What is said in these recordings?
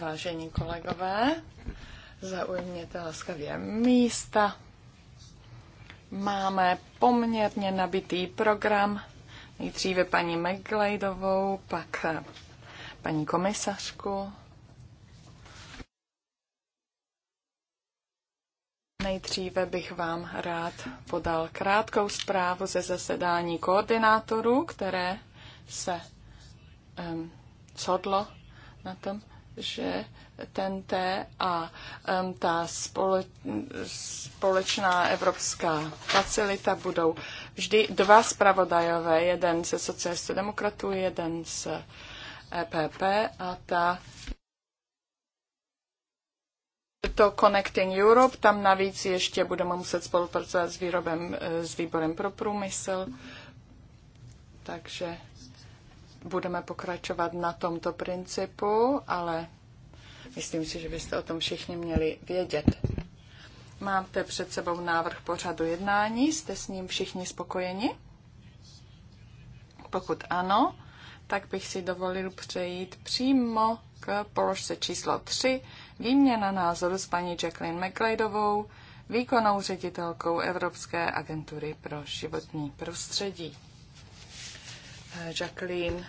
Vážení kolegové, zaujměte laskavě místa. Máme poměrně nabitý program. Nejdříve paní McGladovou, pak eh, paní komisařku. Nejdříve bych vám rád podal krátkou zprávu ze zasedání koordinátorů, které se codlo na tom, že ten T a um, ta spole, společná evropská facilita budou vždy dva zpravodajové, jeden se socialistů demokratů, jeden z EPP a ta to Connecting Europe, tam navíc ještě budeme muset spolupracovat s, výrobem, s výborem pro průmysl, takže budeme pokračovat na tomto principu, ale myslím si, že byste o tom všichni měli vědět. Máte před sebou návrh pořadu jednání, jste s ním všichni spokojeni? Pokud ano, tak bych si dovolil přejít přímo k položce číslo 3, výměna názoru s paní Jacqueline McLeodovou, výkonnou ředitelkou Evropské agentury pro životní prostředí. Eh, Jacqueline,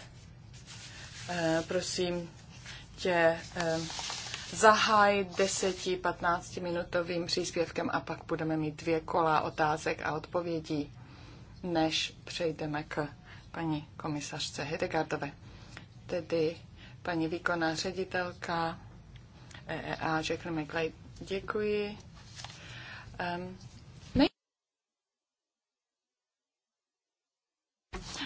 eh, prosím tě, eh, zahaj 10-15 minutovým příspěvkem a pak budeme mít dvě kola otázek a odpovědí, než přejdeme k paní komisařce Hedegardové. Tedy paní výkonná ředitelka EEA Jacqueline McLean, Děkuji.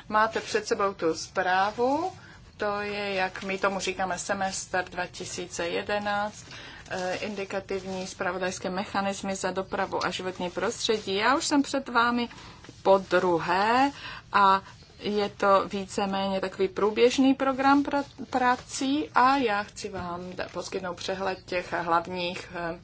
Máte před sebou tu zprávu, to je, jak my tomu říkáme, semestr 2011, eh, indikativní spravodajské mechanismy za dopravu a životní prostředí. Já už jsem před vámi po druhé a je to víceméně takový průběžný program prací a já chci vám poskytnout přehled těch hlavních eh,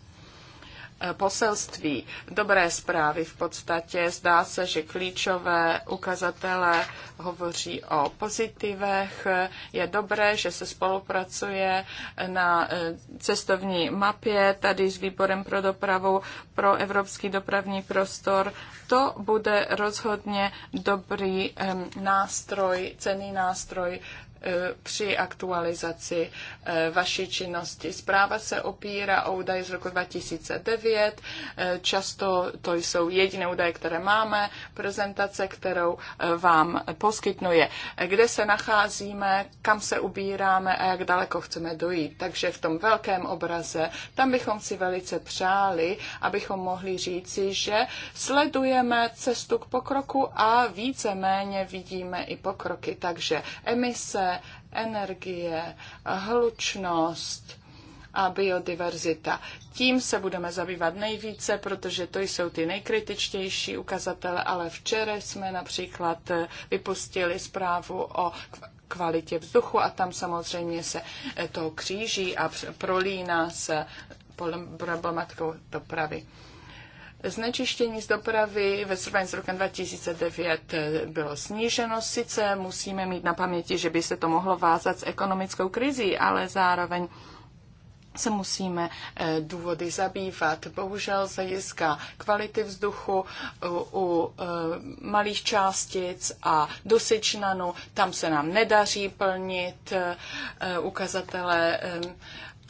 poselství dobré zprávy v podstatě. Zdá se, že klíčové ukazatele hovoří o pozitivech. Je dobré, že se spolupracuje na e, cestovní mapě tady s výborem pro dopravu pro evropský dopravní prostor. To bude rozhodně dobrý nástroj, cený nástroj při aktualizaci eh, vaší činnosti. Zpráva se opírá o údaje z roku 2009, eh, často to jsou jediné údaje, které máme, prezentace, kterou eh, vám poskytnuje, kde se nacházíme, kam se ubíráme a jak daleko chceme dojít. Takže v tom velkém obraze, tam bychom si velice přáli, abychom mohli říci, že sledujeme cestu k pokroku a víceméně vidíme i pokroky. Takže emise, energie, hlučnost a biodiverzita. Tím se budeme zabývat nejvíce, protože to jsou ty nejkritičtější ukazatele, ale včera jsme například eh, vypustili zprávu o kvalitě vzduchu a tam samozřejmě se eh, to kříží a prolíná se problematikou dopravy. Znečištění z dopravy ve srovnání s rokem 2009 bylo sníženo. Sice musíme mít na paměti, že by se to mohlo vázat s ekonomickou krizí, ale zároveň se musíme eh, důvody zabývat. Bohužel se hlediska kvality vzduchu u, u eh, malých částic a dusičnanu, tam se nám nedaří plnit eh, ukazatele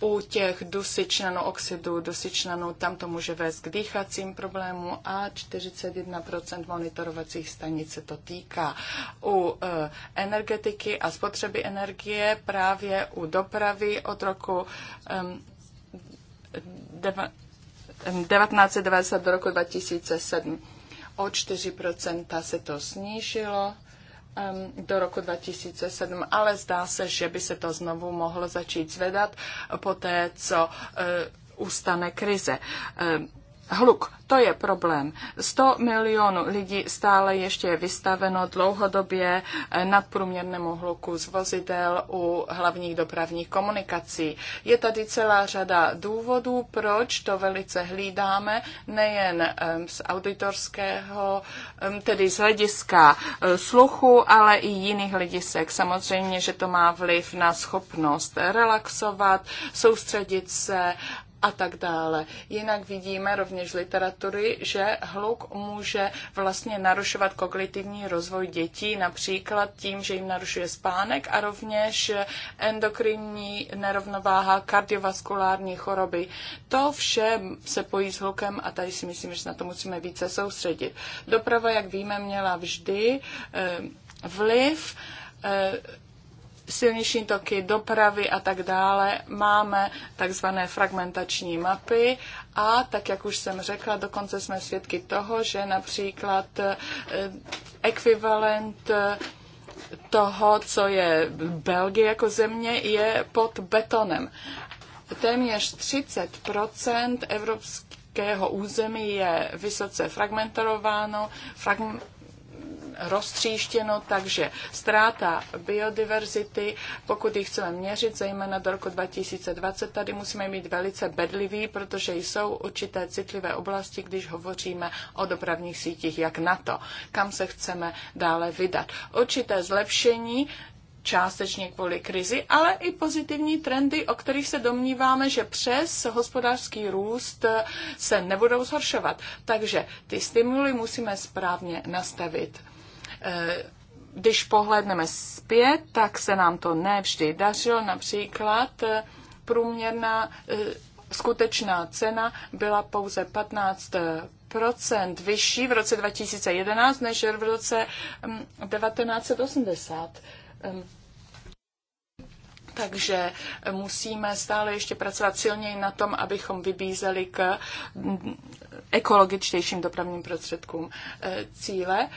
u těch dusičnanů, oxidu dusičnanů, tam to může vést k dýchacím problémům a 41% monitorovacích stanic se to týká. U e, energetiky a spotřeby energie právě u dopravy od roku e, 1990 do roku 2007 o 4% se to snížilo do roku 2007, ale zdá se, že by se to znovu mohlo začít zvedat po té, co eh, ustane krize. Hluk, to je problém. 100 milionů lidí stále ještě je vystaveno dlouhodobě eh, nadprůměrnému hluku z vozidel u hlavních dopravních komunikací. Je tady celá řada důvodů, proč to velice hlídáme, nejen eh, z auditorského, eh, tedy z hlediska sluchu, ale i jiných hledisek. Samozřejmě, že to má vliv na schopnost relaxovat, soustředit se a tak dále. Jinak vidíme rovněž z literatury, že hluk může vlastně narušovat kognitivní rozvoj dětí, například tím, že jim narušuje spánek a rovněž endokrinní nerovnováha, kardiovaskulární choroby. To vše se pojí s hlukem a tady si myslím, že na to musíme více soustředit. Doprava, jak víme, měla vždy eh, vliv eh, silniční toky, dopravy a tak dále máme takzvané fragmentační mapy a tak, jak už jsem řekla, dokonce jsme svědky toho, že například eh, ekvivalent eh, toho, co je Belgie jako země, je pod betonem. Téměř 30 evropských evropského území je vysoce fragmentováno, fragm- roztříštěno, takže ztráta biodiverzity, pokud ji chceme měřit, zejména do roku 2020, tady musíme být velice bedliví, protože jsou určité citlivé oblasti, když hovoříme o dopravních sítích, jak na to, kam se chceme dále vydat. Určité zlepšení částečně kvůli krizi, ale i pozitivní trendy, o kterých se domníváme, že přes hospodářský růst se nebudou zhoršovat. Takže ty stimuly musíme správně nastavit. Když pohledneme zpět, tak se nám to nevždy dařilo. Například eh, průměrná eh, skutečná cena byla pouze 15 procent vyšší v roce 2011 než v roce 1980. Mm, takže musíme stále ještě pracovat silněji na tom, abychom vybízeli k mm, ekologičtějším dopravním prostředkům eh, cíle.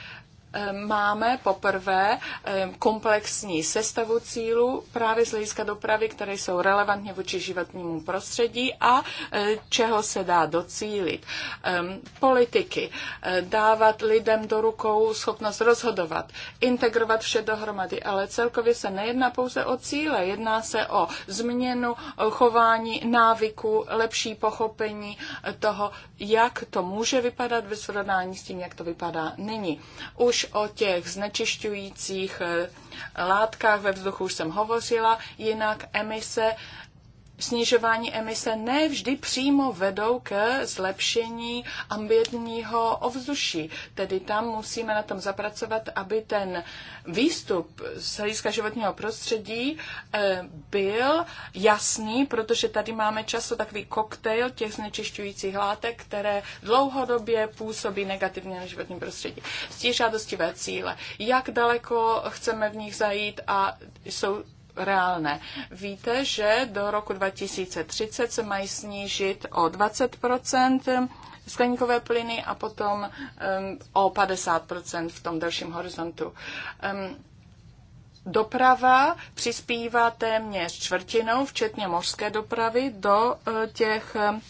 Ehm, máme poprvé ehm, komplexní sestavu cílů právě z hlediska dopravy, které jsou relevantně vůči životnímu prostředí a eh, čeho se dá docílit. Ehm, politiky, eh, dávat lidem do rukou schopnost rozhodovat, integrovat vše dohromady, ale celkově se nejedná pouze o cíle, jedná se o změnu chování, návyku, lepší pochopení eh, toho, jak to může vypadat ve srovnání s tím, jak to vypadá nyní. Už o těch znečišťujících eh, látkách ve vzduchu už jsem hovořila, jinak emise snižování emise ne vždy přímo vedou k zlepšení ambientního ovzduší. Tedy tam musíme na tom zapracovat, aby ten výstup z hlediska životního prostředí eh, byl jasný, protože tady máme často takový koktejl těch znečišťujících látek, které dlouhodobě působí negativně na životní prostředí. Stěžádostivé cíle, jak daleko chceme v nich zajít a jsou reálné. Víte, že do roku 2030 se mají snížit o 20 skleníkové plyny a potom um, o 50 v tom dalším horizontu. Um, Doprava přispívá téměř čtvrtinou, včetně mořské dopravy, do uh, těch um,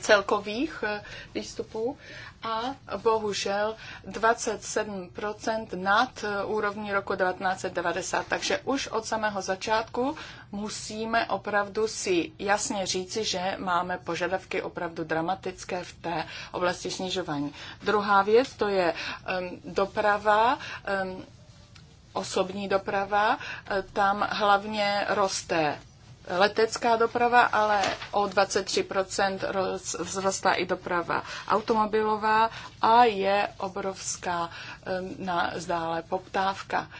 celkových uh, výstupů a bohužel 27% nad úrovní roku 1990. Takže už od samého začátku musíme opravdu si jasně říci, že máme požadavky opravdu dramatické v té oblasti snižování. Druhá věc, to je um, doprava. Um, osobní doprava, tam hlavně roste letecká doprava, ale o 23% vzrostla i doprava automobilová a je obrovská na zdále poptávka.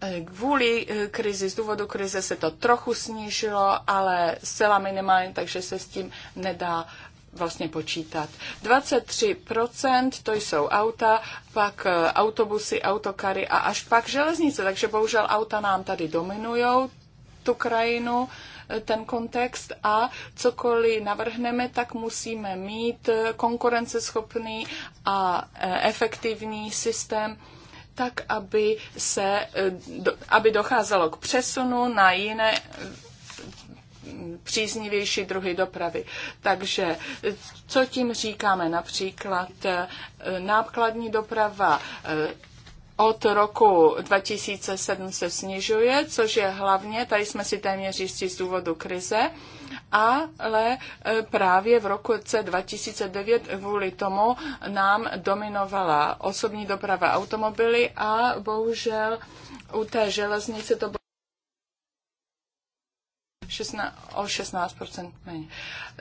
E, kvůli e, krizi, z důvodu krize se to trochu snížilo, ale zcela minimálně, takže se s tím nedá vlastně počítat. 23% to jsou auta, pak e, autobusy, autokary a až pak železnice, takže bohužel auta nám tady dominují, tu krajinu, eh, ten kontext a cokoliv navrhneme, tak musíme mít eh, konkurenceschopný a eh, efektivní systém tak, aby, se, aby docházelo k přesunu na jiné mm, příznivější druhy dopravy. Takže co tím říkáme? Například nákladní doprava od roku 2007 se snižuje, což je hlavně, tady jsme si téměř jistí z důvodu krize, ale e, právě v roku 2009 kvůli tomu nám dominovala osobní doprava automobily a bohužel u té železnice to bylo 16, o 16% méně.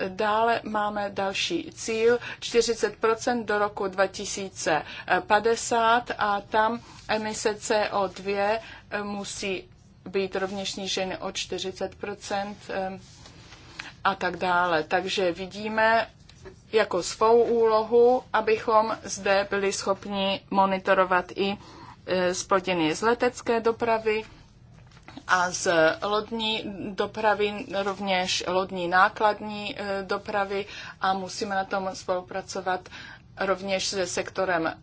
Dále máme další cíl 40% do roku 2050 a tam emise CO2 eh, musí být rovněž sníženy o 40% eh, a tak dále. Takže vidíme jako svou úlohu, abychom zde byli schopni monitorovat i splodiny eh, z letecké dopravy, a z lodní dopravy, rovněž lodní nákladní e, dopravy a musíme na tom spolupracovat rovněž se sektorem e,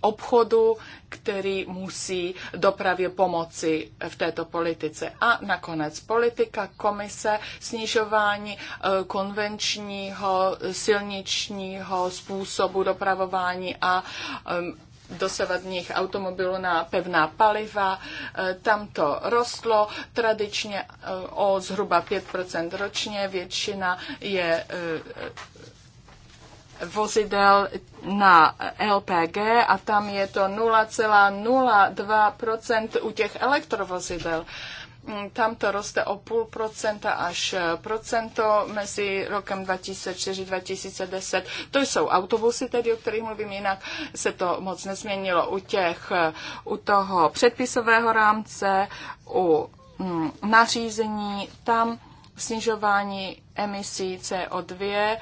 obchodu, který musí dopravě pomoci v této politice. A nakonec politika komise snižování e, konvenčního silničního způsobu dopravování a dosavadních automobilů na pevná paliva. Eh, tam to rostlo tradičně eh, o zhruba 5% ročně. Většina je eh, vozidel na LPG a tam je to 0,02% u těch elektrovozidel. Mm, tam to roste o půl procenta až eh, procento mezi rokem 2004-2010. To jsou autobusy tedy, o kterých mluvím, jinak se to moc nezměnilo u těch, eh, u toho předpisového rámce, u mm, nařízení, tam snižování emisí CO2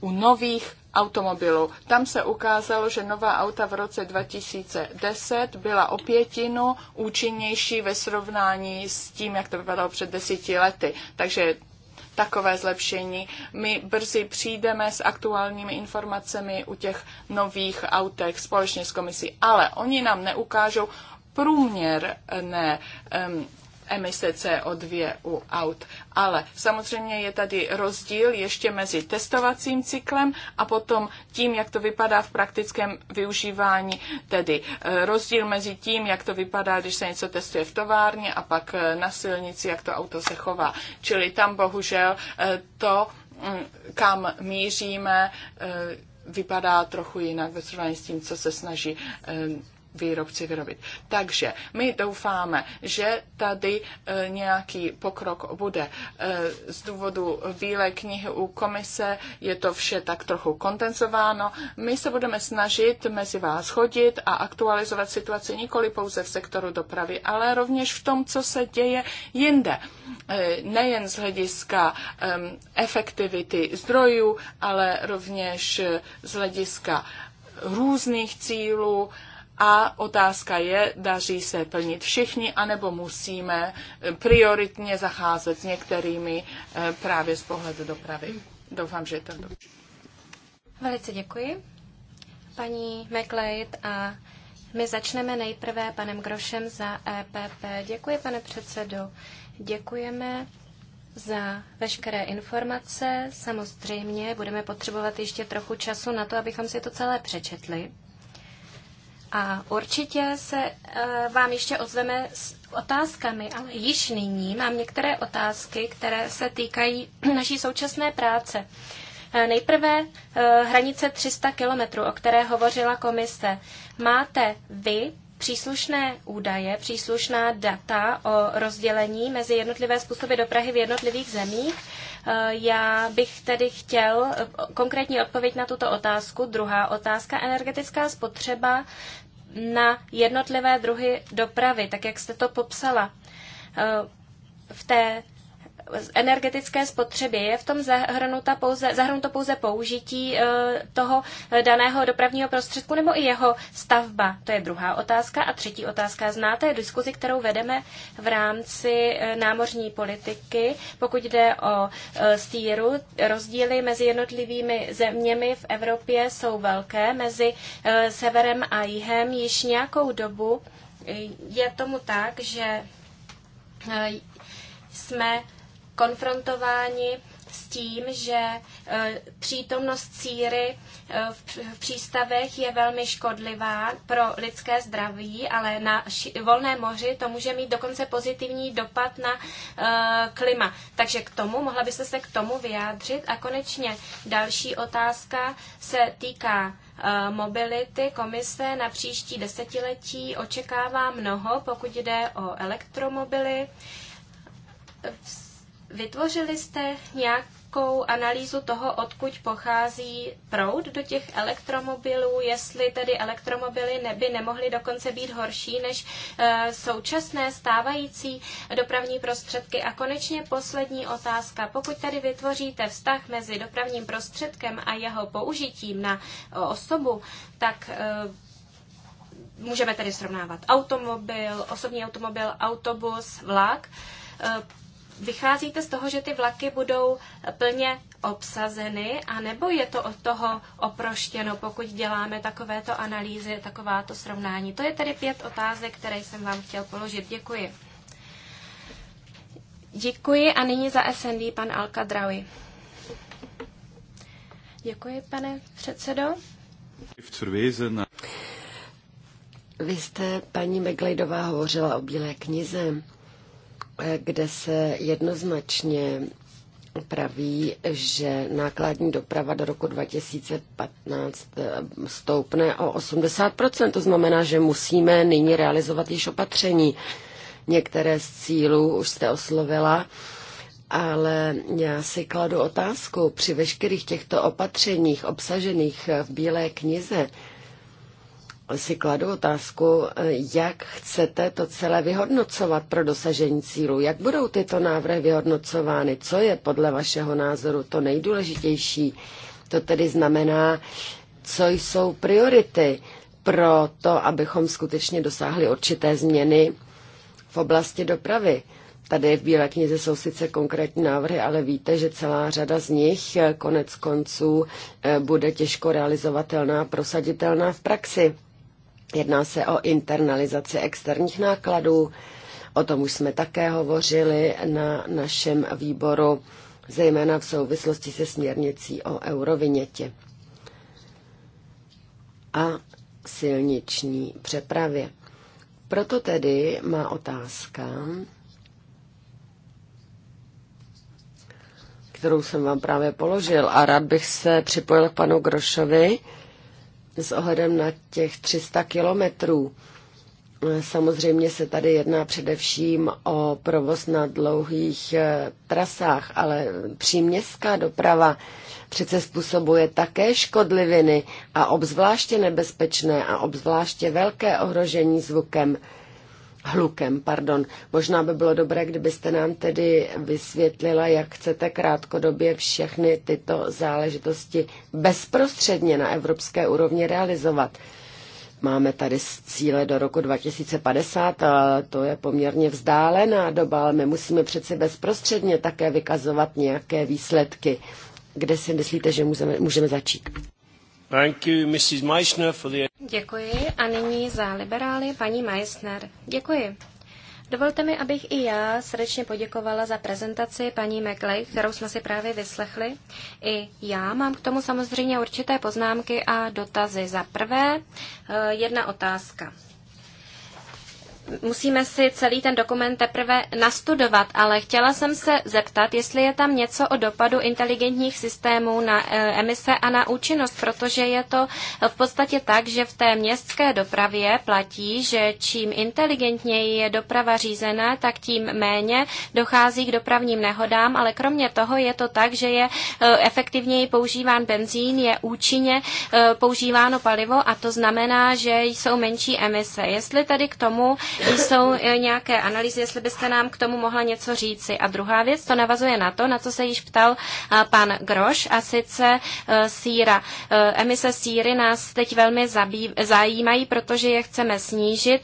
u nových automobilů. Tam se ukázalo, že nová auta v roce 2010 byla o pětinu účinnější ve srovnání s tím, jak to vypadalo před deseti lety. Takže takové zlepšení. My brzy přijdeme s aktuálními informacemi u těch nových autech společně s komisí, ale oni nám neukážou průměrné um, emise CO2 u aut. Ale samozřejmě je tady rozdíl ještě mezi testovacím cyklem a potom tím, jak to vypadá v praktickém využívání, tedy eh, rozdíl mezi tím, jak to vypadá, když se něco testuje v továrně a pak eh, na silnici, jak to auto se chová. Čili tam bohužel eh, to, mm, kam míříme, vypadá trochu jinak ve srovnání s tím, co se snaží výrobci vyrobit. Takže my doufáme, že tady e, nějaký pokrok bude. E, z důvodu Bílé knihy u komise je to vše tak trochu kondenzováno. My se budeme snažit mezi vás chodit a aktualizovat situaci nikoli pouze v sektoru dopravy, ale rovněž v tom, co se děje jinde. E, nejen z hlediska e, efektivity zdrojů, ale rovněž z hlediska různých cílů, a otázka je, daří se plnit všichni, anebo musíme eh, prioritně zacházet s některými eh, právě z pohledu dopravy. Doufám, že je to dobře. Velice děkuji. Paní McLeod a my začneme nejprve panem Grošem za EPP. Děkuji, pane předsedo. Děkujeme za veškeré informace. Samozřejmě budeme potřebovat ještě trochu času na to, abychom si to celé přečetli. A určitě se eh, vám ještě ozveme s otázkami, ale již nyní mám některé otázky, které se týkají naší současné práce. Eh, nejprve eh, hranice 300 kilometrů, o které hovořila komise. Máte vy příslušné údaje, příslušná data o rozdělení mezi jednotlivé způsoby dopravy v jednotlivých zemích Eh, já bych tedy chtěl eh, konkrétní odpověď na tuto otázku. Druhá otázka, energetická spotřeba na jednotlivé druhy dopravy, tak jak jste to popsala. Eh, v té energetické spotřeby Je v tom zahrnuta pouze, zahrnuto pouze použití e, toho daného dopravního prostředku nebo i jeho stavba? To je druhá otázka. A třetí otázka. Znáte je diskuzi, kterou vedeme v rámci e, námořní politiky, pokud jde o e, stíru. Rozdíly mezi jednotlivými zeměmi v Evropě jsou velké. Mezi severem a jihem již nějakou dobu je tomu tak, že jsme konfrontováni s tím, že e, přítomnost síry e, v přístavech je velmi škodlivá pro lidské zdraví, ale na volné moři to může mít dokonce pozitivní dopad na e, klima. Takže k tomu, mohla byste se k tomu vyjádřit. A konečně další otázka se týká mobility. Komise na příští desetiletí očekává mnoho, pokud jde o elektromobily. Vytvořili jste nějakou analýzu toho, odkud pochází proud do těch elektromobilů, jestli tedy elektromobily neby nemohly dokonce být horší než eh, současné stávající dopravní prostředky. A konečně poslední otázka. Pokud tedy vytvoříte vztah mezi dopravním prostředkem a jeho použitím na eh, osobu, tak eh, můžeme tedy srovnávat automobil, osobní automobil, autobus, vlak. Vycházíte z toho, že ty vlaky budou plně obsazeny, anebo je to od toho oproštěno, pokud děláme takovéto analýzy, takováto srovnání? To je tedy pět otázek, které jsem vám chtěl položit. Děkuji. Děkuji a nyní za SND pan Alkadraui. Děkuji, pane předsedo. Vy jste, paní Meglejdová, hovořila o Bílé knize kde se jednoznačně praví, že nákladní doprava do roku 2015 eh, stoupne o 80%. To znamená, že musíme nyní realizovat již opatření. Některé z cílů už jste oslovila, ale já si kladu otázku při veškerých těchto opatřeních obsažených v Bílé knize, si kladu otázku, jak chcete to celé vyhodnocovat pro dosažení cílů. Jak budou tyto návrhy vyhodnocovány? Co je podle vašeho názoru to nejdůležitější? To tedy znamená, co jsou priority pro to, abychom skutečně dosáhli určité změny v oblasti dopravy. Tady v Bílé knize jsou sice konkrétní návrhy, ale víte, že celá řada z nich konec konců eh, bude těžko realizovatelná a prosaditelná v praxi. Jedná se o internalizaci externích nákladů, o tom už jsme také hovořili na našem výboru, zejména v souvislosti se směrnicí o eurovinětě a silniční přepravě. Proto tedy má otázka, kterou jsem vám právě položil a rád bych se připojil k panu Grošovi, s ohledem na těch 300 kilometrů. Samozřejmě se tady jedná především o provoz na dlouhých eh, trasách, ale příměstská doprava přece způsobuje také škodliviny a obzvláště nebezpečné a obzvláště velké ohrožení zvukem hlukem, pardon. Možná by bylo dobré, kdybyste nám tedy vysvětlila, jak chcete krátkodobě všechny tyto záležitosti bezprostředně na evropské úrovni realizovat. Máme tady cíle do roku 2050, a to je poměrně vzdálená doba, ale my musíme přeci bezprostředně také vykazovat nějaké výsledky. Kde si myslíte, že můžeme, můžeme začít? Děkuji a nyní za liberály paní Meissner. Děkuji. Dovolte mi, abych i já srdečně poděkovala za prezentaci paní McLeay, kterou jsme si právě vyslechli. I já mám k tomu samozřejmě určité poznámky a dotazy. Za prvé, eh, jedna otázka musíme si celý ten dokument teprve nastudovat, ale chtěla jsem se zeptat, jestli je tam něco o dopadu inteligentních systémů na e, emise a na účinnost, protože je to v podstatě tak, že v té městské dopravě platí, že čím inteligentněji je doprava řízená, tak tím méně dochází k dopravním nehodám, ale kromě toho je to tak, že je e, efektivněji používán benzín, je účinně e, používáno palivo a to znamená, že jsou menší emise. Jestli tedy k tomu jsou eh, nějaké analýzy, jestli byste nám k tomu mohla něco říci. A druhá věc, to navazuje na to, na co se již ptal eh, pan Groš, a sice eh, síra. Emise síry nás teď velmi zajímají, protože je chceme snížit.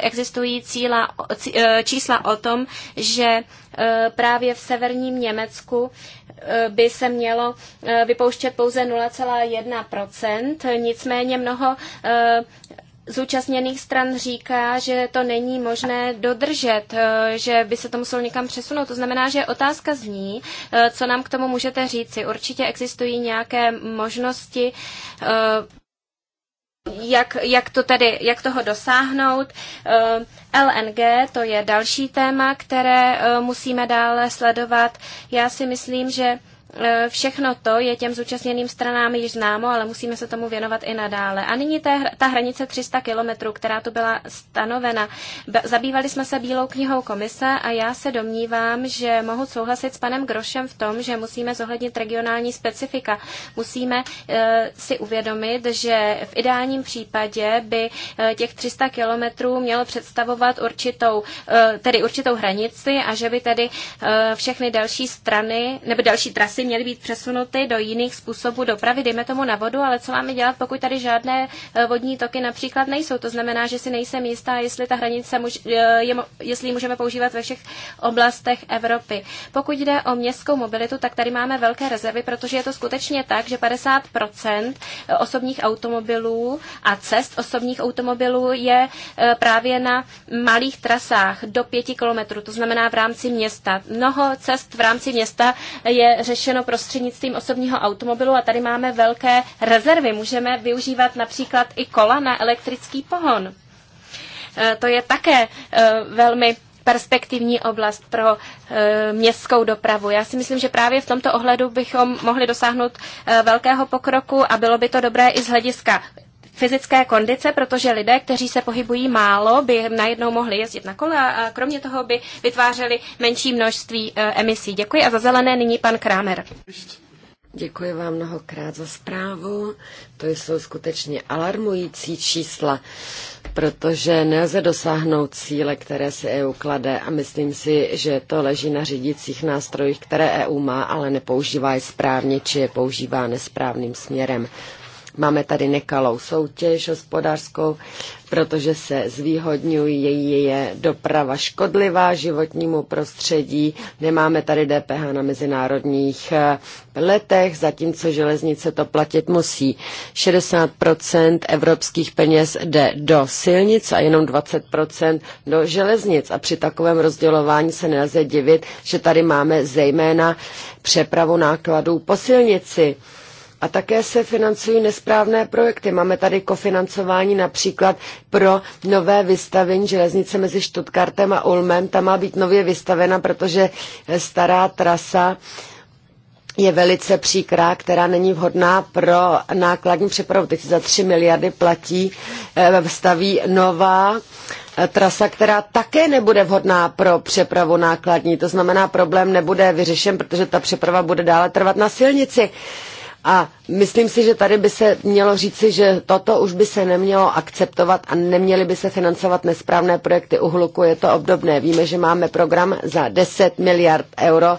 Existují cíla, čísla o tom, že právě v severním Německu by se mělo vypouštět pouze 0,1%, nicméně mnoho zúčastněných stran říká, že to není možné dodržet, eh, že by se to muselo někam přesunout. To znamená, že otázka zní, eh, co nám k tomu můžete říci. Určitě existují nějaké možnosti, eh, jak, jak to tedy, jak toho dosáhnout. LNG, to je další téma, které musíme dále sledovat. Já si myslím, že E, všechno to je těm zúčastněným stranám již známo, ale musíme se tomu věnovat i nadále. A nyní ta hranice 300 kilometrů, která tu byla stanovena. Zabývali jsme se Bílou knihou komise a já se domnívám, že mohu souhlasit s panem Grošem v tom, že musíme zohlednit regionální specifika. Musíme e, si uvědomit, že v ideálním případě by e, těch 300 kilometrů mělo představovat určitou, tedy určitou hranici a že by tedy všechny další strany nebo další trasy měly být přesunuty do jiných způsobů dopravy, dejme tomu na vodu, ale co máme dělat, pokud tady žádné e, vodní toky například nejsou. To znamená, že si nejsem jistá, jestli ta hranice muž, e, je, jestli ji můžeme používat ve všech oblastech Evropy. Pokud jde o městskou mobilitu, tak tady máme velké rezervy, protože je to skutečně tak, že 50 e, osobních automobilů a cest osobních automobilů je právě na malých trasách do 5 kilometrů, to znamená v rámci města. Mnoho cest v rámci města je řešeno dosaženo prostřednictvím osobního automobilu a tady máme velké rezervy. Můžeme využívat například i kola na elektrický pohon. E, to je také e, velmi perspektivní oblast pro e, městskou dopravu. Já si myslím, že právě v tomto ohledu bychom mohli dosáhnout velkého pokroku a bylo by to dobré i z hlediska fyzické kondice, protože lidé, kteří se pohybují málo, by najednou mohli jezdit na kole a kromě toho by vytvářeli menší množství e, emisí. Děkuji a za zelené nyní pan Kramer. Děkuji vám mnohokrát za zprávu. To jsou skutečně alarmující čísla, protože nelze dosáhnout cíle, které si EU klade a myslím si, že to leží na řídících nástrojích, které EU má, ale nepoužívá je správně, či je používá nesprávným směrem. Máme tady nekalou soutěž hospodářskou, protože se zvýhodňují, její je doprava škodlivá životnímu prostředí, nemáme tady DPH na mezinárodních eh, letech, zatímco železnice to platit musí. 60% evropských peněz jde do silnic a jenom 20% do železnic a při takovém rozdělování se nelze divit, že tady máme zejména přepravu nákladů po silnici. A také se financují nesprávné projekty. Máme tady kofinancování například pro nové vystavení železnice mezi Stuttgartem a Ulmem. Ta má být nově vystavena, protože stará trasa je velice příkrá, která není vhodná pro nákladní přepravu. Teď za 3 miliardy platí, eh, staví nová eh, trasa, která také nebude vhodná pro přepravu nákladní. To znamená, problém nebude vyřešen, protože ta přeprava bude dále trvat na silnici. A myslím si, že tady by se mělo říci, že toto už by se nemělo akceptovat a neměly by se financovat nesprávné projekty hluku. Je to obdobné. Víme, že máme program za 10 miliard euro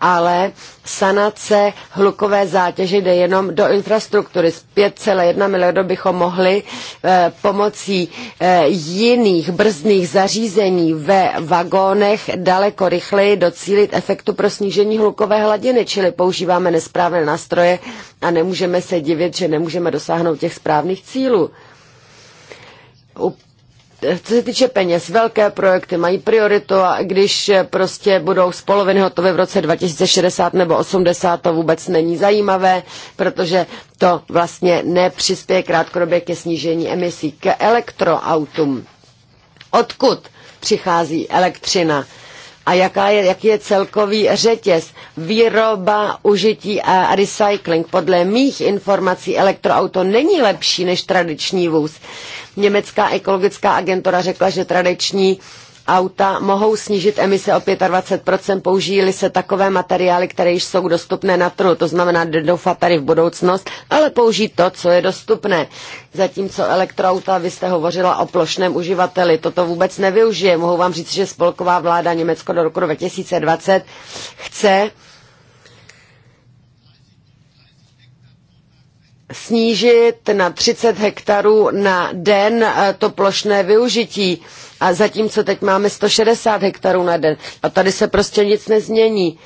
ale sanace hlukové zátěže jde jenom do infrastruktury. Z 5,1 miliardu bychom mohli eh, pomocí eh, jiných brzdných zařízení ve vagónech daleko rychleji docílit efektu pro snížení hlukové hladiny, čili používáme nesprávné nástroje a nemůžeme se divit, že nemůžeme dosáhnout těch správných cílů co se týče peněz, velké projekty mají prioritu a když prostě budou z poloviny hotové v roce 2060 nebo 80, to vůbec není zajímavé, protože to vlastně nepřispěje krátkodobě ke snížení emisí, ke elektroautům. Odkud přichází elektřina? a jaká je, jaký je celkový řetěz výroba, užití a recycling. Podle mých informací elektroauto není lepší než tradiční vůz. Německá ekologická agentura řekla, že tradiční uh, auta mohou snížit emise o 25%, použijí se takové materiály, které již jsou dostupné na trhu, to znamená doufat tady v budoucnost, ale použít to, co je dostupné. Zatímco elektroauta, vy jste hovořila o plošném uživateli, toto vůbec nevyužije. Mohu vám říct, že spolková vláda Německo do roku 2020 chce snížit na 30 hektarů na den eh, to plošné využití a zatímco teď máme 160 hektarů na den a tady se prostě nic nezmění.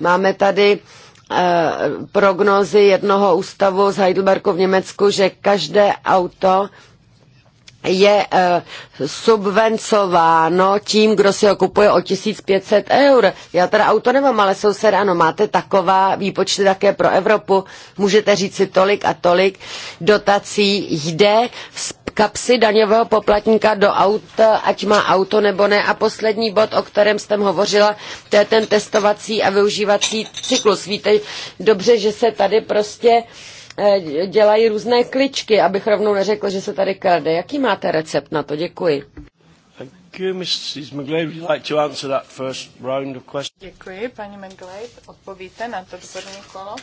Máme tady eh, prognózy jednoho ústavu z Heidelbergu v Německu, že každé auto je eh, subvencováno tím, kdo si ho kupuje o 1500 eur. Já teda auto nemám, ale soused ano, máte taková výpočty také pro Evropu. Můžete říct si tolik a tolik dotací jde z kapsy daňového poplatníka do aut, ať má auto nebo ne. A poslední bod, o kterém jsem hovořila, to je ten testovací a využívací cyklus. Víte dobře, že se tady prostě eh, dělají různé kličky, abych rovnou neřekl, že se tady krade. Jaký máte recept na to? Děkuji. Děkuji, paní McGlade. Odpovíte na to první kolo.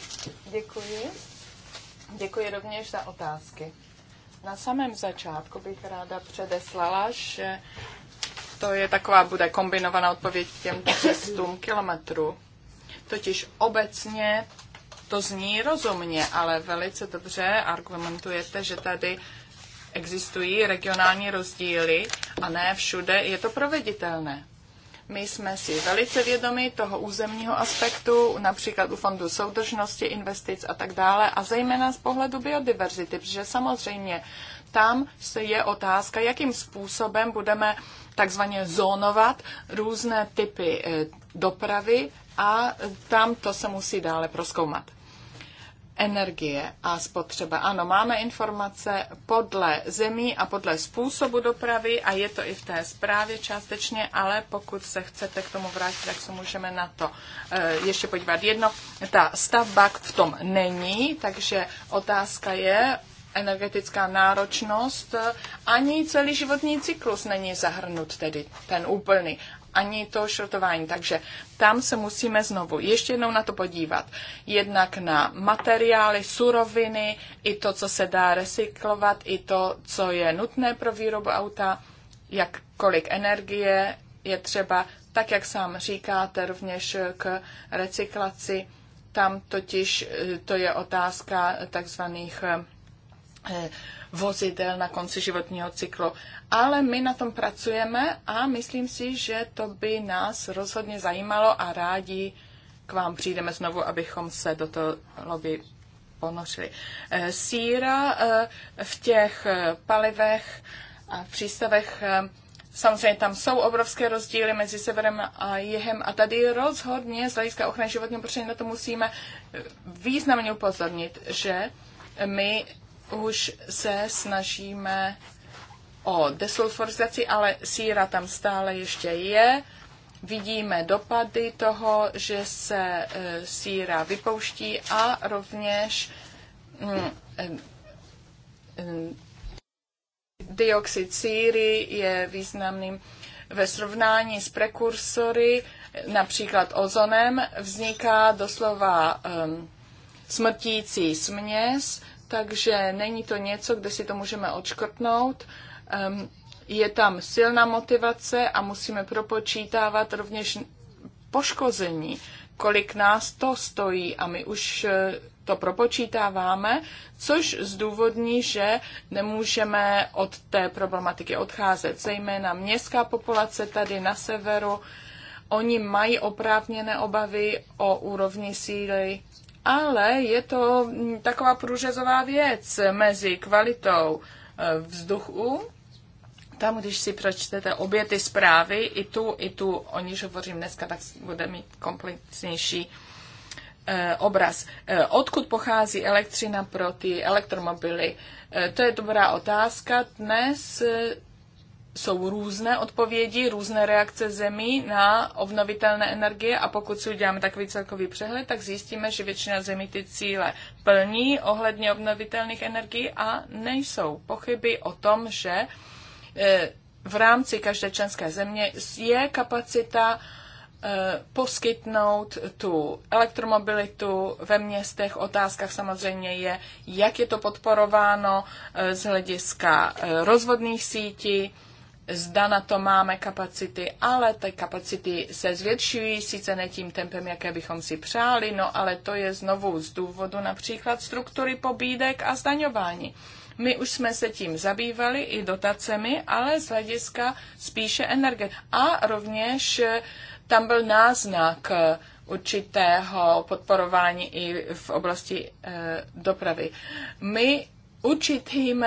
Děkuji. Děkuji rovněž za otázky. Na samém začátku bych ráda předeslala, že to je taková, bude kombinovaná odpověď k těm cestům kilometrů. Totiž obecně to zní rozumně, ale velice dobře argumentujete, že tady existují regionální rozdíly a ne všude je to proveditelné. My jsme si velice vědomi toho územního aspektu, například u fondu soudržnosti, investic a tak dále, a zejména z pohledu biodiverzity, protože samozřejmě tam se je otázka, jakým způsobem budeme takzvaně zónovat různé typy eh, dopravy a tam to se musí dále proskoumat energie a spotřeba. Ano, máme informace podle zemí a podle způsobu dopravy a je to i v té zprávě částečně, ale pokud se chcete k tomu vrátit, tak se můžeme na to eh, ještě podívat. Jedno, ta stavba v tom není, takže otázka je, energetická náročnost, eh, ani celý životní cyklus není zahrnut, tedy ten úplný ani to šrotování. Takže tam se musíme znovu ještě jednou na to podívat. Jednak na materiály, suroviny, i to, co se dá recyklovat, i to, co je nutné pro výrobu auta, jak kolik energie je třeba, tak jak sám říkáte, rovněž k recyklaci. Tam totiž eh, to je otázka takzvaných eh, Eh, vozidel na konci životního cyklu. Ale my na tom pracujeme a myslím si, že to by nás rozhodně zajímalo a rádi k vám přijdeme znovu, abychom se do toho lobby ponořili. Eh, síra eh, v těch palivech a v přístavech Samozřejmě tam jsou obrovské rozdíly mezi severem a jihem a tady rozhodně z hlediska ochrany životního prostředí na to musíme významně upozornit, že my už se snažíme o desulforizaci, ale síra tam stále ještě je. Vidíme dopady toho, že se e, síra vypouští a rovněž mm, e, mm, dioxid síry je významným ve srovnání s prekursory, například ozonem, vzniká doslova e, smrtící směs, takže není to něco, kde si to můžeme odškrtnout. Je tam silná motivace a musíme propočítávat rovněž poškození, kolik nás to stojí a my už eh, to propočítáváme, což zdůvodní, že nemůžeme od té problematiky odcházet. Zejména městská populace tady na severu, oni mají oprávněné obavy o úrovni síly ale je to mm, taková průřezová věc mezi kvalitou e, vzduchu, tam, když si přečtete obě ty zprávy, i tu, i tu, o níž hovořím dneska, tak bude mít komplexnější e, obraz. E, odkud pochází elektřina pro ty elektromobily? to je dobrá otázka. Dnes jsou různé odpovědi, různé reakce zemí na obnovitelné energie a pokud si uděláme takový celkový přehled, tak zjistíme, že většina zemí ty cíle plní ohledně obnovitelných energií a nejsou pochyby o tom, že e, v rámci každé členské země je kapacita e, poskytnout tu elektromobilitu ve městech. Otázkách samozřejmě je, jak je to podporováno e, z hlediska rozvodných sítí, zda na to máme kapacity, ale ty kapacity se zvětšují, sice ne tím tempem, jaké bychom si přáli, no ale to je znovu z důvodu například struktury pobídek a zdaňování. My už jsme se tím zabývali i dotacemi, ale z hlediska spíše energie A rovněž eh, tam byl náznak eh, určitého podporování i v oblasti e, dopravy. My určitým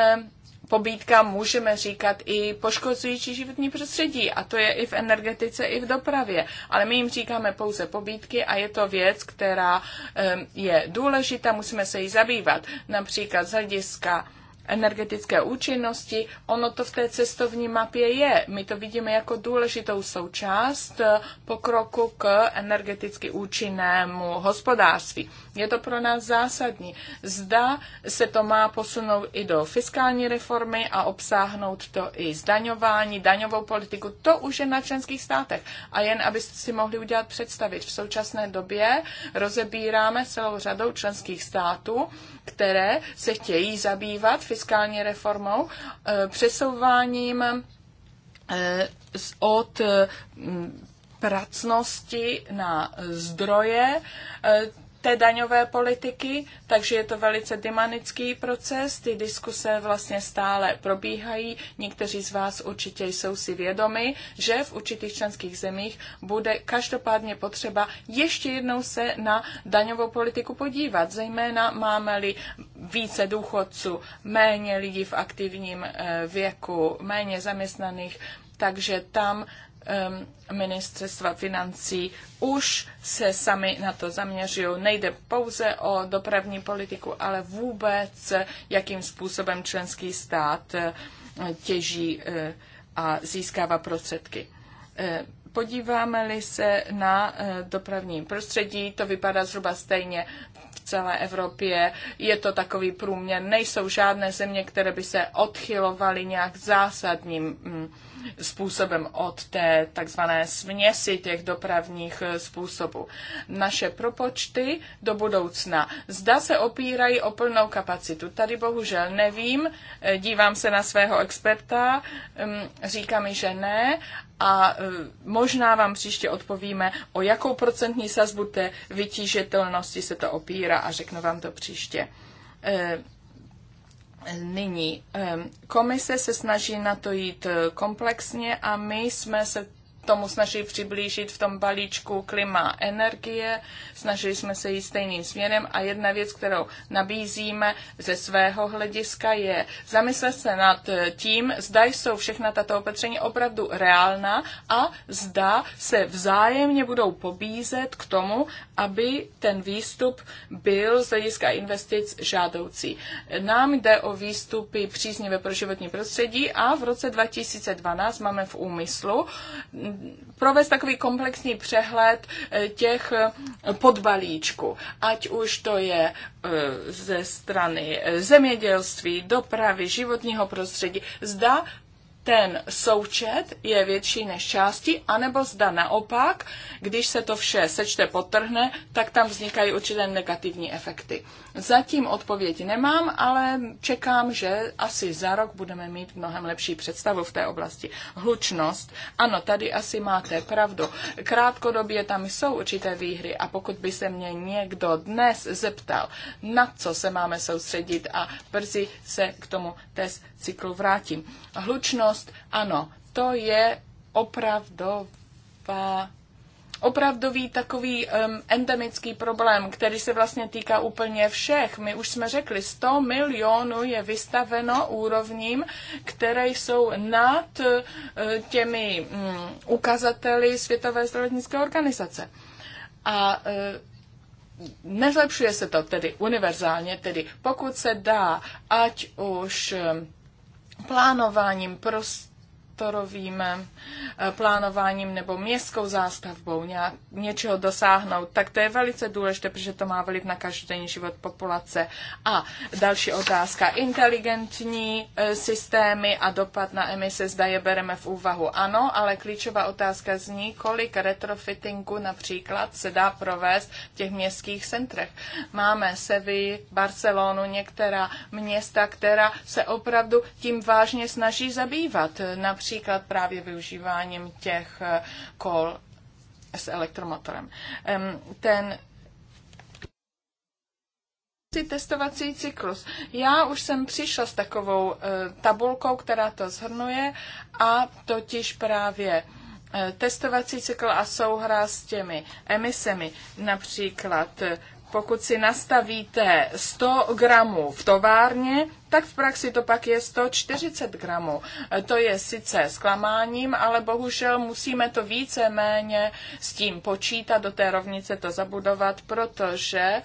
pobídka můžeme říkat i poškozující životní prostředí a to je i v energetice, i v dopravě. Ale my jim říkáme pouze pobídky a je to věc, která je důležitá, musíme se jí zabývat. Například z hlediska energetické účinnosti, ono to v té cestovní mapě je. My to vidíme jako důležitou součást pokroku k energeticky účinnému hospodářství. Je to pro nás zásadní. Zda se to má posunout i do fiskální reformy a obsáhnout to i zdaňování, daňovou politiku, to už je na členských státech. A jen abyste si mohli udělat představit, v současné době rozebíráme celou řadou členských států, které se chtějí zabývat fiskální reformou, eh, přesouváním eh, od eh, pracnosti na zdroje, té daňové politiky, takže je to velice dynamický proces, ty diskuse vlastně stále probíhají. Někteří z vás určitě jsou si vědomi, že v určitých členských zemích bude každopádně potřeba ještě jednou se na daňovou politiku podívat. Zejména máme-li více důchodců, méně lidí v aktivním eh, věku, méně zaměstnaných, takže tam ministerstva financí už se sami na to zaměřují. Nejde pouze o dopravní politiku, ale vůbec, jakým způsobem členský stát eh, těží eh, a získává prostředky. Eh, podíváme-li se na dopravní prostředí, to vypadá zhruba stejně v celé Evropě. Je to takový průměr. Nejsou žádné země, které by se odchylovaly nějak zásadním mm, způsobem od té takzvané směsi těch dopravních eh, způsobů. Naše propočty do budoucna. Zda se opírají o plnou kapacitu. Tady bohužel nevím, eh, dívám se na svého experta, hm, říká mi, že ne a eh, možná vám příště odpovíme, o jakou procentní sazbu té vytížitelnosti se to opírá a řeknu vám to příště nyní komise se snaží na to jít eh, komplexně a my jsme se tomu snaží přiblížit v tom balíčku klima energie. Snažili jsme se jít stejným směrem a jedna věc, kterou nabízíme ze svého hlediska je zamyslet se nad eh, tím, zda jsou všechna tato opatření opravdu reálná a zda se vzájemně budou pobízet k tomu, aby ten výstup byl z hlediska investic žádoucí. Nám jde o výstupy příznivé pro životní prostředí a v roce 2012 máme v úmyslu provést takový komplexní přehled eh, těch eh, podbalíčků, ať už to je eh, ze strany zemědělství, dopravy, životního prostředí. Zda ten součet je větší než části, anebo zda naopak, když se to vše sečte, potrhne, tak tam vznikají určité negativní efekty. Zatím odpověď nemám, ale čekám, že asi za rok budeme mít mnohem lepší představu v té oblasti. Hlučnost. Ano, tady asi máte pravdu. Krátkodobě tam jsou určité výhry a pokud by se mě někdo dnes zeptal, na co se máme soustředit a brzy se k tomu test cykl vrátím. Hlučnost, ano, to je opravdová opravdový takový um, endemický problém, který se vlastně týká úplně všech. My už jsme řekli, 100 milionů je vystaveno úrovním, které jsou nad uh, těmi um, ukazateli Světové zdravotnické organizace. A uh, nezlepšuje se to tedy univerzálně, tedy pokud se dá, ať už um, plánováním, prost sektorovým eh, plánováním nebo městskou zástavbou nějak, něčeho dosáhnout, tak to je velice důležité, protože to má vliv na každodenní život populace. A další otázka. Inteligentní eh, systémy a dopad na emise zda je bereme v úvahu. Ano, ale klíčová otázka zní, kolik retrofittingu například se dá provést v těch městských centrech. Máme Sevy, Barcelonu, některá města, která se opravdu tím vážně snaží zabývat. Například například právě využíváním těch eh, kol s elektromotorem. Ten testovací cyklus. Já už jsem přišla s takovou eh, tabulkou, která to zhrnuje a totiž právě eh, testovací cykl a souhra s těmi emisemi, například pokud si nastavíte 100 gramů v továrně, tak v praxi to pak je 140 gramů. To je sice zklamáním, ale bohužel musíme to více-méně s tím počítat, do té rovnice to zabudovat, protože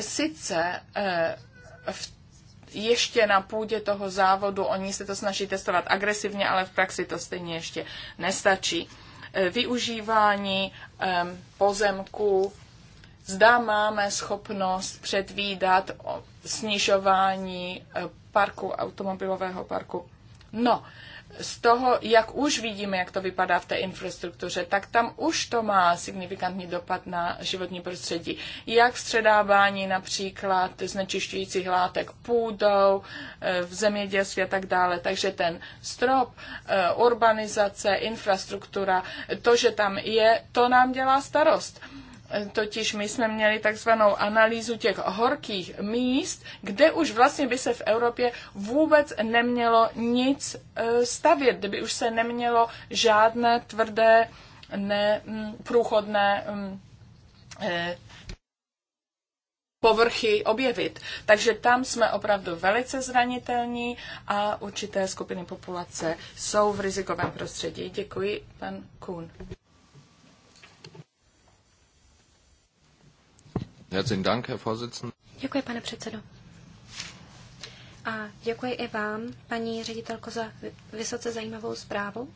sice eh, v ještě na půdě toho závodu, oni se to snaží testovat agresivně, ale v praxi to stejně ještě nestačí. Eh, využívání eh, pozemků Zda máme schopnost předvídat snižování eh, parku, automobilového parku. No, z toho, jak už vidíme, jak to vypadá v té infrastruktuře, tak tam už to má signifikantní dopad na životní prostředí. Jak středávání například znečišťujících látek půdou, eh, v zemědělství a tak dále. Takže ten strop, eh, urbanizace, infrastruktura, to, že tam je, to nám dělá starost totiž my jsme měli takzvanou analýzu těch horkých míst, kde už vlastně by se v Evropě vůbec nemělo nic e, stavět, kdyby už se nemělo žádné tvrdé, neprůchodné mm, mm, e, povrchy objevit. Takže tam jsme opravdu velice zranitelní a určité skupiny populace jsou v rizikovém prostředí. Děkuji, pan Kuhn. Děkuji, pane předsedo. A děkuji i vám, paní ředitelko, za vysoce zajímavou zprávu.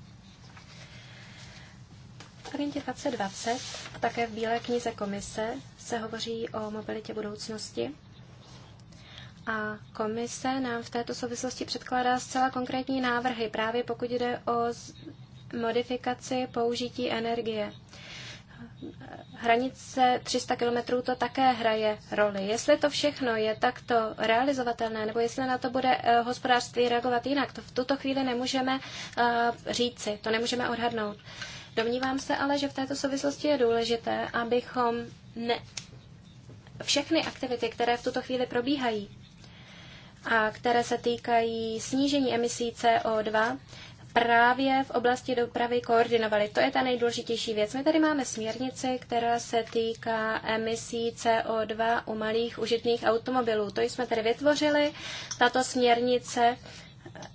V agentě 2020, také v Bílé knize komise, se hovoří o mobilitě budoucnosti. A komise nám v této souvislosti předkládá zcela konkrétní návrhy, právě pokud jde o modifikaci použití energie hranice 300 kilometrů to také hraje roli. Jestli to všechno je takto realizovatelné, nebo jestli na to bude eh, hospodářství reagovat jinak, to v tuto chvíli nemůžeme eh, říci, to nemůžeme odhadnout. Domnívám se ale, že v této souvislosti je důležité, abychom ne... všechny aktivity, které v tuto chvíli probíhají a které se týkají snížení emisí CO2, právě v oblasti dopravy koordinovali. To je ta nejdůležitější věc. My tady máme směrnici, která se týká emisí CO2 u malých užitných automobilů. To jsme tady vytvořili. Tato směrnice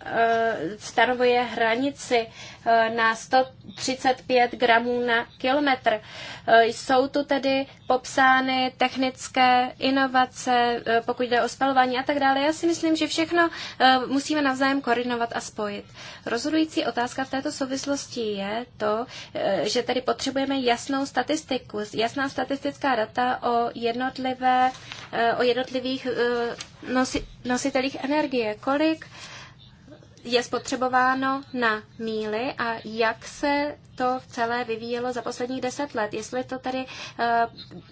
Eh, stanovuje hranici eh, na 135 gramů na kilometr. Eh, jsou tu tedy popsány technické inovace, pokud jde o spalování a tak dále. Já si myslím, že všechno musíme navzájem koordinovat a spojit. Rozhodující otázka v této souvislosti je to, že tedy potřebujeme jasnou statistiku, jasná statistická data o, jednotlivé, o jednotlivých nosi, nositelích energie. Kolik je spotřebováno na míly a jak se to v celé vyvíjelo za posledních deset let, jestli to tady eh,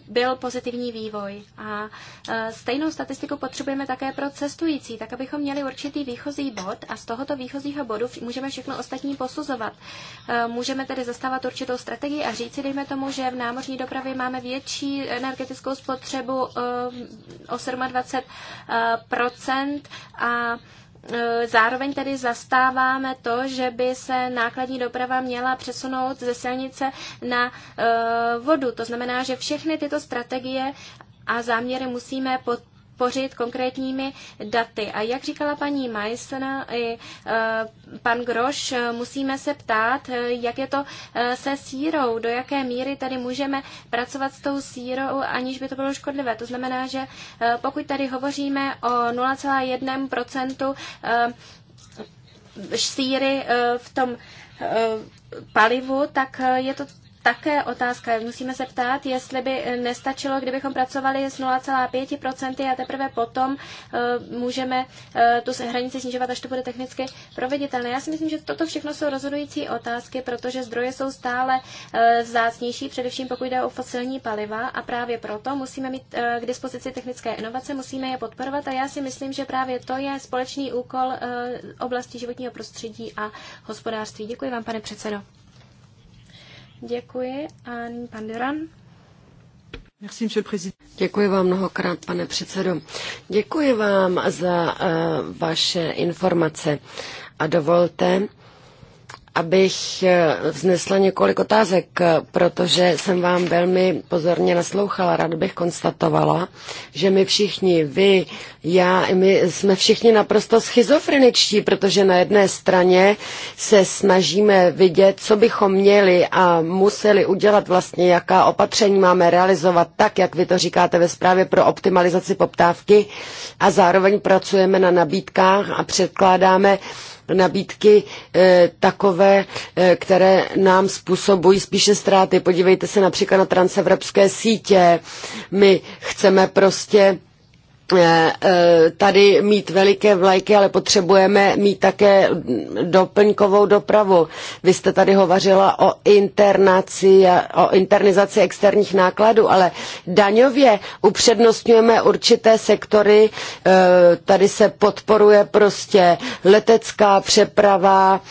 byl pozitivní vývoj. A eh, stejnou statistiku potřebujeme také pro cestující, tak abychom měli určitý výchozí bod a z tohoto výchozího bodu můžeme všechno ostatní posuzovat. Eh, můžeme tedy zastávat určitou strategii a říci, dejme tomu, že v námořní dopravě máme větší energetickou spotřebu o 27 a Eh, zároveň tedy zastáváme to, že by se nákladní doprava měla přesunout ze silnice na eh, vodu. To znamená, že všechny tyto strategie a záměry musíme pod, podpořit konkrétními daty. A jak říkala paní Majsena i e, pan Groš, e, musíme se ptát, e, jak je to se sírou, do jaké míry tady můžeme pracovat s tou sírou, aniž by to bylo škodlivé. To znamená, že pokud tady hovoříme o 0,1% síry v tom palivu, tak je to také otázka. Musíme se ptát, jestli by nestačilo, kdybychom pracovali s 0,5% a teprve potom eh, můžeme eh, tu hranici snižovat, až to bude technicky proveditelné. Já si myslím, že toto všechno jsou rozhodující otázky, protože zdroje jsou stále eh, vzácnější, především pokud jde o fosilní paliva a právě proto musíme mít k dispozici technické inovace, musíme je podporovat a já si myslím, že právě to je společný úkol oblasti životního prostředí a hospodářství. Děkuji vám, pane předsedo. Děkuji. A nyní pan Duran. Děkuji vám mnohokrát, pane předsedo. Děkuji vám za uh, vaše informace. A dovolte, abych eh, vznesla několik otázek, eh, protože jsem vám velmi pozorně naslouchala. Rád bych konstatovala, že my všichni, vy, já, my jsme všichni naprosto schizofreničtí, protože na jedné straně se snažíme vidět, co bychom měli a museli udělat vlastně, jaká opatření máme realizovat tak, jak vy to říkáte ve zprávě pro optimalizaci poptávky a zároveň pracujeme na nabídkách a předkládáme nabídky eh, takové, eh, které nám způsobují spíše ztráty. Podívejte se například na transevropské sítě. My chceme prostě Eh, eh, tady mít veliké vlajky, ale potřebujeme mít také doplňkovou dopravu. Vy jste tady hovořila o, internaci, o internizaci externích nákladů, ale daňově upřednostňujeme určité sektory, eh, tady se podporuje prostě letecká přeprava,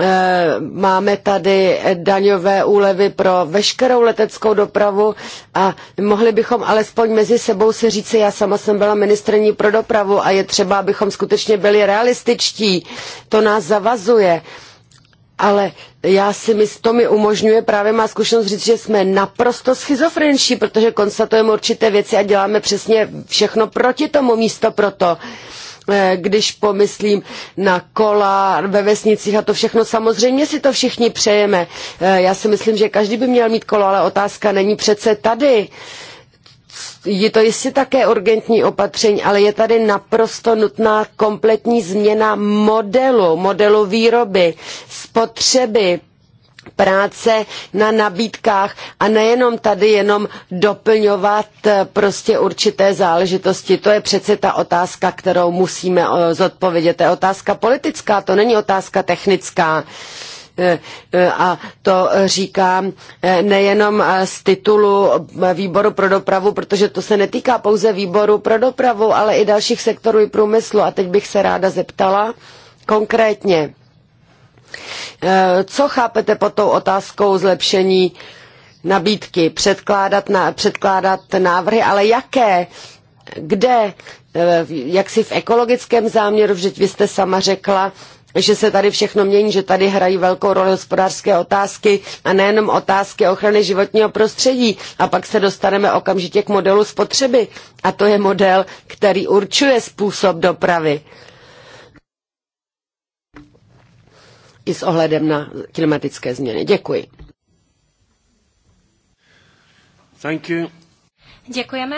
Eh, máme tady daňové úlevy pro veškerou leteckou dopravu a mohli bychom alespoň mezi sebou si říci, já sama jsem byla ministrní pro dopravu a je třeba, abychom skutečně byli realističtí. To nás zavazuje. Ale já si myslím, to mi umožňuje právě má zkušenost říct, že jsme naprosto schizofrenší, protože konstatujeme určité věci a děláme přesně všechno proti tomu místo proto. to Eh, když pomyslím na kola ve vesnicích a to všechno, samozřejmě si to všichni přejeme. Eh, já si myslím, že každý by měl mít kolo, ale otázka není přece tady je to jistě také urgentní opatření, ale je tady naprosto nutná kompletní změna modelu, modelu výroby, spotřeby, práce na nabídkách a nejenom tady jenom doplňovat eh, prostě určité záležitosti. To je přece ta otázka, kterou musíme eh, zodpovědět. To je otázka politická, to není otázka technická eh, a to říkám nejenom z titulu výboru pro dopravu, protože to se netýká pouze výboru pro dopravu, ale i dalších sektorů i průmyslu. A teď bych se ráda zeptala konkrétně Eh, co chápete pod tou otázkou zlepšení nabídky? Předkládat, na, předkládat návrhy, ale jaké? Kde? Eh, jak si v ekologickém záměru, vždyť vy jste sama řekla, že se tady všechno mění, že tady hrají velkou roli hospodářské otázky a nejenom otázky ochrany životního prostředí. A pak se dostaneme okamžitě k modelu spotřeby. A to je model, který určuje způsob dopravy. i s ohledem na klimatické změny. Děkuji. Thank you. Děkujeme.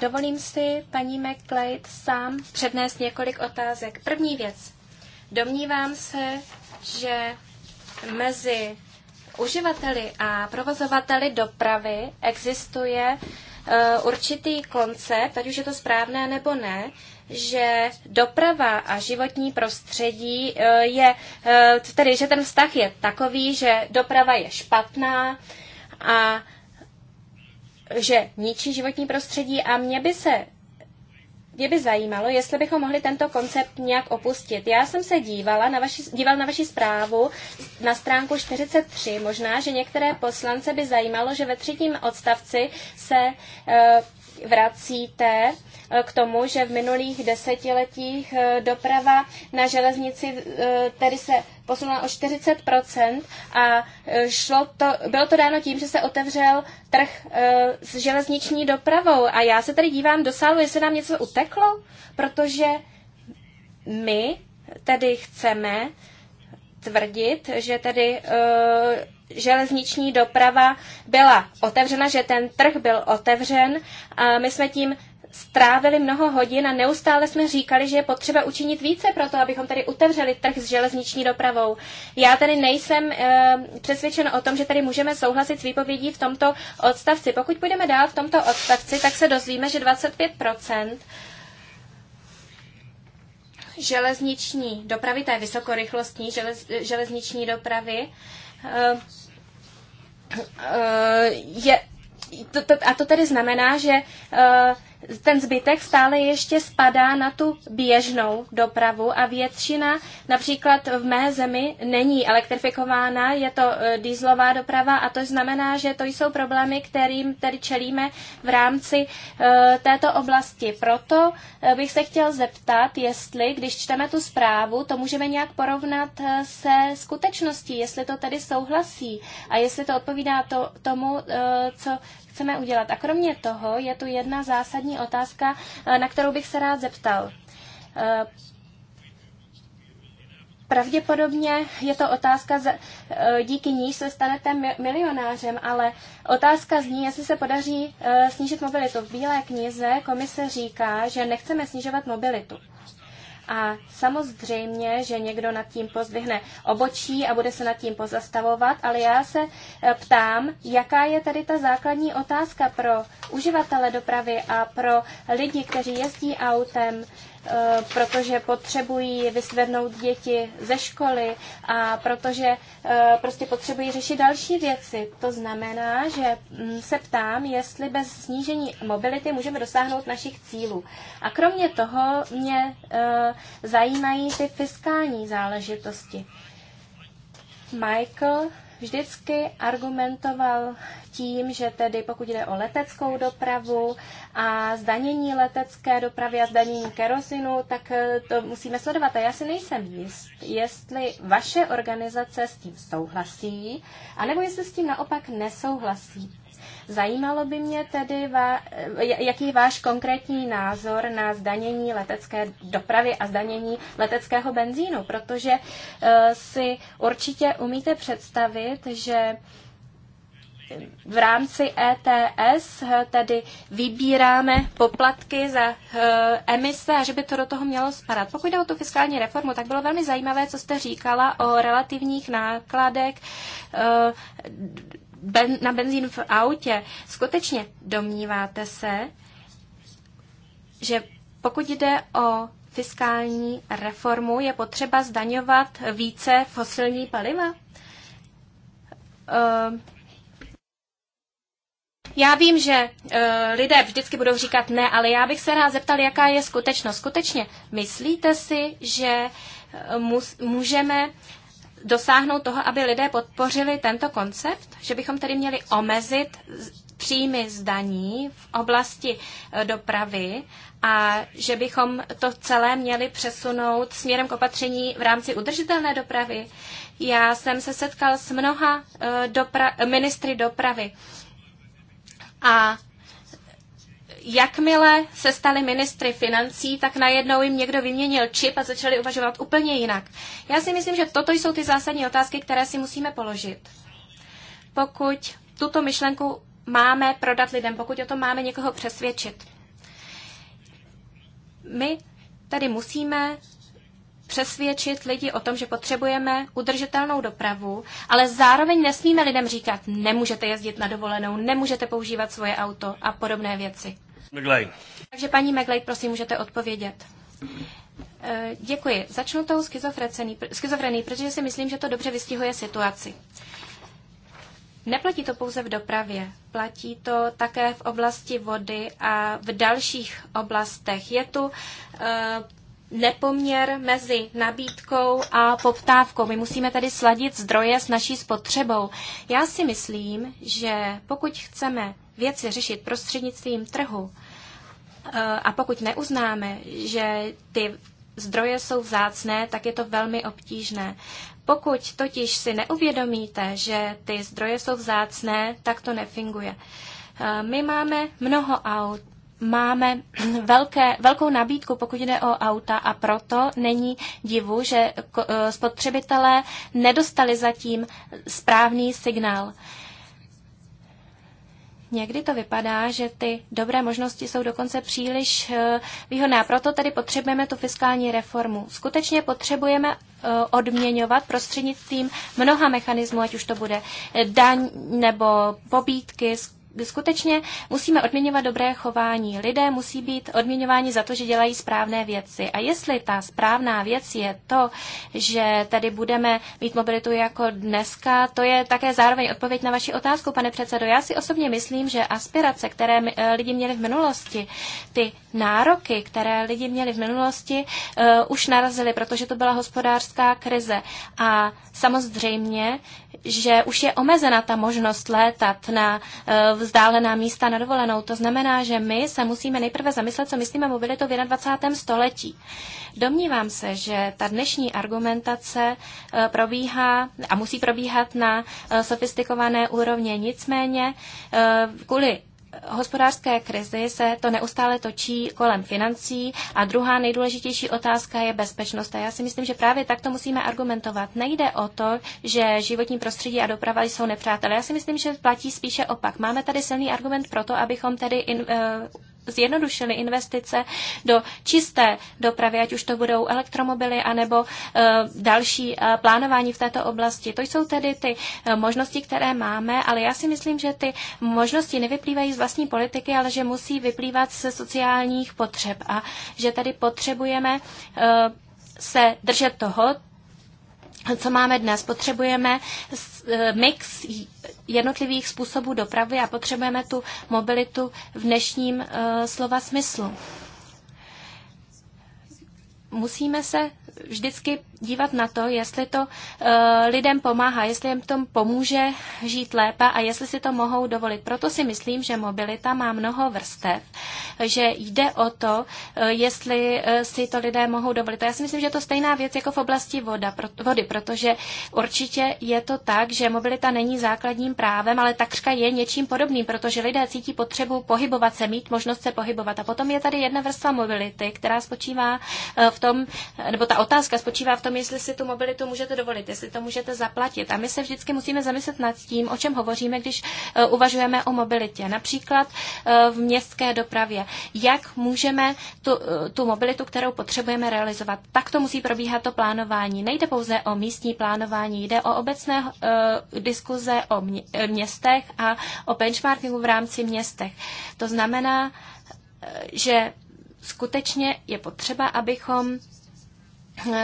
Dovolím si, paní McLeod, sám přednést několik otázek. První věc. Domnívám se, že mezi uživateli a provozovateli dopravy existuje eh, určitý koncept, ať už je to správné nebo ne, že doprava a životní prostředí eh, je, eh, tedy že ten vztah je takový, že doprava je špatná a že ničí životní prostředí a mě by se mě by zajímalo, jestli bychom mohli tento koncept nějak opustit. Já jsem se dívala na vaši, díval na vaši zprávu na stránku 43. Možná, že některé poslance by zajímalo, že ve třetím odstavci se e, vracíte Eh, k tomu, že v minulých desetiletích eh, doprava na železnici eh, tedy se posunula o 40 a šlo to, bylo to dáno tím, že se otevřel trh s železniční dopravou. A já se tady dívám do sálu, jestli nám něco uteklo, protože my tedy chceme tvrdit, že tedy železniční doprava byla otevřena, že ten trh byl otevřen. A my jsme tím strávili mnoho hodin a neustále jsme říkali, že je potřeba učinit více pro to, abychom tady otevřeli trh s železniční dopravou. Já tady nejsem e, přesvědčen o tom, že tady můžeme souhlasit s výpovědí v tomto odstavci. Pokud půjdeme dál v tomto odstavci, tak se dozvíme, že 25 železniční dopravy, té vysokorychlostní želez, železniční dopravy, e, e, je, to, to, a to tedy znamená, že uh, ten zbytek stále ještě spadá na tu běžnou dopravu a většina například v mé zemi není elektrifikována, je to e, dýzlová doprava a to znamená, že to jsou problémy, kterým tedy čelíme v rámci e, této oblasti. Proto e, bych se chtěl zeptat, jestli, když čteme tu zprávu, to můžeme nějak porovnat se skutečností, jestli to tedy souhlasí a jestli to odpovídá to, tomu, co chceme udělat. A kromě toho je tu jedna zásadní otázka, eh, na kterou bych se rád zeptal. Eh, pravděpodobně je to otázka, eh, díky níž se stanete milionářem, ale otázka zní, jestli se podaří snížit mobilitu. V Bílé knize komise říká, že nechceme snižovat mobilitu. A samozřejmě, že někdo nad tím pozdvihne obočí a bude se nad tím pozastavovat, ale já se e, ptám, jaká je tady ta základní otázka pro uživatele dopravy a pro lidi, kteří jezdí autem, E, protože potřebují vyzvednout děti ze školy a protože e, prostě potřebují řešit další věci. To znamená, že mm, se ptám, jestli bez snížení mobility můžeme dosáhnout našich cílů. A kromě toho mě e, zajímají ty fiskální záležitosti. Michael vždycky argumentoval tím, že tedy pokud jde o leteckou dopravu a zdanění letecké dopravy a zdanění kerosinu, tak eh, to musíme sledovat. A já si nejsem jist, jestli vaše organizace s tím souhlasí, anebo jestli s tím naopak nesouhlasí. Zajímalo by mě tedy, eh, jaký je váš konkrétní názor na zdanění letecké dopravy a zdanění leteckého benzínu, protože eh, si určitě umíte představit, že v rámci ETS eh, tedy vybíráme poplatky za emise a že by to do toho mělo spadat. Pokud jde o tu fiskální reformu, tak bylo velmi zajímavé, co jste říkala o relativních nákladech ben, na benzín v autě. Skutečně domníváte se, že pokud jde o fiskální reformu, je potřeba zdaňovat více fosilní paliva? Ehm, já vím, že eh, lidé vždycky budou říkat ne, ale já bych se rád zeptal, jaká je skutečnost. Skutečně, myslíte si, že eh, můžeme dosáhnout toho, aby lidé podpořili tento koncept, že bychom tedy měli omezit příjmy zdaní v oblasti e, dopravy a že bychom to celé měli přesunout směrem k opatření v rámci udržitelné dopravy. Já jsem se setkal s mnoha e, dopra- ministry dopravy a jakmile se stali ministry financí, tak najednou jim někdo vyměnil čip a začali uvažovat úplně jinak. Já si myslím, že toto jsou ty zásadní otázky, které si musíme položit. Pokud tuto myšlenku máme prodat lidem, pokud o tom máme někoho přesvědčit. My tady musíme přesvědčit lidi o tom, že potřebujeme udržitelnou dopravu, ale zároveň nesmíme lidem říkat, nemůžete jezdit na dovolenou, nemůžete používat svoje auto a podobné věci. McLean. Takže paní McLean, prosím, můžete odpovědět. Eh, děkuji. Začnu tou schizofrený, protože si myslím, že to dobře vystihuje situaci. Neplatí to pouze v dopravě, platí to také v oblasti vody a v dalších oblastech. Je tu eh, nepoměr mezi nabídkou a poptávkou. My musíme tady sladit zdroje s naší spotřebou. Já si myslím, že pokud chceme věci řešit prostřednictvím trhu, Eh, a pokud neuznáme, že ty zdroje jsou vzácné, tak je to velmi obtížné. Pokud totiž si neuvědomíte, že ty zdroje jsou vzácné, tak to nefunguje. Eh, my máme mnoho aut, máme velké, velkou nabídku, pokud jde o auta a proto není divu, že eh, spotřebitelé nedostali zatím správný signál. Někdy to vypadá, že ty dobré možnosti jsou dokonce příliš eh, výhodné. Proto tedy potřebujeme tu fiskální reformu. Skutečně potřebujeme eh, odměňovat prostřednictvím mnoha mechanismů, ať už to bude eh, daň nebo pobídky, skutečně musíme odměňovat dobré chování. Lidé musí být odměňováni za to, že dělají správné věci. A jestli ta správná věc je to, že tady budeme mít mobilitu jako dneska, to je také zároveň odpověď na vaši otázku, pane předsedo. Já si osobně myslím, že aspirace, které eh, lidi měli v minulosti, ty nároky, které lidi měli v minulosti, uh, už narazily, protože to byla hospodářská krize. A samozřejmě, že už je omezena ta možnost létat na uh, vzdálená místa na dovolenou. To znamená, že my se musíme nejprve zamyslet, co myslíme mobilitou v 21. století. Domnívám se, že ta dnešní argumentace eh, probíhá a musí probíhat na eh, sofistikované úrovně. Nicméně eh, kvůli hospodářské krizi se to neustále točí kolem financí a druhá nejdůležitější otázka je bezpečnost. A já si myslím, že právě tak to musíme argumentovat. Nejde o to, že životní prostředí a doprava jsou nepřátelé. Já si myslím, že platí spíše opak. Máme tady silný argument pro to, abychom tedy in, uh, zjednodušili investice do čisté dopravy, ať už to budou elektromobily anebo eh, další eh, plánování v této oblasti. To jsou tedy ty eh, možnosti, které máme, ale já si myslím, že ty možnosti nevyplývají z vlastní politiky, ale že musí vyplývat ze sociálních potřeb a že tady potřebujeme se držet toho, co máme dnes. Potřebujeme eh, mix jednotlivých způsobů dopravy a potřebujeme tu mobilitu v dnešním eh, slova smyslu. Musíme se vždycky dívat na to, jestli to eh, lidem pomáhá, jestli jim tom pomůže žít lépe a jestli si to mohou dovolit. Proto si myslím, že mobilita má mnoho vrstev, že jde o to, eh, jestli eh, si to lidé mohou dovolit. A já si myslím, že je to stejná věc jako v oblasti voda, vody, protože určitě je to tak, že mobilita není základním právem, ale takřka je něčím podobným, protože lidé cítí potřebu pohybovat se, mít možnost se pohybovat. A potom je tady jedna vrstva mobility, která spočívá v tom, nebo ta otázka spočívá v tom, jestli si tu mobilitu můžete dovolit, jestli to můžete zaplatit. A my se vždycky musíme zamyslet nad tím, o čem hovoříme, když e, uvažujeme o mobilitě. Například e, v městské dopravě. Jak můžeme tu, e, tu mobilitu, kterou potřebujeme realizovat? Tak to musí probíhat to plánování. Nejde pouze o místní plánování, jde o obecné uh, diskuze o městech a o benchmarkingu v rámci městech. To znamená, že skutečně je potřeba, abychom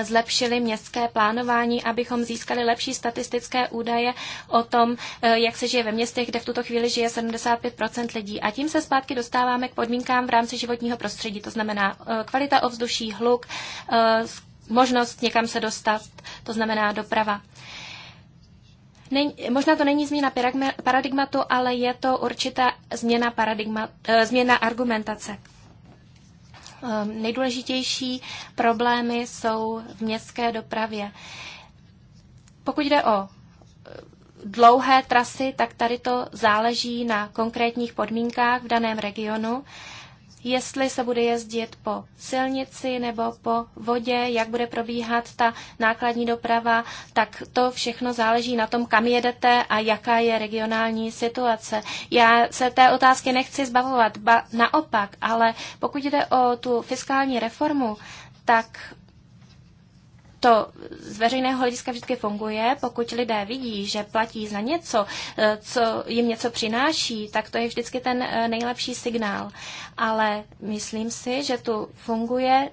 zlepšili městské plánování, abychom získali lepší statistické údaje o tom, eh, jak se žije ve městech, kde v tuto chvíli žije 75 lidí. A tím se zpátky dostáváme k podmínkám v rámci životního prostředí, to znamená eh, kvalita ovzduší, hluk, eh, možnost někam se dostat, to znamená doprava. Není, možná to není změna paradigmatu, ale je to určitá změna, paradigma, změna argumentace. Ehm, nejdůležitější problémy jsou v městské dopravě. Pokud jde o eh, dlouhé trasy, tak tady to záleží na konkrétních podmínkách v daném regionu jestli se bude jezdit po silnici nebo po vodě, jak bude probíhat ta nákladní doprava, tak to všechno záleží na tom, kam jedete a jaká je regionální situace. Já se té otázky nechci zbavovat, ba naopak, ale pokud jde o tu fiskální reformu, tak to z veřejného hlediska vždycky funguje. Pokud lidé vidí, že platí za něco, eh, co jim něco přináší, tak to je vždycky ten eh, nejlepší signál. Ale myslím si, že tu funguje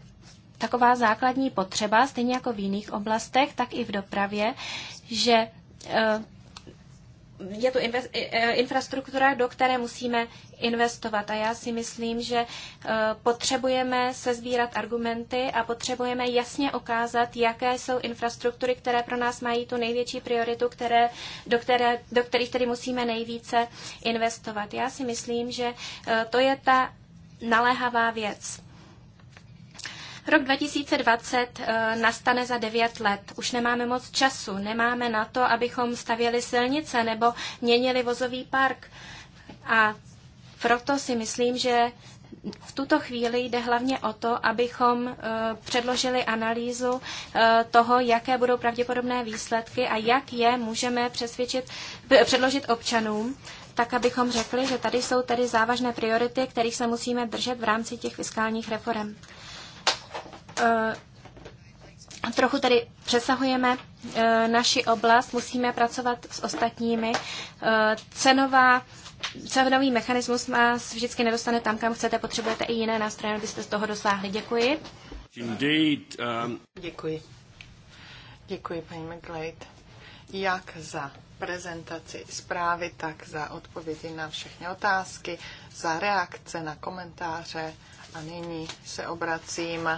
taková základní potřeba, stejně jako v jiných oblastech, tak i v dopravě, že eh, je to invest, e, infrastruktura, do které musíme investovat. A já si myslím, že e, potřebujeme sezbírat argumenty a potřebujeme jasně ukázat, jaké jsou infrastruktury, které pro nás mají tu největší prioritu, které, do, které, do kterých tedy musíme nejvíce investovat. Já si myslím, že e, to je ta naléhavá věc. Rok 2020 eh, nastane za 9 let. Už nemáme moc času, nemáme na to, abychom stavěli silnice nebo měnili vozový park. A proto si myslím, že v tuto chvíli jde hlavně o to, abychom eh, předložili analýzu eh, toho, jaké budou pravděpodobné výsledky a jak je můžeme přesvědčit, předložit občanům, tak abychom řekli, že tady jsou tedy závažné priority, kterých se musíme držet v rámci těch fiskálních reform. Eh, trochu tady přesahujeme eh, naši oblast, musíme pracovat s ostatními. Eh, cenová Cenový mechanismus vás vždycky nedostane tam, kam chcete, potřebujete i jiné nástroje, abyste z toho dosáhli. Děkuji. Indeed, um... Děkuji. Děkuji, paní McGlade, jak za prezentaci zprávy, tak za odpovědi na všechny otázky, za reakce na komentáře. A nyní se obracím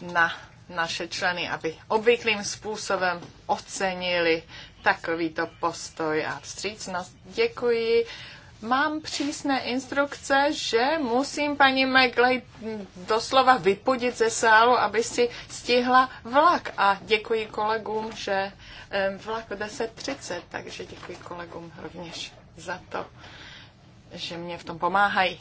na naše členy, aby obvyklým způsobem ocenili takovýto postoj a vstřícnost. Děkuji. Mám přísné instrukce, že musím paní Megley doslova vypudit ze sálu, aby si stihla vlak. A děkuji kolegům, že vlak 10.30, takže děkuji kolegům rovněž za to, že mě v tom pomáhají.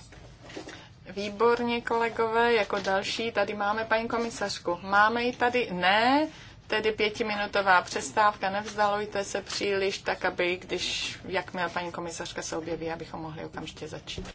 Výborně, kolegové, jako další tady máme paní komisařku. Máme ji tady? Ne, tedy pětiminutová přestávka, nevzdalujte se příliš, tak aby, když, jakmile paní komisařka se objeví, abychom mohli okamžitě začít.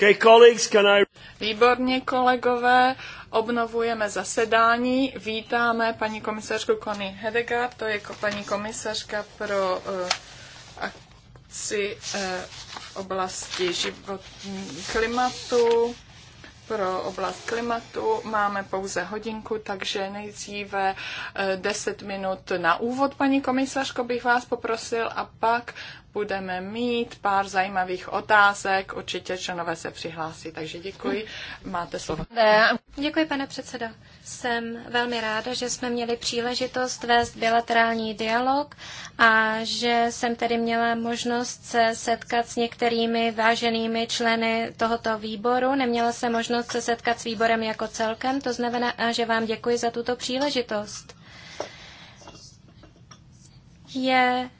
Okay, colleagues, can I... Výborně, kolegové, obnovujeme zasedání. Vítáme paní komisařku Conny Hedegaard, to je paní komisařka pro uh, akci uh, v oblasti životní klimatu pro oblast klimatu máme pouze hodinku, takže nejdříve 10 eh, minut na úvod, paní komisařko, bych vás poprosil a pak budeme mít pár zajímavých otázek. Určitě členové se přihlásí, takže děkuji. Máte slovo. Děkuji, pane předsedo jsem velmi ráda, že jsme měli příležitost vést bilaterální dialog a že jsem tedy měla možnost se setkat s některými váženými členy tohoto výboru. Neměla jsem možnost se setkat s výborem jako celkem, to znamená, že vám děkuji za tuto příležitost. Je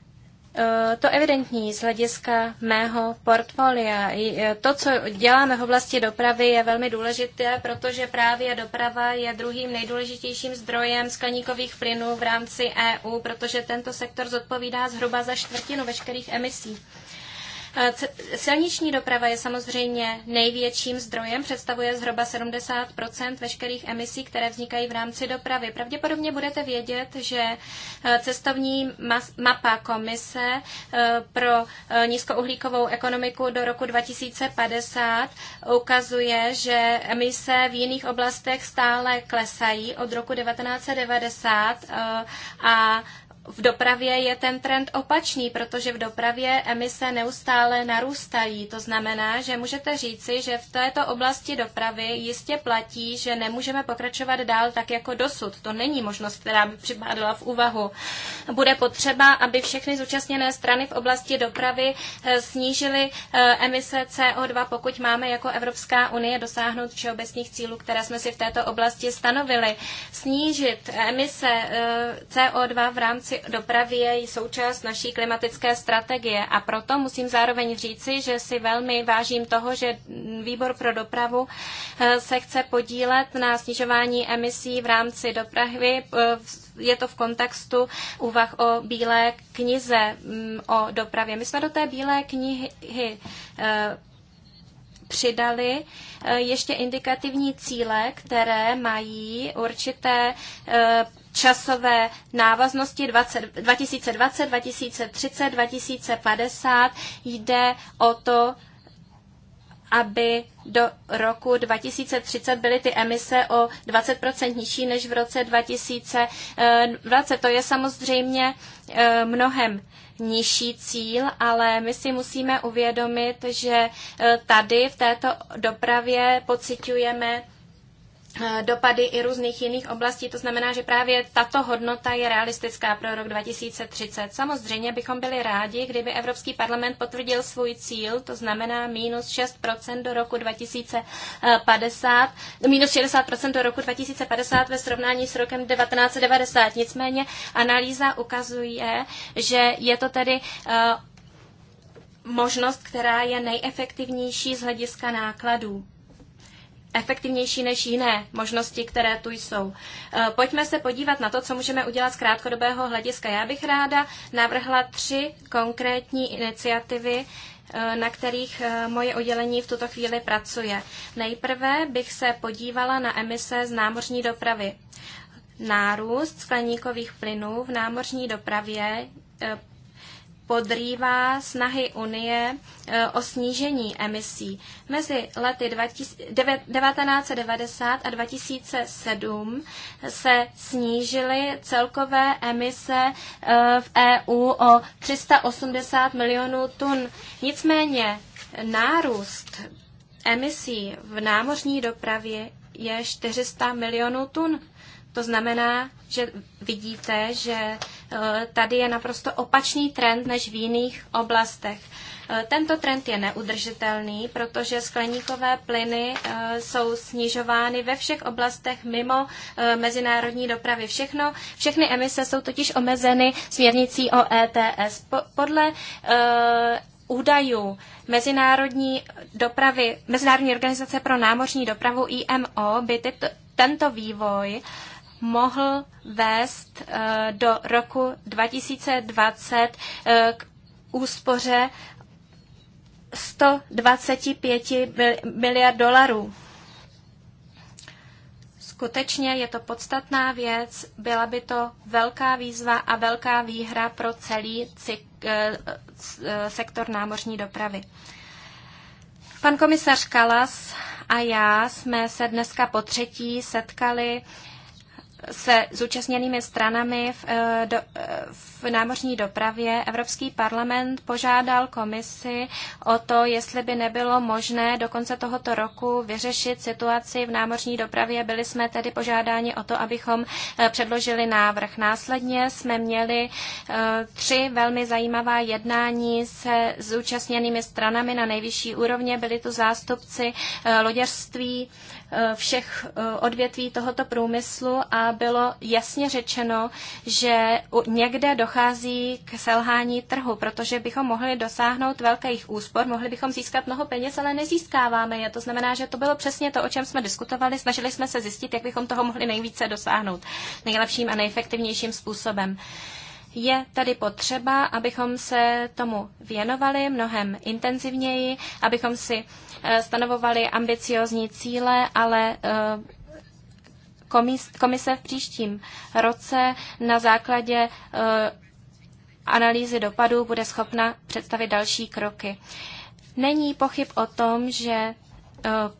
Eh, to evidentní z hlediska mého portfolia. Eh, to, co děláme v oblasti dopravy, je velmi důležité, protože právě doprava je druhým nejdůležitějším zdrojem skleníkových plynů v rámci EU, protože tento sektor zodpovídá zhruba za čtvrtinu veškerých emisí. Eh, silniční doprava je samozřejmě největším zdrojem, představuje zhruba 70 veškerých emisí, které vznikají v rámci dopravy. Pravděpodobně budete vědět, že eh, cestovní mapa komise eh, pro nízkouhlíkovou ekonomiku do roku 2050 ukazuje, že emise v jiných oblastech stále klesají od roku 1990 a v dopravě je ten trend opačný, protože v dopravě emise neustále narůstají. To znamená, že můžete říci, že v této oblasti dopravy jistě platí, že nemůžeme pokračovat dál tak jako dosud. To není možnost, která by připadala v úvahu. Bude potřeba, aby všechny zúčastněné strany v oblasti dopravy eh, snížily eh, emise CO2, pokud máme jako Evropská unie dosáhnout všeobecných cílů, které jsme si v této oblasti stanovili. Snížit emise eh, CO2 v rámci Dopravy je součást naší klimatické strategie a proto musím zároveň říci, že si velmi vážím toho, že výbor pro dopravu eh, se chce podílet na snižování emisí v rámci dopravy. Eh, je to v kontextu úvah o bílé knize mm, o dopravě. My jsme do té bílé knihy eh, přidali ještě indikativní cíle, které mají určité časové návaznosti 20, 2020, 2030, 2050 jde o to, aby do roku 2030 byly ty emise o 20% nižší než v roce 2020. To je samozřejmě eh, mnohem nižší cíl, ale my si musíme uvědomit, že eh, tady v této dopravě pociťujeme Eh, dopady i různých jiných oblastí. To znamená, že právě tato hodnota je realistická pro rok 2030. Samozřejmě bychom byli rádi, kdyby Evropský parlament potvrdil svůj cíl, to znamená minus 6% do roku 2050, minus 60% do roku 2050 ve srovnání s rokem 1990. Nicméně analýza ukazuje, že je to tedy eh, možnost, která je nejefektivnější z hlediska nákladů efektivnější než jiné možnosti, které tu jsou. Eh, pojďme se podívat na to, co můžeme udělat z krátkodobého hlediska. Já bych ráda navrhla tři konkrétní iniciativy, eh, na kterých eh, moje oddělení v tuto chvíli pracuje. Nejprve bych se podívala na emise z námořní dopravy. Nárůst skleníkových plynů v námořní dopravě podrývá snahy Unie e, o snížení emisí. Mezi lety 1990 a 2007 se snížily celkové emise e, v EU o 380 milionů tun. Nicméně nárůst emisí v námořní dopravě je 400 milionů tun. To znamená, že vidíte, že Eh, tady je naprosto opačný trend než v jiných oblastech. Eh, tento trend je neudržitelný, protože skleníkové plyny eh, jsou snižovány ve všech oblastech mimo mezinárodní dopravy. Všechno, všechny emise jsou totiž omezeny směrnicí o ETS. Podle údajů Mezinárodní, dopravy, Mezinárodní organizace pro námořní dopravu IMO by tyto, tento vývoj mohl vést eh, do roku 2020 eh, k úspoře 125 miliard dolarů. Skutečně je to podstatná věc, byla by to velká výzva a velká výhra pro celý eh, sektor námořní dopravy. Pan komisař Kalas a já jsme se dneska po třetí setkali se zúčastněnými stranami v, eh, do, eh, v v námořní dopravě Evropský parlament požádal komisi o to, jestli by nebylo možné do konce tohoto roku vyřešit situaci v námořní dopravě. Byli jsme tedy požádáni o to, abychom eh, předložili návrh. Následně jsme měli eh, tři velmi zajímavá jednání se zúčastněnými stranami na nejvyšší úrovně. Byli tu zástupci eh, loděřství, všech odvětví tohoto průmyslu a bylo jasně řečeno, že někde do dochází k selhání trhu, protože bychom mohli dosáhnout velkých úspor, mohli bychom získat mnoho peněz, ale nezískáváme je. To znamená, že to bylo přesně to, o čem jsme diskutovali. Snažili jsme se zjistit, jak bychom toho mohli nejvíce dosáhnout nejlepším a nejefektivnějším způsobem. Je tady potřeba, abychom se tomu věnovali mnohem intenzivněji, abychom si eh, stanovovali ambiciozní cíle, ale eh, komise v příštím roce na základě eh, analýzy dopadů bude schopna představit další kroky. Není pochyb o tom, že eh,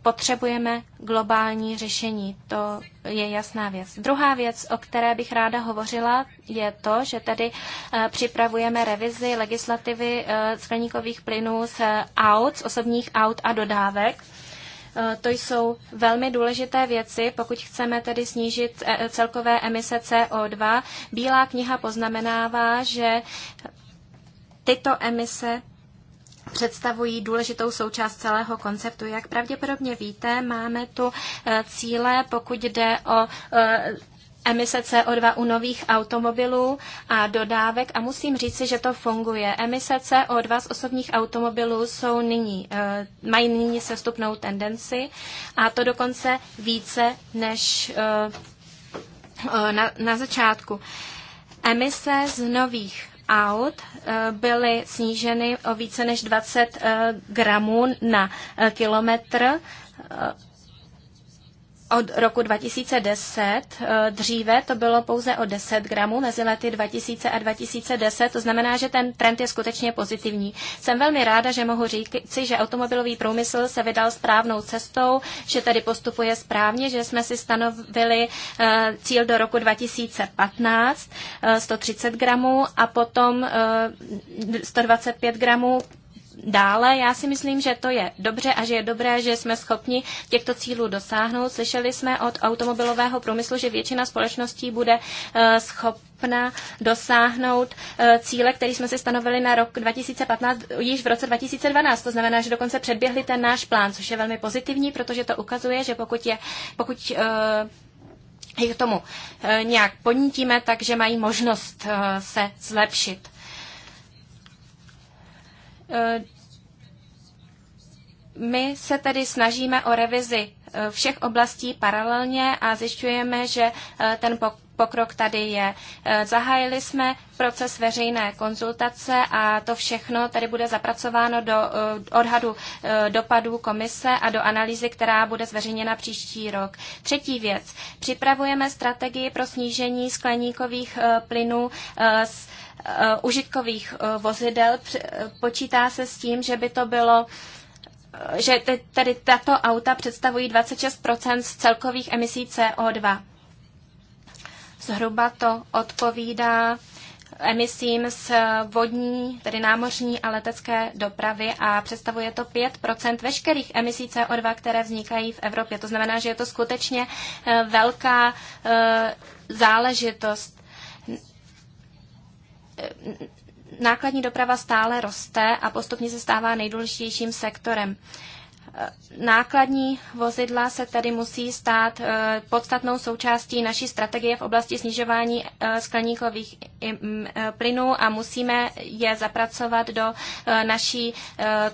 potřebujeme globální řešení. To je jasná věc. Druhá věc, o které bych ráda hovořila, je to, že tady eh, připravujeme revizi legislativy skleníkových plynů z aut, z osobních aut a dodávek. Eh, to jsou velmi důležité věci, pokud chceme tedy snížit eh, celkové emise CO2. Bílá kniha poznamenává, že tyto emise představují důležitou součást celého konceptu. Jak pravděpodobně víte, máme tu eh, cíle, pokud jde o emise CO2 u nových automobilů a dodávek a musím říci, že to funguje. Emise CO2 z osobních automobilů jsou nyní, eh, mají nyní sestupnou tendenci a to dokonce více než eh, eh, na, na začátku. Emise z nových aut byly sníženy o více než 20 gramů na kilometr od roku 2010. Eh, dříve to bylo pouze o 10 gramů mezi lety 2000 a 2010, to znamená, že ten trend je skutečně pozitivní. Jsem velmi ráda, že mohu říci, že automobilový průmysl se vydal správnou cestou, že tady postupuje správně, že jsme si stanovili eh, cíl do roku 2015 130 eh, gramů a potom 125 gramů dále. Já si myslím, že to je dobře a že je dobré, že jsme schopni těchto cílů dosáhnout. Slyšeli jsme od automobilového průmyslu, že většina společností bude eh, schopna dosáhnout eh, cíle, které jsme si stanovili na rok 2015 již v roce 2012. To znamená, že dokonce předběhli ten náš plán, což je velmi pozitivní, protože to ukazuje, že pokud je, pokud eh, je k tomu nějak ponítíme, takže mají možnost se zlepšit. Eh, my se tedy snažíme o revizi eh, všech oblastí paralelně a zjišťujeme, že eh, ten pokrok tady je. Zahájili jsme proces veřejné konzultace a to všechno tady bude zapracováno do odhadu dopadů komise a do analýzy, která bude zveřejněna příští rok. Třetí věc. Připravujeme strategii pro snížení skleníkových plynů Eh, užitkových eh, vozidel. Eh, počítá se s tím, že by to bylo že tedy tato auta představují 26 z celkových emisí CO2. Zhruba to odpovídá emisím z vodní, tedy námořní a letecké dopravy a představuje to 5 veškerých emisí CO2, které vznikají v Evropě. To znamená, že je to skutečně velká záležitost nákladní doprava stále roste a postupně se stává nejdůležitějším sektorem. Nákladní vozidla se tedy musí stát eh, podstatnou součástí naší strategie v oblasti snižování eh, skleníkových eh, plynů a musíme je zapracovat do naší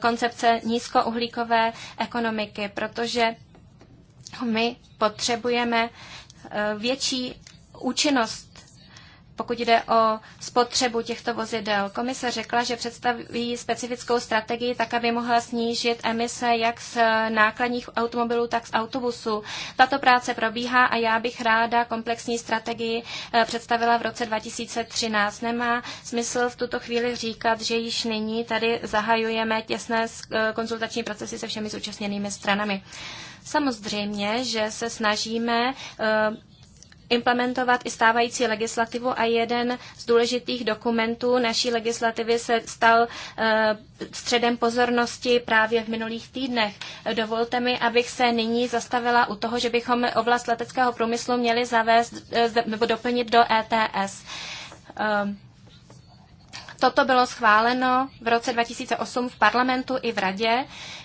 koncepce nízkouhlíkové ekonomiky, protože my potřebujeme větší účinnost pokud jde o spotřebu těchto vozidel. Komise řekla, že představí specifickou strategii tak, aby mohla snížit emise jak z nákladních automobilů, tak z autobusů. Tato práce probíhá a já bych ráda komplexní strategii eh, představila v roce 2013. Nemá smysl v tuto chvíli říkat, že již nyní tady zahajujeme těsné eh, konzultační procesy se všemi zúčastněnými stranami. Samozřejmě, že se snažíme eh, implementovat i stávající legislativu a jeden z důležitých dokumentů naší legislativy se stal eh, středem pozornosti právě v minulých týdnech. Dovolte mi, abych se nyní zastavila u toho, že bychom oblast leteckého průmyslu měli zavést eh, nebo doplnit do ETS. Ehm, Toto bylo schváleno v roce 2008 v parlamentu i v radě.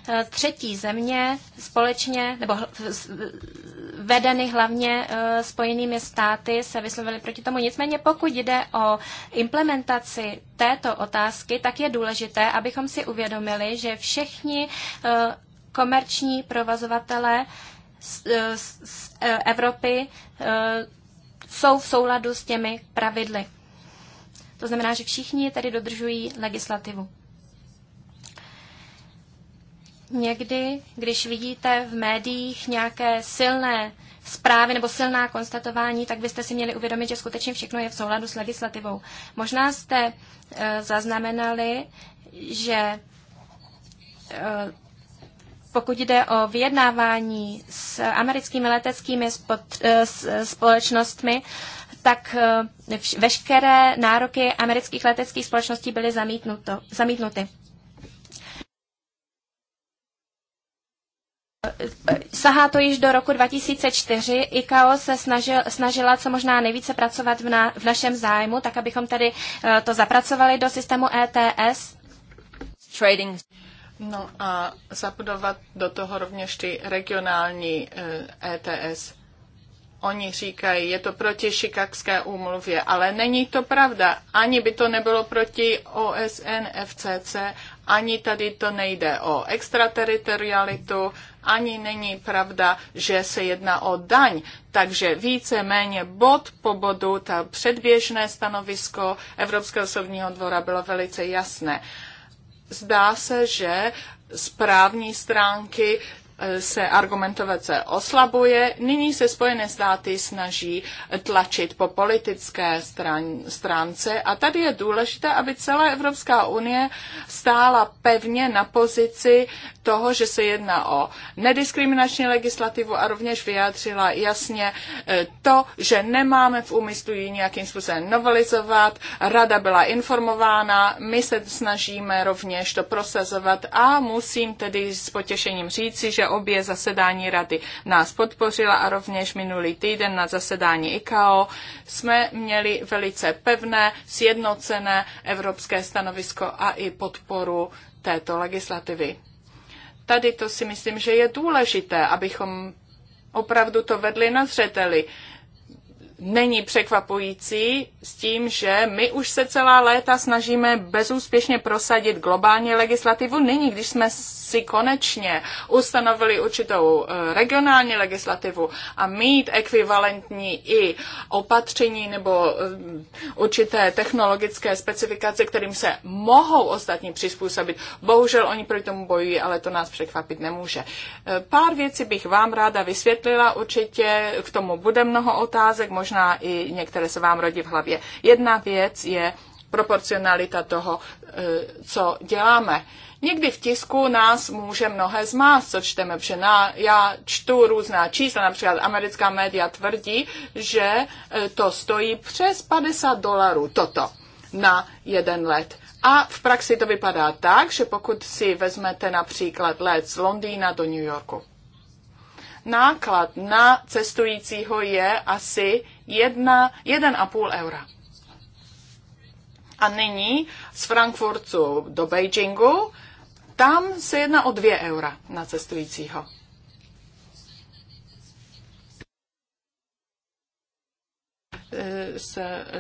E, třetí země společně, nebo vedeny hlavně e, spojenými státy, se vyslovily proti tomu. Nicméně pokud jde o implementaci této otázky, tak je důležité, abychom si uvědomili, že všichni e, komerční provozovatele z Evropy jsou v souladu s těmi pravidly. To znamená, že všichni tady dodržují legislativu. Někdy, když vidíte v médiích nějaké silné zprávy nebo silná konstatování, tak byste si měli uvědomit, že skutečně všechno je v souladu s legislativou. Možná jste e, zaznamenali, že e, pokud jde o vyjednávání s americkými leteckými spot, e, s, e, společnostmi, e, tak eh, veškeré nároky amerických leteckých společností byly zamítnuto, zamítnuty. Sahá to již do roku 2004. ICAO se snažil, snažila co možná nejvíce pracovat v, na, v našem zájmu, tak abychom tady eh, to zapracovali do systému ETS. Trading. No a zabudovat do toho rovněž ty regionální ETS eh, e Oni říkají, je to proti šikakské úmluvě, ale není to pravda. Ani by to nebylo proti OSN, FCC, ani tady to nejde o extrateritorialitu, ani není pravda, že se jedná o daň. Takže více méně bod po bodu ta předběžné stanovisko Evropského soudního dvora bylo velice jasné. Zdá se, že z právní stránky se argumentace oslabuje. Nyní se Spojené státy snaží tlačit po politické stran, stránce a tady je důležité, aby celá Evropská unie stála pevně na pozici toho, že se jedná o nediskriminační legislativu a rovněž vyjádřila jasně e, to, že nemáme v úmyslu ji nějakým způsobem novelizovat. Rada byla informována, my se snažíme rovněž to prosazovat a musím tedy s potěšením říci, že obě zasedání rady nás podpořila a rovněž minulý týden na zasedání ICAO jsme měli velice pevné, sjednocené evropské stanovisko a i podporu této legislativy. Tady to si myslím, že je důležité, abychom opravdu to vedli na zřeteli není překvapující s tím, že my už se celá léta snažíme bezúspěšně prosadit globální legislativu. Nyní, když jsme si konečně ustanovili určitou eh, regionální legislativu a mít ekvivalentní i opatření nebo eh, určité technologické specifikace, kterým se mohou ostatní přizpůsobit. Bohužel oni proti tomu bojují, ale to nás překvapit nemůže. Eh, pár věcí bych vám ráda vysvětlila, určitě k tomu bude mnoho otázek, možná možná i některé se vám rodí v hlavě. Jedna věc je proporcionalita toho, e, co děláme. Někdy v tisku nás může mnohé zmást, co čteme, protože na, já čtu různá čísla, například americká média tvrdí, že e, to stojí přes 50 dolarů toto na jeden let. A v praxi to vypadá tak, že pokud si vezmete například let z Londýna do New Yorku, náklad na cestujícího je asi 1,5 eura. A nyní z Frankfurtu do Beijingu, tam se jedná o 2 eura na cestujícího. z,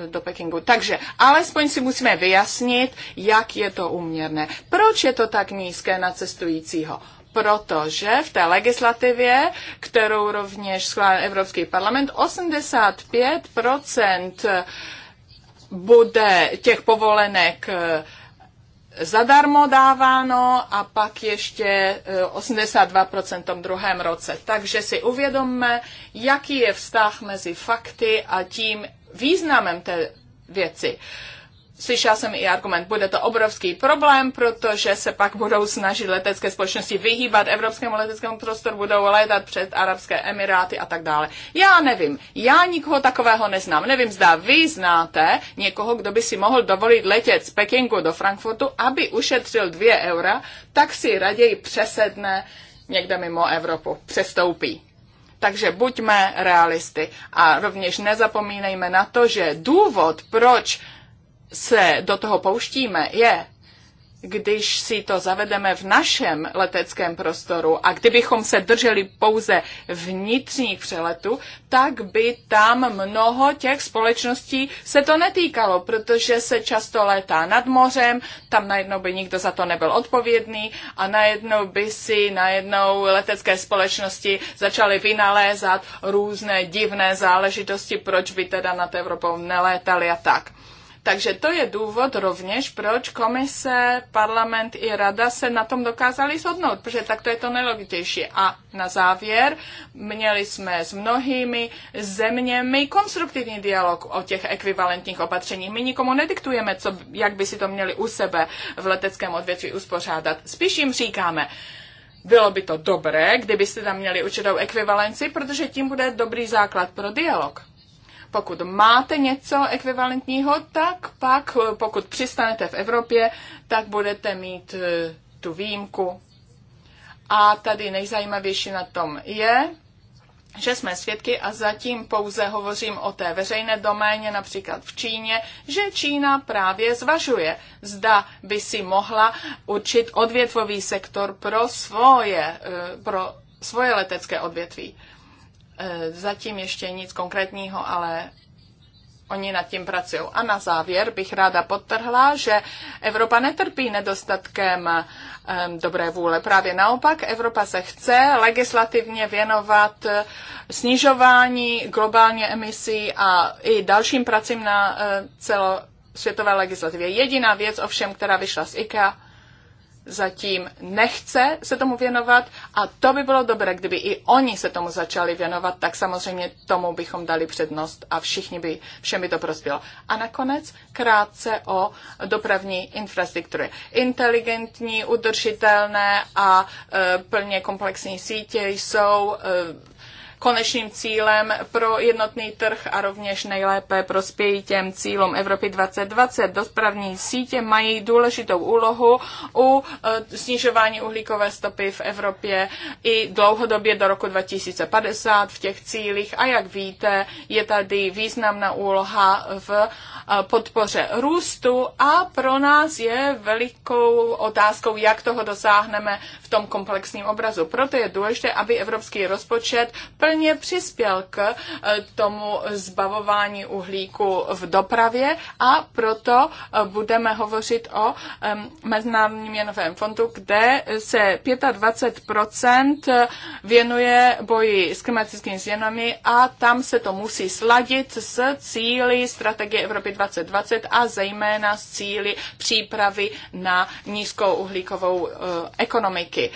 do Pekingu. Takže alespoň si musíme vyjasnit, jak je to uměrné. Proč je to tak nízké na cestujícího? protože v té legislativě, kterou rovněž schválil Evropský parlament, 85 bude těch povolenek eh, zadarmo dáváno a pak ještě 82% eh, v tom druhém roce. Takže si uvědomme, jaký je vztah mezi fakty a tím významem té věci. Slyšela jsem i argument, bude to obrovský problém, protože se pak budou snažit letecké společnosti vyhýbat evropskému leteckému prostoru, budou létat před Arabské Emiráty a tak dále. Já nevím, já nikoho takového neznám. Nevím, zda vy znáte někoho, kdo by si mohl dovolit letět z Pekingu do Frankfurtu, aby ušetřil dvě eura, tak si raději přesedne někde mimo Evropu, přestoupí. Takže buďme realisty a rovněž nezapomínejme na to, že důvod, proč se do toho pouštíme, je, když si to zavedeme v našem leteckém prostoru a kdybychom se drželi pouze vnitřních přeletů, tak by tam mnoho těch společností se to netýkalo, protože se často létá nad mořem, tam najednou by nikdo za to nebyl odpovědný a najednou by si najednou letecké společnosti začaly vynalézat různé divné záležitosti, proč by teda nad Evropou nelétali a tak takže to je důvod rovněž, proč komise, parlament i rada se na tom dokázali shodnout, protože tak to je to nejlogitější. A na závěr měli jsme s mnohými zeměmi konstruktivní dialog o těch ekvivalentních opatřeních. My nikomu nediktujeme, co, jak by si to měli u sebe v leteckém odvětví uspořádat. Spíš jim říkáme, bylo by to dobré, kdybyste tam měli určitou ekvivalenci, protože tím bude dobrý základ pro dialog. Pokud máte něco ekvivalentního, tak pak, pokud přistanete v Evropě, tak budete mít e, tu výjimku. A tady nejzajímavější na tom je, že jsme svědky a zatím pouze hovořím o té veřejné doméně, například v Číně, že Čína právě zvažuje, zda by si mohla určit odvětvový sektor pro svoje, e, pro svoje letecké odvětví. E, zatím ještě nic konkrétního, ale oni nad tím pracují. A na závěr bych ráda podtrhla, že Evropa netrpí nedostatkem e, dobré vůle. Právě naopak, Evropa se chce legislativně věnovat e, snižování globálně emisí a i dalším pracím na celosvětové legislativě. Jediná věc ovšem, která vyšla z IKEA, zatím nechce se tomu věnovat a to by bylo dobré, kdyby i oni se tomu začali věnovat, tak samozřejmě tomu bychom dali přednost a všichni by, všem by to prospělo. A nakonec krátce o dopravní infrastruktury. Inteligentní, udržitelné a e, plně komplexní sítě jsou e, konečným cílem pro jednotný trh a rovněž nejlépe prospějí těm cílům Evropy 2020. Dopravní sítě mají důležitou úlohu u eh, snižování uhlíkové stopy v Evropě i dlouhodobě do roku 2050 v těch cílích a jak víte, je tady významná úloha v eh, podpoře růstu a pro nás je velikou otázkou, jak toho dosáhneme v tom komplexním obrazu. Proto je důležité, aby evropský rozpočet plně plně přispěl k eh, tomu zbavování uhlíku v dopravě a proto eh, budeme hovořit o Mezinárodním měnovém fondu, kde se 25% eh, věnuje boji s klimatickými změnami a tam se to musí sladit s cíly strategie Evropy 2020 a zejména s cíly přípravy na nízkou uhlíkovou ekonomiky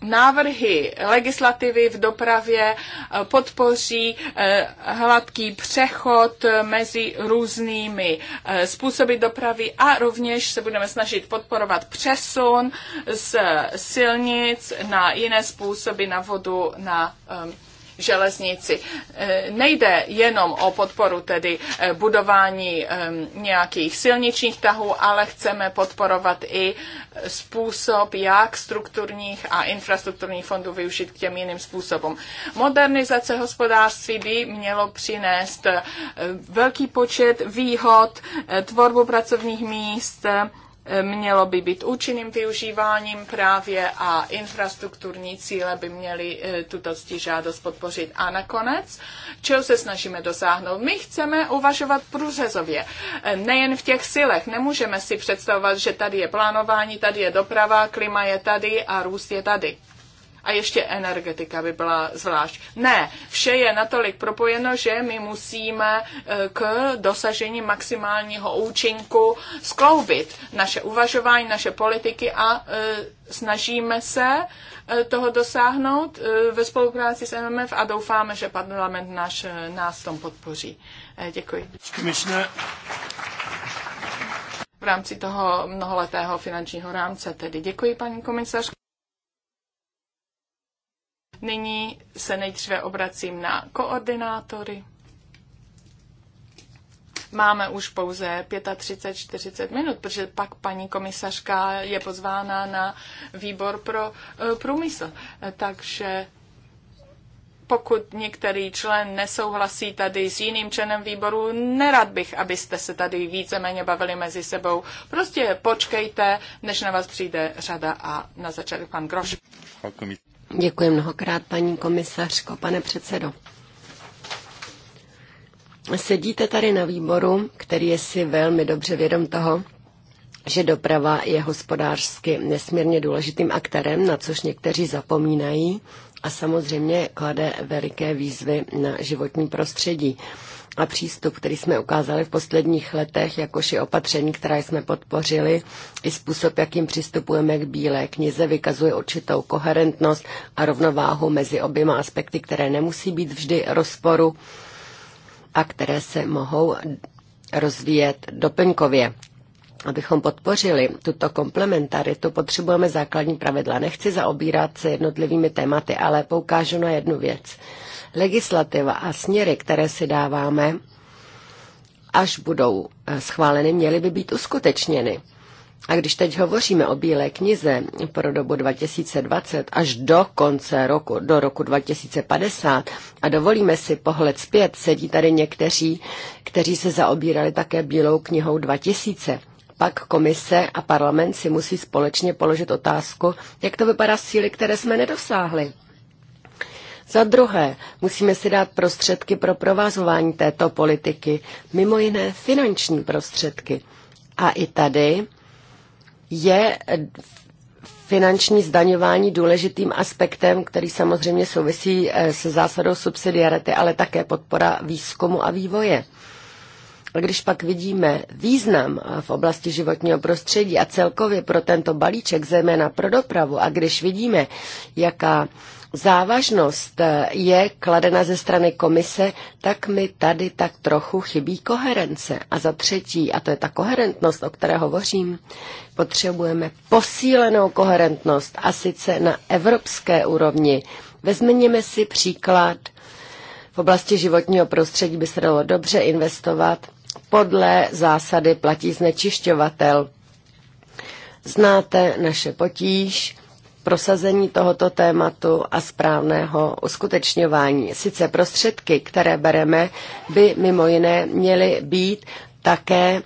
návrhy legislativy v dopravě eh, podpoří eh, hladký přechod eh, mezi různými způsoby dopravy a rovněž se budeme snažit podporovat přesun z silnic na jiné způsoby na vodu, na ehm, železnici. E, nejde jenom o podporu tedy e, budování e, nějakých silničních tahů, ale chceme podporovat i způsob, jak strukturních a infrastrukturních fondů využít k těm jiným způsobům. Modernizace hospodářství by mělo přinést velký počet výhod, tvorbu pracovních míst, mělo by být účinným využíváním právě a infrastrukturní cíle by měly e, tuto žádost podpořit. A nakonec, čeho se snažíme dosáhnout? My chceme uvažovat průřezově, e, nejen v těch silech. Nemůžeme si představovat, že tady je plánování, tady je doprava, klima je tady a růst je tady a ještě energetika by byla zvlášť. Ne, vše je natolik propojeno, že my musíme eh, k dosažení maximálního účinku skloubit naše uvažování, naše politiky a eh, snažíme se eh, toho dosáhnout ve spolupráci s MMF a doufáme, že parlament náš, nás v tom podpoří. Děkuji. V rámci toho mnoholetého finančního rámce tedy děkuji, paní komisařko. Nyní se nejdříve obracím na koordinátory. Máme už pouze 35-40 minut, protože pak paní komisařka je pozvána na výbor pro eh, průmysl. Takže pokud některý člen nesouhlasí tady s jiným členem výboru, nerad bych, abyste se tady víceméně bavili mezi sebou. Prostě počkejte, než na vás přijde řada a na začátek pan Groš. Děkuji mnohokrát, paní komisařko, pane předsedo. Sedíte tady na výboru, který je si velmi dobře vědom toho, že doprava je hospodářsky nesmírně důležitým aktérem, na což někteří zapomínají a samozřejmě klade veliké výzvy na životní prostředí a přístup, který jsme ukázali v posledních letech, jakož i opatření, která jsme podpořili, i způsob, jakým přistupujeme k Bílé knize, vykazuje určitou koherentnost a rovnováhu mezi oběma aspekty, které nemusí být vždy rozporu a které se mohou rozvíjet doplňkově. Abychom podpořili tuto komplementaritu, potřebujeme základní pravidla. Nechci zaobírat se jednotlivými tématy, ale poukážu na jednu věc legislativa a směry, které si dáváme, až budou eh, schváleny, měly by být uskutečněny. A když teď hovoříme o Bílé knize pro dobu 2020 až do konce roku, do roku 2050 a dovolíme si pohled zpět, sedí tady někteří, kteří se zaobírali také Bílou knihou 2000. Pak komise a parlament si musí společně položit otázku, jak to vypadá s cíly, které jsme nedosáhli. Za druhé, musíme si dát prostředky pro provázování této politiky, mimo jiné finanční prostředky. A i tady je finanční zdaňování důležitým aspektem, který samozřejmě souvisí eh, se zásadou subsidiarity, ale také podpora výzkumu a vývoje. A když pak vidíme význam eh, v oblasti životního prostředí a celkově pro tento balíček, zejména pro dopravu, a když vidíme, jaká závažnost eh, je kladena ze strany komise, tak mi tady tak trochu chybí koherence. A za třetí, a to je ta koherentnost, o které hovořím, potřebujeme posílenou koherentnost a sice na evropské úrovni. Vezměme si příklad. V oblasti životního prostředí by se dalo dobře investovat podle zásady platí znečišťovatel. Znáte naše potíž, prosazení tohoto tématu a správného uskutečňování. Sice prostředky, které bereme, by mimo jiné měly být také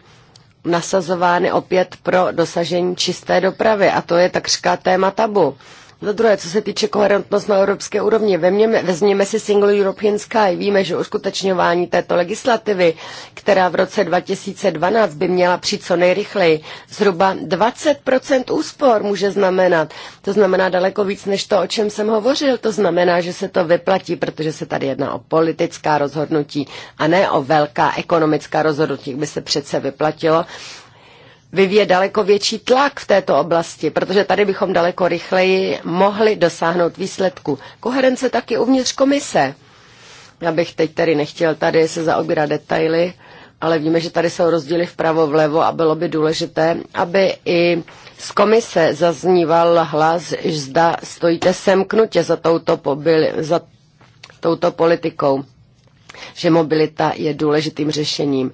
nasazovány opět pro dosažení čisté dopravy a to je takřka téma tabu. Za druhé, co se týče koherentnost na evropské úrovni, vezměme, vezměme si Single European Sky. Víme, že uskutečňování této legislativy, která v roce 2012 by měla přijít co nejrychleji, zhruba 20% úspor může znamenat. To znamená daleko víc než to, o čem jsem hovořil. To znamená, že se to vyplatí, protože se tady jedná o politická rozhodnutí a ne o velká ekonomická rozhodnutí, by se přece vyplatilo vyvíjet daleko větší tlak v této oblasti, protože tady bychom daleko rychleji mohli dosáhnout výsledku. Koherence taky uvnitř komise. Já bych teď tady nechtěl tady se zaobírat detaily, ale víme, že tady jsou rozdíly vpravo vlevo a bylo by důležité, aby i z komise zazníval hlas, že zda stojíte semknutě za touto, pobyli, za touto politikou, že mobilita je důležitým řešením. Uh,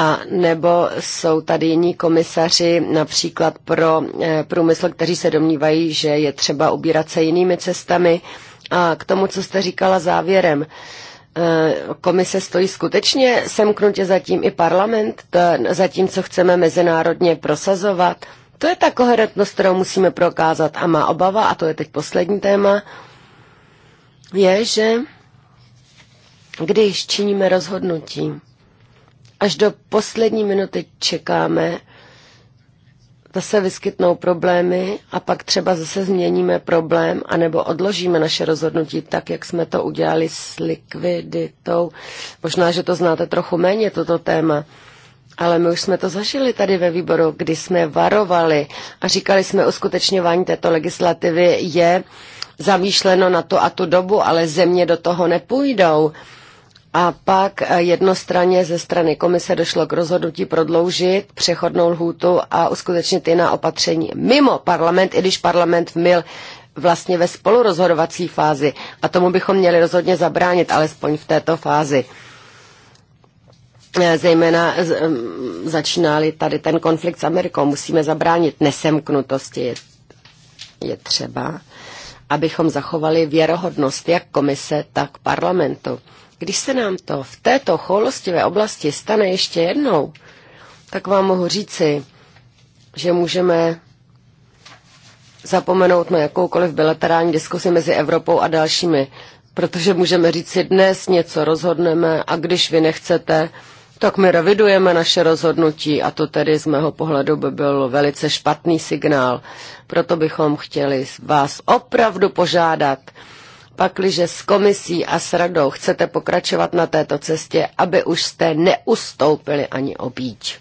a nebo jsou tady jiní komisaři, například pro eh, průmysl, kteří se domnívají, že je třeba ubírat se jinými cestami. A k tomu, co jste říkala závěrem, eh, komise stojí skutečně semknutě zatím i parlament, zatím, co chceme mezinárodně prosazovat. To je ta koherentnost, kterou musíme prokázat a má obava, a to je teď poslední téma, je, že když činíme rozhodnutí, Až do poslední minuty čekáme, zase vyskytnou problémy a pak třeba zase změníme problém anebo odložíme naše rozhodnutí tak, jak jsme to udělali s likviditou. Možná, že to znáte trochu méně, toto téma. Ale my už jsme to zažili tady ve výboru, kdy jsme varovali a říkali jsme, uskutečňování této legislativy je zamýšleno na to a tu dobu, ale země do toho nepůjdou. A pak eh, jednostranně ze strany komise došlo k rozhodnutí prodloužit přechodnou lhůtu a uskutečnit jiná opatření mimo parlament, i když parlament měl vlastně ve spolurozhodovací fázi. A tomu bychom měli rozhodně zabránit, alespoň v této fázi. Eh, zejména eh, mm, začínali tady ten konflikt s Amerikou, musíme zabránit nesemknutosti. Je, je třeba, abychom zachovali věrohodnost jak komise, tak parlamentu. Když se nám to v této choulostivé oblasti stane ještě jednou, tak vám mohu říci, že můžeme zapomenout na jakoukoliv bilaterální diskusi mezi Evropou a dalšími, protože můžeme říct si dnes něco rozhodneme a když vy nechcete, tak my revidujeme naše rozhodnutí a to tedy z mého pohledu by byl velice špatný signál. Proto bychom chtěli vás opravdu požádat, pakliže s komisí a s radou chcete pokračovat na této cestě, aby už jste neustoupili ani obíč.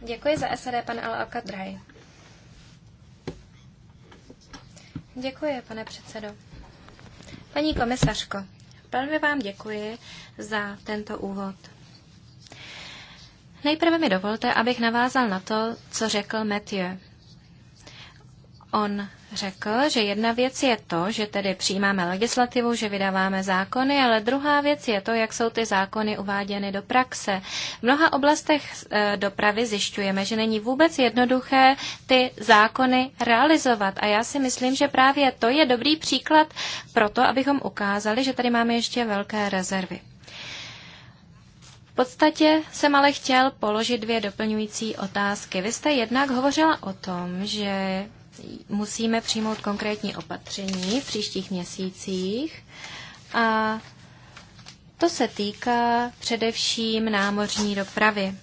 Děkuji za Sd. pan Al Alkadraj. Děkuji, pane předsedo. Paní komisařko, velmi vám děkuji za tento úvod. Nejprve mi dovolte, abych navázal na to, co řekl Mathieu. On řekl, že jedna věc je to, že tedy přijímáme legislativu, že vydáváme zákony, ale druhá věc je to, jak jsou ty zákony uváděny do praxe. V mnoha oblastech eh, dopravy zjišťujeme, že není vůbec jednoduché ty zákony realizovat. A já si myslím, že právě to je dobrý příklad pro to, abychom ukázali, že tady máme ještě velké rezervy. V podstatě jsem ale chtěl položit dvě doplňující otázky. Vy jste jednak hovořila o tom, že musíme přijmout konkrétní opatření v příštích měsících a to se týká především námořní dopravy,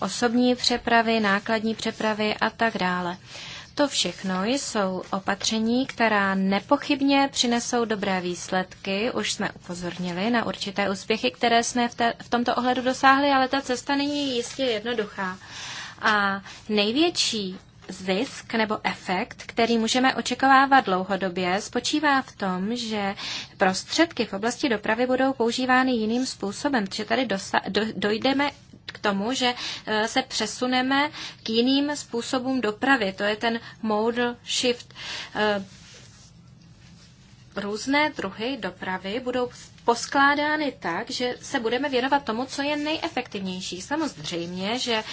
osobní přepravy, nákladní přepravy a tak dále. To všechno jsou opatření, která nepochybně přinesou dobré výsledky. Už jsme upozornili na určité úspěchy, které jsme v, te, v tomto ohledu dosáhli, ale ta cesta není jistě jednoduchá. A největší zisk nebo efekt, který můžeme očekávat dlouhodobě, spočívá v tom, že prostředky v oblasti dopravy budou používány jiným způsobem, že tady dosa- do- dojdeme k tomu, že eh, se přesuneme k jiným způsobům dopravy. To je ten modal shift. Eh, různé druhy dopravy budou poskládány tak, že se budeme věnovat tomu, co je nejefektivnější. Samozřejmě, že e,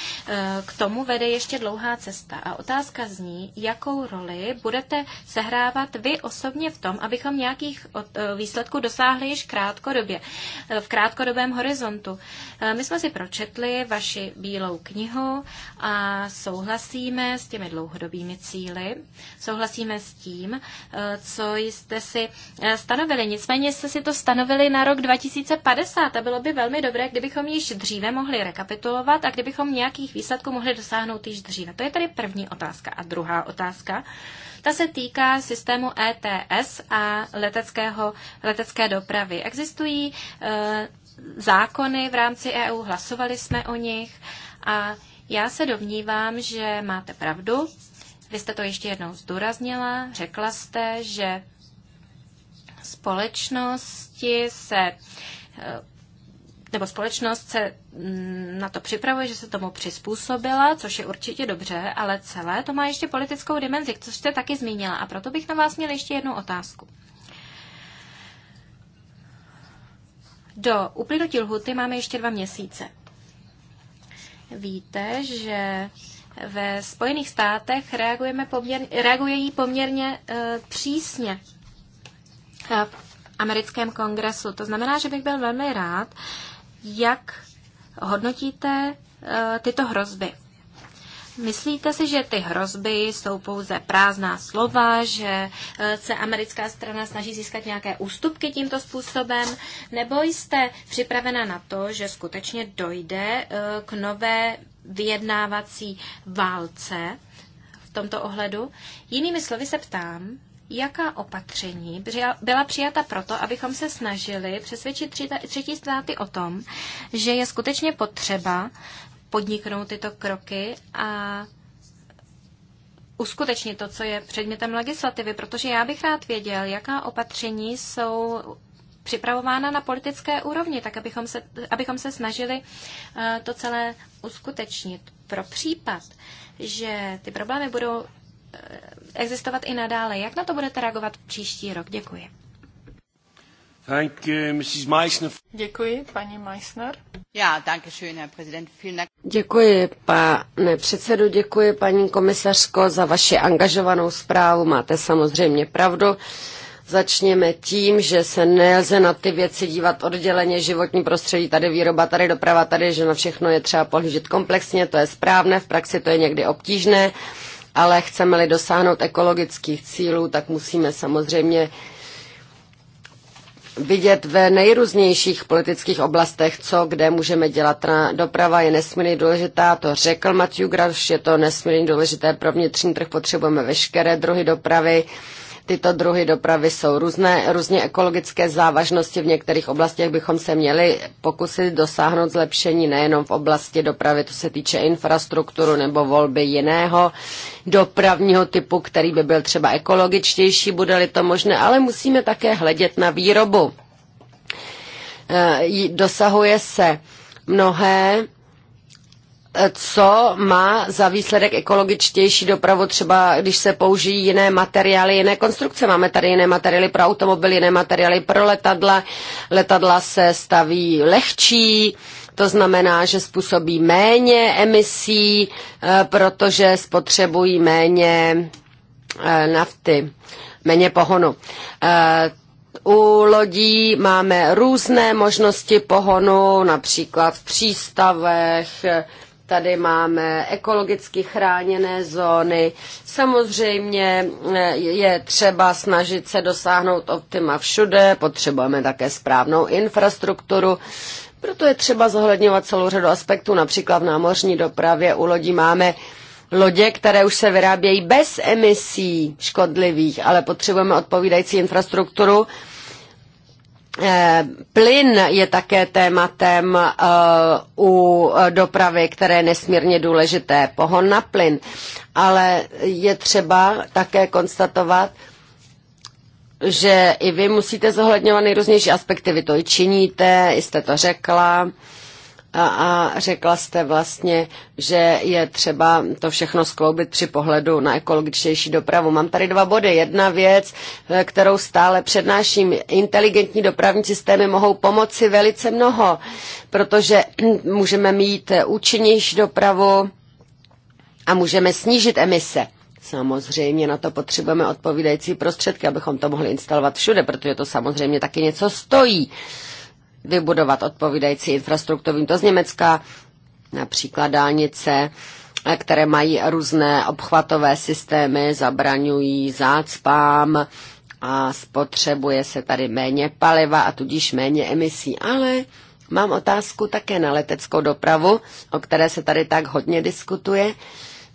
k tomu vede ještě dlouhá cesta. A otázka zní, jakou roli budete sehrávat vy osobně v tom, abychom nějakých e, výsledků dosáhli již krátkodobě, e, v krátkodobém horizontu. My jsme si pročetli vaši bílou knihu a souhlasíme s těmi dlouhodobými cíly, souhlasíme s tím, co jste si stanovili. Nicméně jste si to stanovili cíly na rok 2050 a bylo by velmi dobré, kdybychom již dříve mohli rekapitulovat a kdybychom nějakých výsledků mohli dosáhnout již dříve. To je tedy první otázka. A druhá otázka, ta se týká systému ETS a leteckého, letecké dopravy. Existují e, zákony v rámci EU, hlasovali jsme o nich a já se domnívám, že máte pravdu. Vy jste to ještě jednou zdůraznila, řekla jste, že společnosti se eh, nebo společnost se mm, na to připravuje, že se tomu přizpůsobila, což je určitě dobře, ale celé to má ještě politickou dimenzi, což jste taky zmínila. A proto bych na vás měla ještě jednu otázku. Do uplynutí lhuty máme ještě dva měsíce. Víte, že ve Spojených státech reagujeme poměr, reagují poměrně e, přísně Eh, v americkém kongresu. To znamená, že bych byl velmi rád, jak hodnotíte eh, tyto hrozby. Myslíte si, že ty hrozby jsou pouze prázdná slova, že eh, se americká strana snaží získat nějaké ústupky tímto způsobem, nebo jste připravena na to, že skutečně dojde k nové vyjednávací válce v tomto ohledu? Jinými slovy se ptám, jaká opatření byla přijata proto, abychom se snažili přesvědčit třetí státy o tom, že je skutečně potřeba podniknout tyto kroky a uskutečnit to, co je předmětem legislativy, protože já bych rád věděl, jaká opatření jsou připravována na politické úrovni, tak abychom se, abychom se snažili eh, to celé uskutečnit. Pro případ, že ty problémy budou existovat i nadále. Jak na to budete reagovat příští rok? Děkuji. Thank you, Mrs. Meissner. Děkuji, paní Meissner. Ja, danke schön, Herr Präsident. Vielen Dank. Děkuji, pane předsedu, děkuji, paní komisařko, za vaši angažovanou zprávu. Máte samozřejmě pravdu. Začněme tím, že se nelze na ty věci dívat odděleně, životní prostředí, tady výroba, tady doprava, tady, že na všechno je třeba pohlížet komplexně, to je správné, v praxi to je někdy obtížné ale chceme-li dosáhnout ekologických cílů, tak musíme samozřejmě vidět ve nejrůznějších politických oblastech, co kde můžeme dělat. Na Doprava je nesmírně důležitá, to řekl Matthew Graš, je to nesmírně důležité pro vnitřní trh, potřebujeme veškeré druhy dopravy. Tyto druhy dopravy jsou různé, různě ekologické závažnosti. V některých oblastech bychom se měli pokusit dosáhnout zlepšení nejenom v oblasti dopravy, to se týče infrastrukturu nebo volby jiného dopravního typu, který by byl třeba ekologičtější, bude-li to možné, ale musíme také hledět na výrobu. E, dosahuje se mnohé co má za výsledek ekologičtější dopravu, třeba když se použijí jiné materiály, jiné konstrukce. Máme tady jiné materiály pro automobily, jiné materiály pro letadla. Letadla se staví lehčí, to znamená, že způsobí méně emisí, eh, protože spotřebují méně eh, nafty, méně pohonu. Eh, u lodí máme různé možnosti pohonu, například v přístavech, Tady máme ekologicky chráněné zóny. Samozřejmě e, je třeba snažit se dosáhnout optima všude, potřebujeme také správnou infrastrukturu. Proto je třeba zohledňovat celou řadu aspektů, například v námořní dopravě u lodí máme lodě, které už se vyrábějí bez emisí škodlivých, ale potřebujeme odpovídající infrastrukturu, Eh, plyn je také tématem eh, u dopravy, které je nesmírně důležité. Pohon na plyn. Ale je třeba také konstatovat, že i vy musíte zohledňovat nejrůznější aspekty. Vy to i činíte, jste to řekla a, a řekla jste vlastně, že je třeba to všechno skloubit při pohledu na ekologičtější dopravu. Mám tady dva body. Jedna věc, eh, kterou stále přednáším. Inteligentní dopravní systémy mohou pomoci velice mnoho, protože můžeme mít účinnější dopravu a můžeme snížit emise. Samozřejmě na to potřebujeme odpovídající prostředky, abychom to mohli instalovat všude, protože to samozřejmě taky něco stojí vybudovat odpovídající infrastrukturu. To z Německa například dálnice, které mají různé obchvatové systémy, zabraňují zácpám a spotřebuje se tady méně paliva a tudíž méně emisí. Ale mám otázku také na leteckou dopravu, o které se tady tak hodně diskutuje,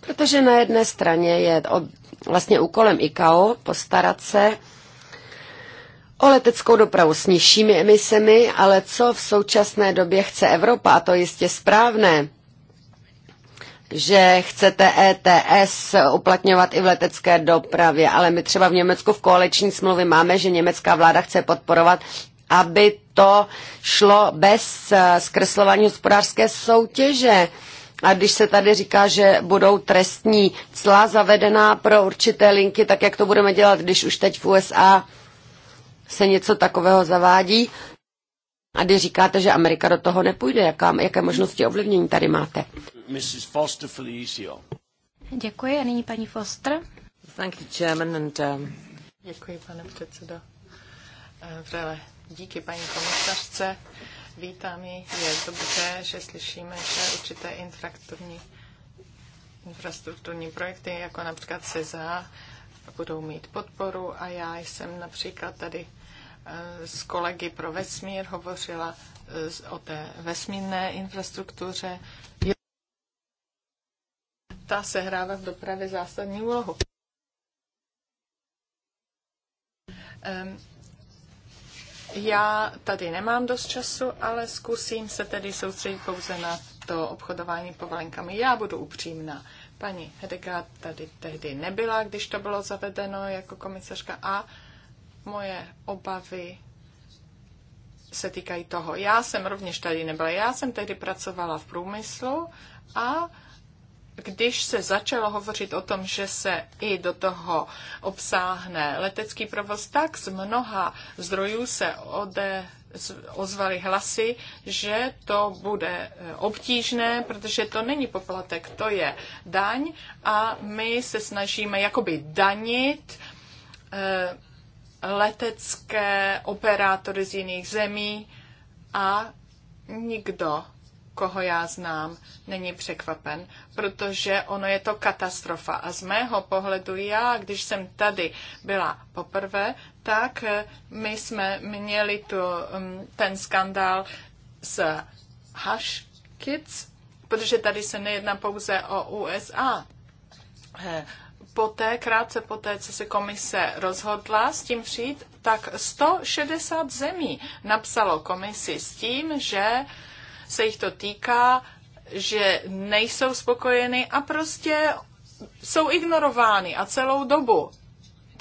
protože na jedné straně je od, vlastně úkolem ICAO postarat se o leteckou dopravu s nižšími emisemi, ale co v současné době chce Evropa, a to jistě správné, že chcete ETS uplatňovat i v letecké dopravě, ale my třeba v Německu v koaliční smlouvě máme, že německá vláda chce podporovat, aby to šlo bez eh, zkreslování hospodářské soutěže. A když se tady říká, že budou trestní cla zavedená pro určité linky, tak jak to budeme dělat, když už teď v USA se něco takového zavádí. A když říkáte, že Amerika do toho nepůjde, jaká, jaké možnosti ovlivnění tady máte? Mrs. Foster Felicio. Děkuji a nyní paní Foster. Thank you, Chairman, and, um... Děkuji, pane předsedo. Eh, Vrele, díky paní komisařce. Vítám ji. Je dobře, že slyšíme, že určité infrastrukturní, infrastrukturní projekty, jako například CZA, budou mít podporu a já jsem například tady s kolegy pro vesmír, hovořila eh, o té vesmírné infrastruktuře. Ta hrává v dopravě zásadní úlohu. Já tady nemám dost času, ale zkusím se tedy soustředit pouze na to obchodování povolenkami. Já budu upřímná. Paní Hedegaard tady tehdy nebyla, když to bylo zavedeno jako komisařka a Moje obavy se týkají toho. Já jsem rovněž tady nebyla. Já jsem tehdy pracovala v průmyslu a když se začalo hovořit o tom, že se i do toho obsáhne letecký provoz, tak z mnoha zdrojů se ode, ozvali hlasy, že to bude eh, obtížné, protože to není poplatek, to je daň a my se snažíme jakoby danit eh, letecké operátory z jiných zemí a nikdo, koho já znám, není překvapen, protože ono je to katastrofa. A z mého pohledu já, když jsem tady byla poprvé, tak eh, my jsme měli tu, mm, ten skandál s Hush Kids, protože tady se nejedná pouze o USA, eh, poté, krátce poté, co se komise rozhodla s tím přijít, tak 160 zemí napsalo komisi s tím, že se jich to týká, že nejsou spokojeny a prostě jsou ignorovány a celou dobu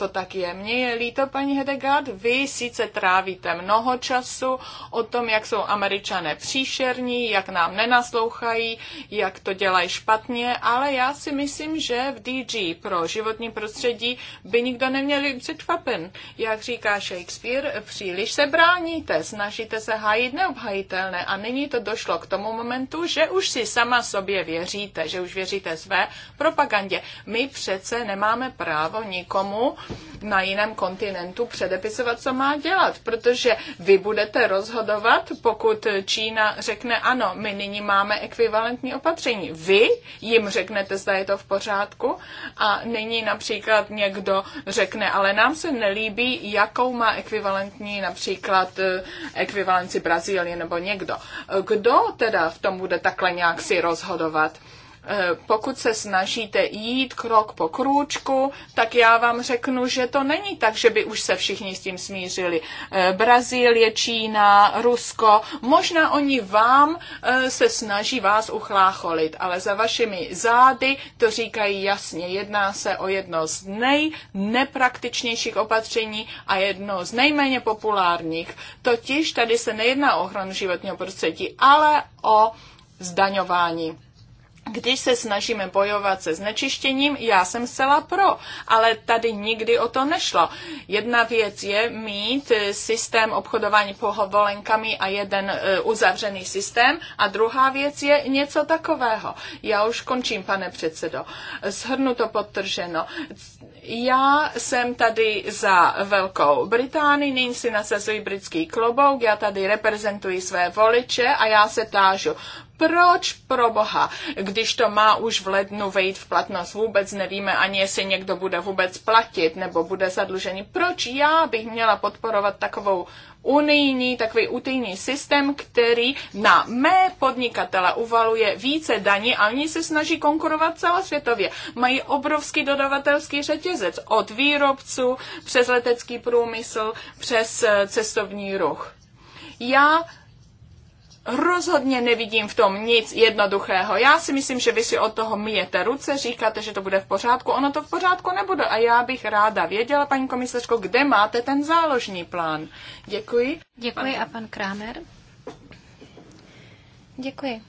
to tak je. Mně je líto, paní Hedegard, vy sice trávíte mnoho času o tom, jak jsou američané příšerní, jak nám nenaslouchají, jak to dělají špatně, ale já si myslím, že v DG pro životní prostředí by nikdo neměl být překvapen. Jak říká Shakespeare, příliš se bráníte, snažíte se hájit neobhajitelné a nyní to došlo k tomu momentu, že už si sama sobě věříte, že už věříte své propagandě. My přece nemáme právo nikomu na jiném kontinentu předepisovat, co má dělat, protože vy budete rozhodovat, pokud Čína řekne ano, my nyní máme ekvivalentní opatření. Vy jim řeknete, zda je to v pořádku a nyní například někdo řekne, ale nám se nelíbí, jakou má ekvivalentní například eh, ekvivalenci Brazílie nebo někdo. Kdo teda v tom bude takhle nějak si rozhodovat? Eh, pokud se snažíte jít krok po krůčku, tak já vám řeknu, že to není tak, že by už se všichni s tím smířili. Eh, Brazílie, Čína, Rusko, možná oni vám eh, se snaží vás uchlácholit, ale za vašimi zády to říkají jasně. Jedná se o jedno z nejnepraktičnějších opatření a jedno z nejméně populárních. Totiž tady se nejedná o ochranu životního prostředí, ale o zdaňování když se snažíme bojovat se znečištěním, já jsem zcela pro, ale tady nikdy o to nešlo. Jedna věc je mít eh, systém obchodování pohovolenkami a jeden eh, uzavřený systém a druhá věc je něco takového. Já už končím, pane předsedo. Shrnu to podtrženo. Já jsem tady za Velkou Británii, nyní si nasazuji britský klobouk, já tady reprezentuji své voliče a já se tážu, proč pro boha, když to má už v lednu vejít v platnost, vůbec nevíme ani, jestli někdo bude vůbec platit nebo bude zadlužený. Proč já bych měla podporovat takovou unijní, takový unijní systém, který na mé podnikatele uvaluje více daní a oni se snaží konkurovat celosvětově. Mají obrovský dodavatelský řetězec od výrobců přes letecký průmysl, přes eh, cestovní ruch. Já rozhodně nevidím v tom nic jednoduchého. Já si myslím, že vy si od toho myjete ruce, říkáte, že to bude v pořádku, ono to v pořádku nebude. A já bych ráda věděla, paní komisařko, kde máte ten záložní plán. Děkuji. Děkuji pan... a pan Kramer. Děkuji.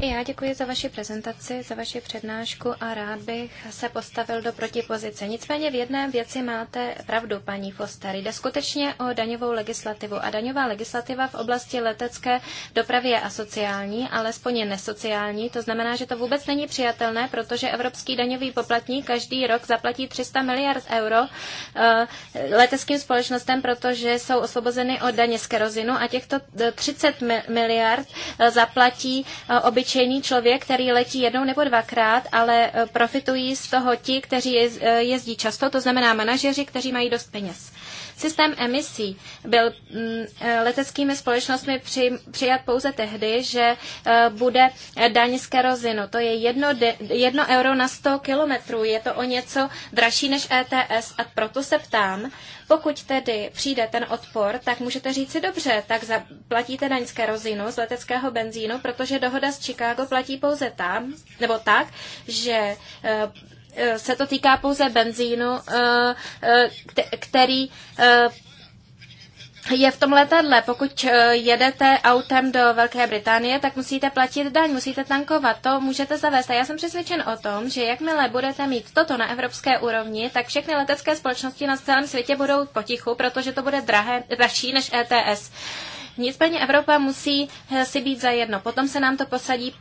I já děkuji za vaši prezentaci, za vaši přednášku a rád bych se postavil do protipozice. Nicméně v jedné věci máte pravdu, paní Foster. Jde skutečně o daňovou legislativu a daňová legislativa v oblasti letecké dopravy je asociální, alespoň je nesociální. To znamená, že to vůbec není přijatelné, protože evropský daňový poplatník každý rok zaplatí 300 miliard euro eh, leteckým společnostem, protože jsou osvobozeny od daně z kerozinu a těchto 30 eh, miliard eh, zaplatí obyčejní obyčejný člověk, který letí jednou nebo dvakrát, ale eh, profitují z toho ti, kteří eh, jezdí často, to znamená manažeři, kteří mají dost peněz. Systém emisí byl mm, eh, leteckými společnostmi při, přijat pouze tehdy, že eh, bude daň z kerozinu. To je jedno, jedno euro na 100 kilometrů. Je to o něco dražší než ETS a proto se ptám, pokud tedy přijde ten odpor, tak můžete říct si dobře, tak zaplatíte daň z kerozinu, z leteckého benzínu, protože dohoda z Chicago platí pouze tam, nebo tak, že eh, Eh, se to týká pouze benzínu, eh, eh, který je v tom letadle. Pokud jedete autem do Velké Británie, tak musíte platit daň, musíte tankovat, to můžete zavést. A já jsem přesvědčen o tom, že jakmile budete mít toto na evropské úrovni, tak všechny letecké společnosti na celém světě budou potichu, protože to bude drahé, dražší než ETS. Nicméně Evropa musí si být za jedno. Potom se nám to posadí,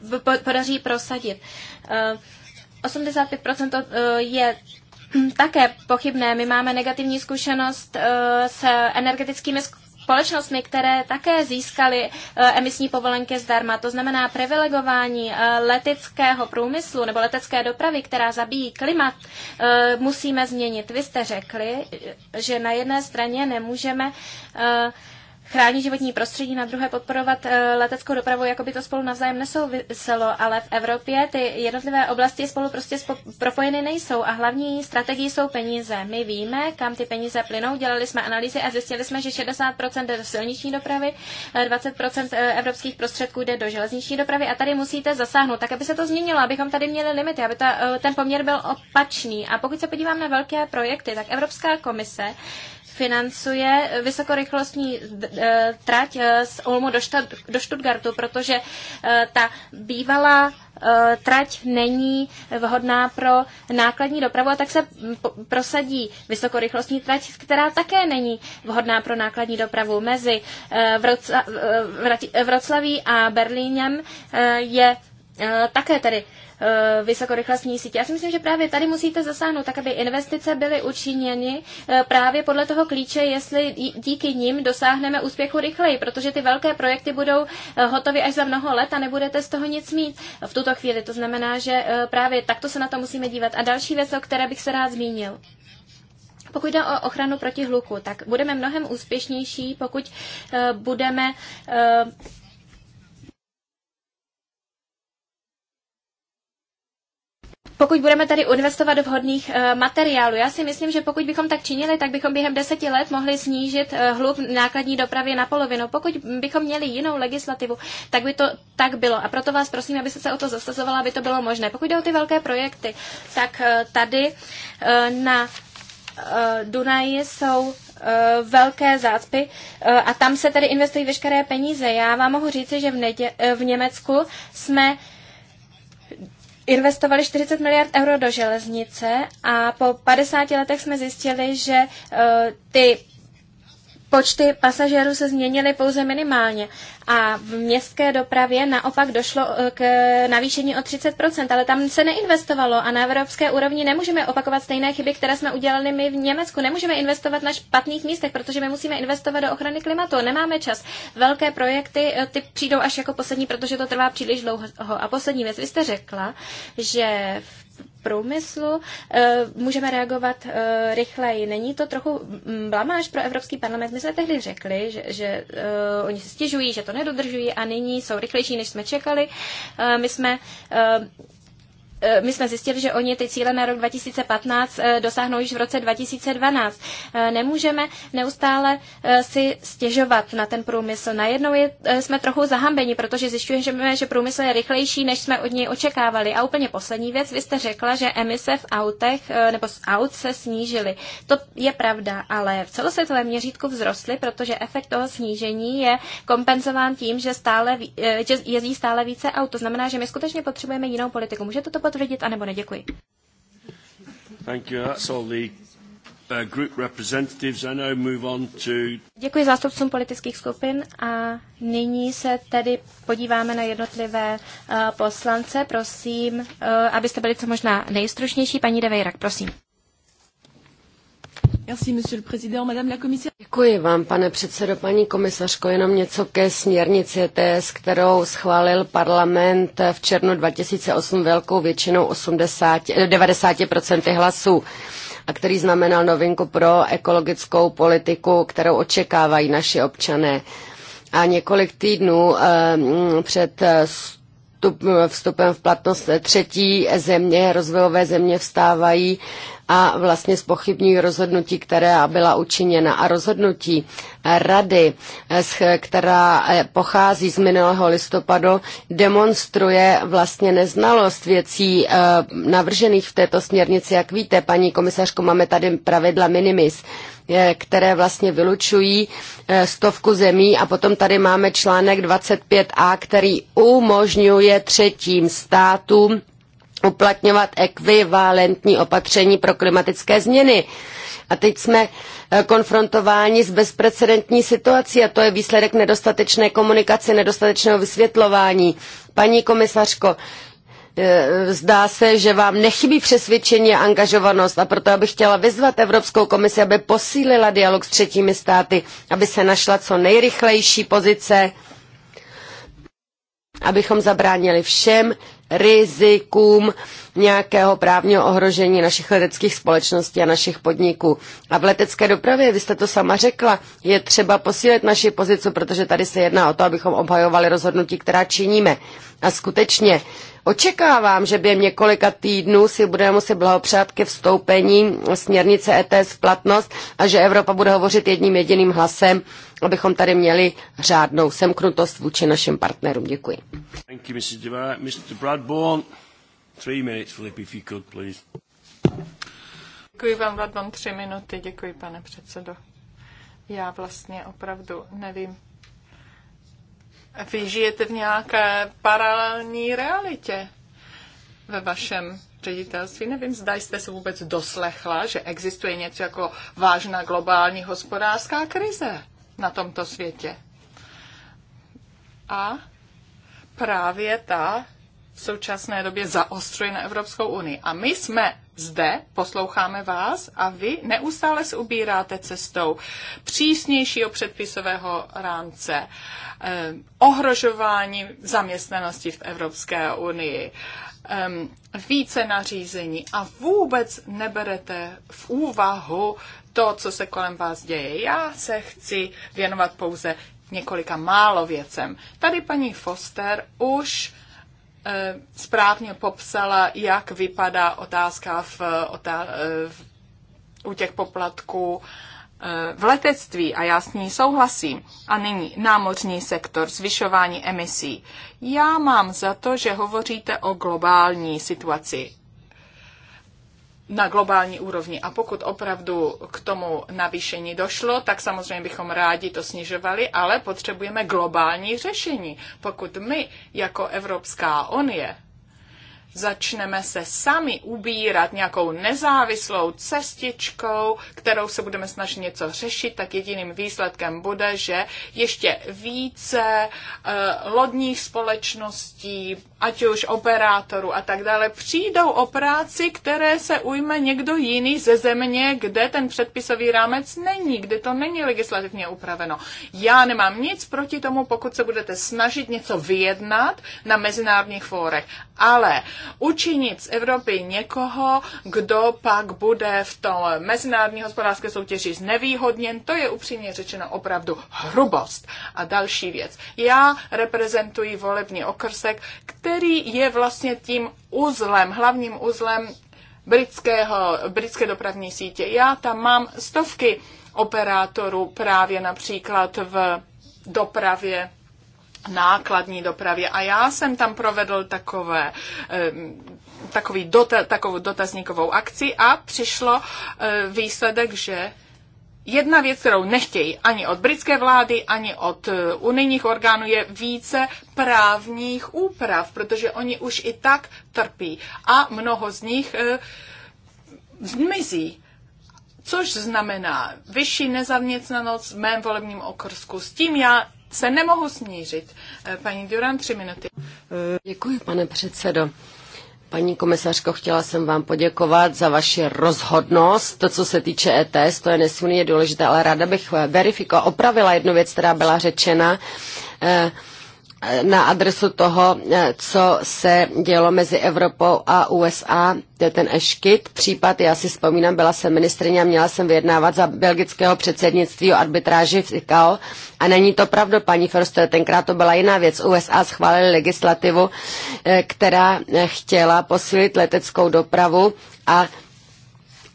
podaří prosadit. Uh, 85% eh, je také pochybné. My máme negativní zkušenost eh, s energetickými společnostmi, které také získaly eh, emisní povolenky zdarma. To znamená privilegování leteckého průmyslu nebo letecké dopravy, která zabíjí klimat, musíme změnit. Vy jste řekli, že na jedné straně nemůžeme chránit životní prostředí, na druhé podporovat eh, leteckou dopravu, jako by to spolu navzájem nesouviselo, ale v Evropě ty jednotlivé oblasti spolu prostě propojeny nejsou a hlavní strategií jsou peníze. My víme, kam ty peníze plynou, dělali jsme analýzy a zjistili jsme, že 60% jde do silniční dopravy, 20% eh, eh, evropských prostředků jde do železniční dopravy a tady musíte zasáhnout, tak aby se to změnilo, abychom tady měli limity, aby ta, ten poměr byl opačný. A pokud se podívám na velké projekty, tak Evropská komise financuje vysokorychlostní e, trať e, z Olmu do Stuttgartu, protože e, ta bývalá trať není vhodná pro nákladní dopravu a tak se prosadí vysokorychlostní trať, která také není vhodná pro nákladní dopravu. Mezi Vroclaví a Berlínem je Eh, také tady eh, vysokorychlostní sítě. Já si myslím, že právě tady musíte zasáhnout tak, aby investice byly učiněny eh, právě podle toho klíče, jestli díky nim dosáhneme úspěchu rychleji, protože ty velké projekty budou hotovy až za mnoho let a nebudete z toho nic mít v tuto chvíli. To znamená, že právě takto se na to musíme dívat. A další věc, o které bych se rád zmínil. Pokud jde o ochranu proti hluku, tak budeme mnohem úspěšnější, pokud budeme pokud budeme tady investovat do vhodných uh, materiálů. Já si myslím, že pokud bychom tak činili, tak bychom během deseti let mohli snížit uh, eh, hluk nákladní dopravy na polovinu. Pokud bychom měli jinou legislativu, tak by to tak bylo. A proto vás prosím, abyste se o to zasazovala, aby to bylo možné. Pokud jde o ty velké projekty, tak uh, tady uh, na Dunaji jsou velké zácpy a tam se tedy investují veškeré peníze. Já vám mohu říci, že v, nedě- v Německu jsme investovali 40 miliard euro do železnice a po 50 letech jsme zjistili, že eh, ty počty pasažérů se změnily pouze minimálně a v městské dopravě naopak došlo eh, k navýšení o 30%, ale tam se neinvestovalo a na evropské úrovni nemůžeme opakovat stejné chyby, které jsme udělali my v Německu. Nemůžeme investovat na špatných místech, protože my musíme investovat do ochrany klimatu. Nemáme čas. Velké projekty eh, ty přijdou až jako poslední, protože to trvá příliš dlouho. A poslední věc, vy jste řekla, že v průmyslu, eh, můžeme reagovat eh, rychleji. Není to trochu mm, blamáž pro Evropský parlament? My jsme tehdy řekli, že, že eh, oni se stěžují, že to nedodržují a nyní jsou rychlejší, než jsme čekali. My jsme E, my jsme zjistili, že oni ty cíle na rok 2015 e, dosáhnou již v roce 2012. E, nemůžeme neustále si stěžovat na ten průmysl. Najednou je, jsme trochu zahambeni, protože zjišťujeme, že průmysl je rychlejší, než jsme od něj očekávali. A úplně poslední věc, vy jste řekla, že emise v autech nebo z aut se snížily. To je pravda, ale v celosvětovém měřítku vzrostly, protože efekt toho snížení je kompenzován tím, že, stále, že jezdí stále více aut. To znamená, že my skutečně potřebujeme jinou politiku. Můžete to potvrdit, anebo ne. Děkuji. Uh, to... Děkuji zástupcům politických skupin a nyní se tedy podíváme na jednotlivé uh, poslance. Prosím, uh, abyste byli co možná nejstručnější. Paní Devejrak, prosím. Děkuji vám, pane předsedo, paní komisařko, jenom něco ke směrnici ETS, kterou schválil parlament v červnu 2008 velkou většinou 80, 90% eh, hlasů a který znamenal novinku pro ekologickou politiku, kterou očekávají naši občané. A několik týdnů eh, před eh, vstupem v platnost třetí země, rozvojové země vstávají a vlastně spochybňují rozhodnutí, které byla učiněna. A rozhodnutí rady, eh, která eh, pochází z minulého listopadu, demonstruje vlastně neznalost věcí eh, navržených v této směrnici. Jak víte, paní komisařko, máme tady pravidla minimis které vlastně vylučují stovku zemí a potom tady máme článek 25a, který umožňuje třetím státům uplatňovat ekvivalentní opatření pro klimatické změny. A teď jsme eh, konfrontováni s bezprecedentní situací a to je výsledek nedostatečné komunikace, nedostatečného vysvětlování. Paní komisařko, eh, zdá se, že vám nechybí přesvědčení a angažovanost a proto bych chtěla vyzvat Evropskou komisi, aby posílila dialog s třetími státy, aby se našla co nejrychlejší pozice, abychom zabránili všem rizikům nějakého právního ohrožení našich leteckých společností a našich podniků. A v letecké dopravě, vy jste to sama řekla, je třeba posílit naši pozici, protože tady se jedná o to, abychom obhajovali rozhodnutí, která činíme. A skutečně očekávám, že během několika týdnů si budeme muset blahopřát ke vstoupení směrnice ETS v platnost a že Evropa bude hovořit jedním jediným hlasem, abychom tady měli řádnou semknutost vůči našim partnerům. Děkuji. Thank you, Mr. Three minutes, Filip, if you could, please. Děkuji vám, Vlad, tři minuty. Děkuji, pane předsedo. Já vlastně opravdu nevím. Vy žijete v nějaké paralelní realitě ve vašem ředitelství. Nevím, zda jste se vůbec doslechla, že existuje něco jako vážná globální hospodářská krize na tomto světě. A právě ta v současné době zaostruje na Evropskou unii. A my jsme zde, posloucháme vás a vy neustále se ubíráte cestou přísnějšího předpisového rámce, eh, ohrožování zaměstnanosti v Evropské unii, eh, více nařízení a vůbec neberete v úvahu to, co se kolem vás děje. Já se chci věnovat pouze několika málo věcem. Tady paní Foster už Eh, správně popsala, jak vypadá otázka v, otá, eh, v, u těch poplatků eh, v letectví a já s ní souhlasím. A nyní námořní sektor, zvyšování emisí. Já mám za to, že hovoříte o globální situaci na globální úrovni. A pokud opravdu k tomu navýšení došlo, tak samozřejmě bychom rádi to snižovali, ale potřebujeme globální řešení. Pokud my jako Evropská unie začneme se sami ubírat nějakou nezávislou cestičkou, kterou se budeme snažit něco řešit, tak jediným výsledkem bude, že ještě více uh, lodních společností, ať už operátorů a tak dále, přijdou o práci, které se ujme někdo jiný ze země, kde ten předpisový rámec není, kde to není legislativně upraveno. Já nemám nic proti tomu, pokud se budete snažit něco vyjednat na mezinárodních fórech, ale učinit z Evropy někoho, kdo pak bude v tom mezinárodní hospodářské soutěži znevýhodněn, to je upřímně řečeno opravdu hrubost. A další věc. Já reprezentuji volební okrsek, který který je vlastně tím uzlem, hlavním uzlem britského, britské dopravní sítě. Já tam mám stovky operátorů právě například v dopravě nákladní dopravě. A já jsem tam provedl takové, takový dota, takovou dotazníkovou akci a přišlo eh, výsledek, že Jedna věc, kterou nechtějí ani od britské vlády, ani od eh, unijních orgánů, je více právních úprav, protože oni už i tak trpí a mnoho z nich eh, zmizí. Což znamená vyšší nezaměstnanost v mém volebním okrsku. S tím já se nemohu smířit. Eh, paní Duran, tři minuty. Děkuji, pane předsedo. Paní komisařko, chtěla jsem vám poděkovat za vaši rozhodnost. To, co se týče ETS, to je nesmírně důležité, ale ráda bych verifikovala, opravila jednu věc, která byla řečena. Eh, na adresu toho, eh, co se dělo mezi Evropou a USA, to je ten Eškit případ. Já si vzpomínám, byla jsem ministrině a měla jsem vyjednávat za belgického předsednictví o arbitráži v ICAO. A není to pravda, paní Forster, tenkrát to byla jiná věc. USA schválili legislativu, eh, která eh, chtěla posílit leteckou dopravu a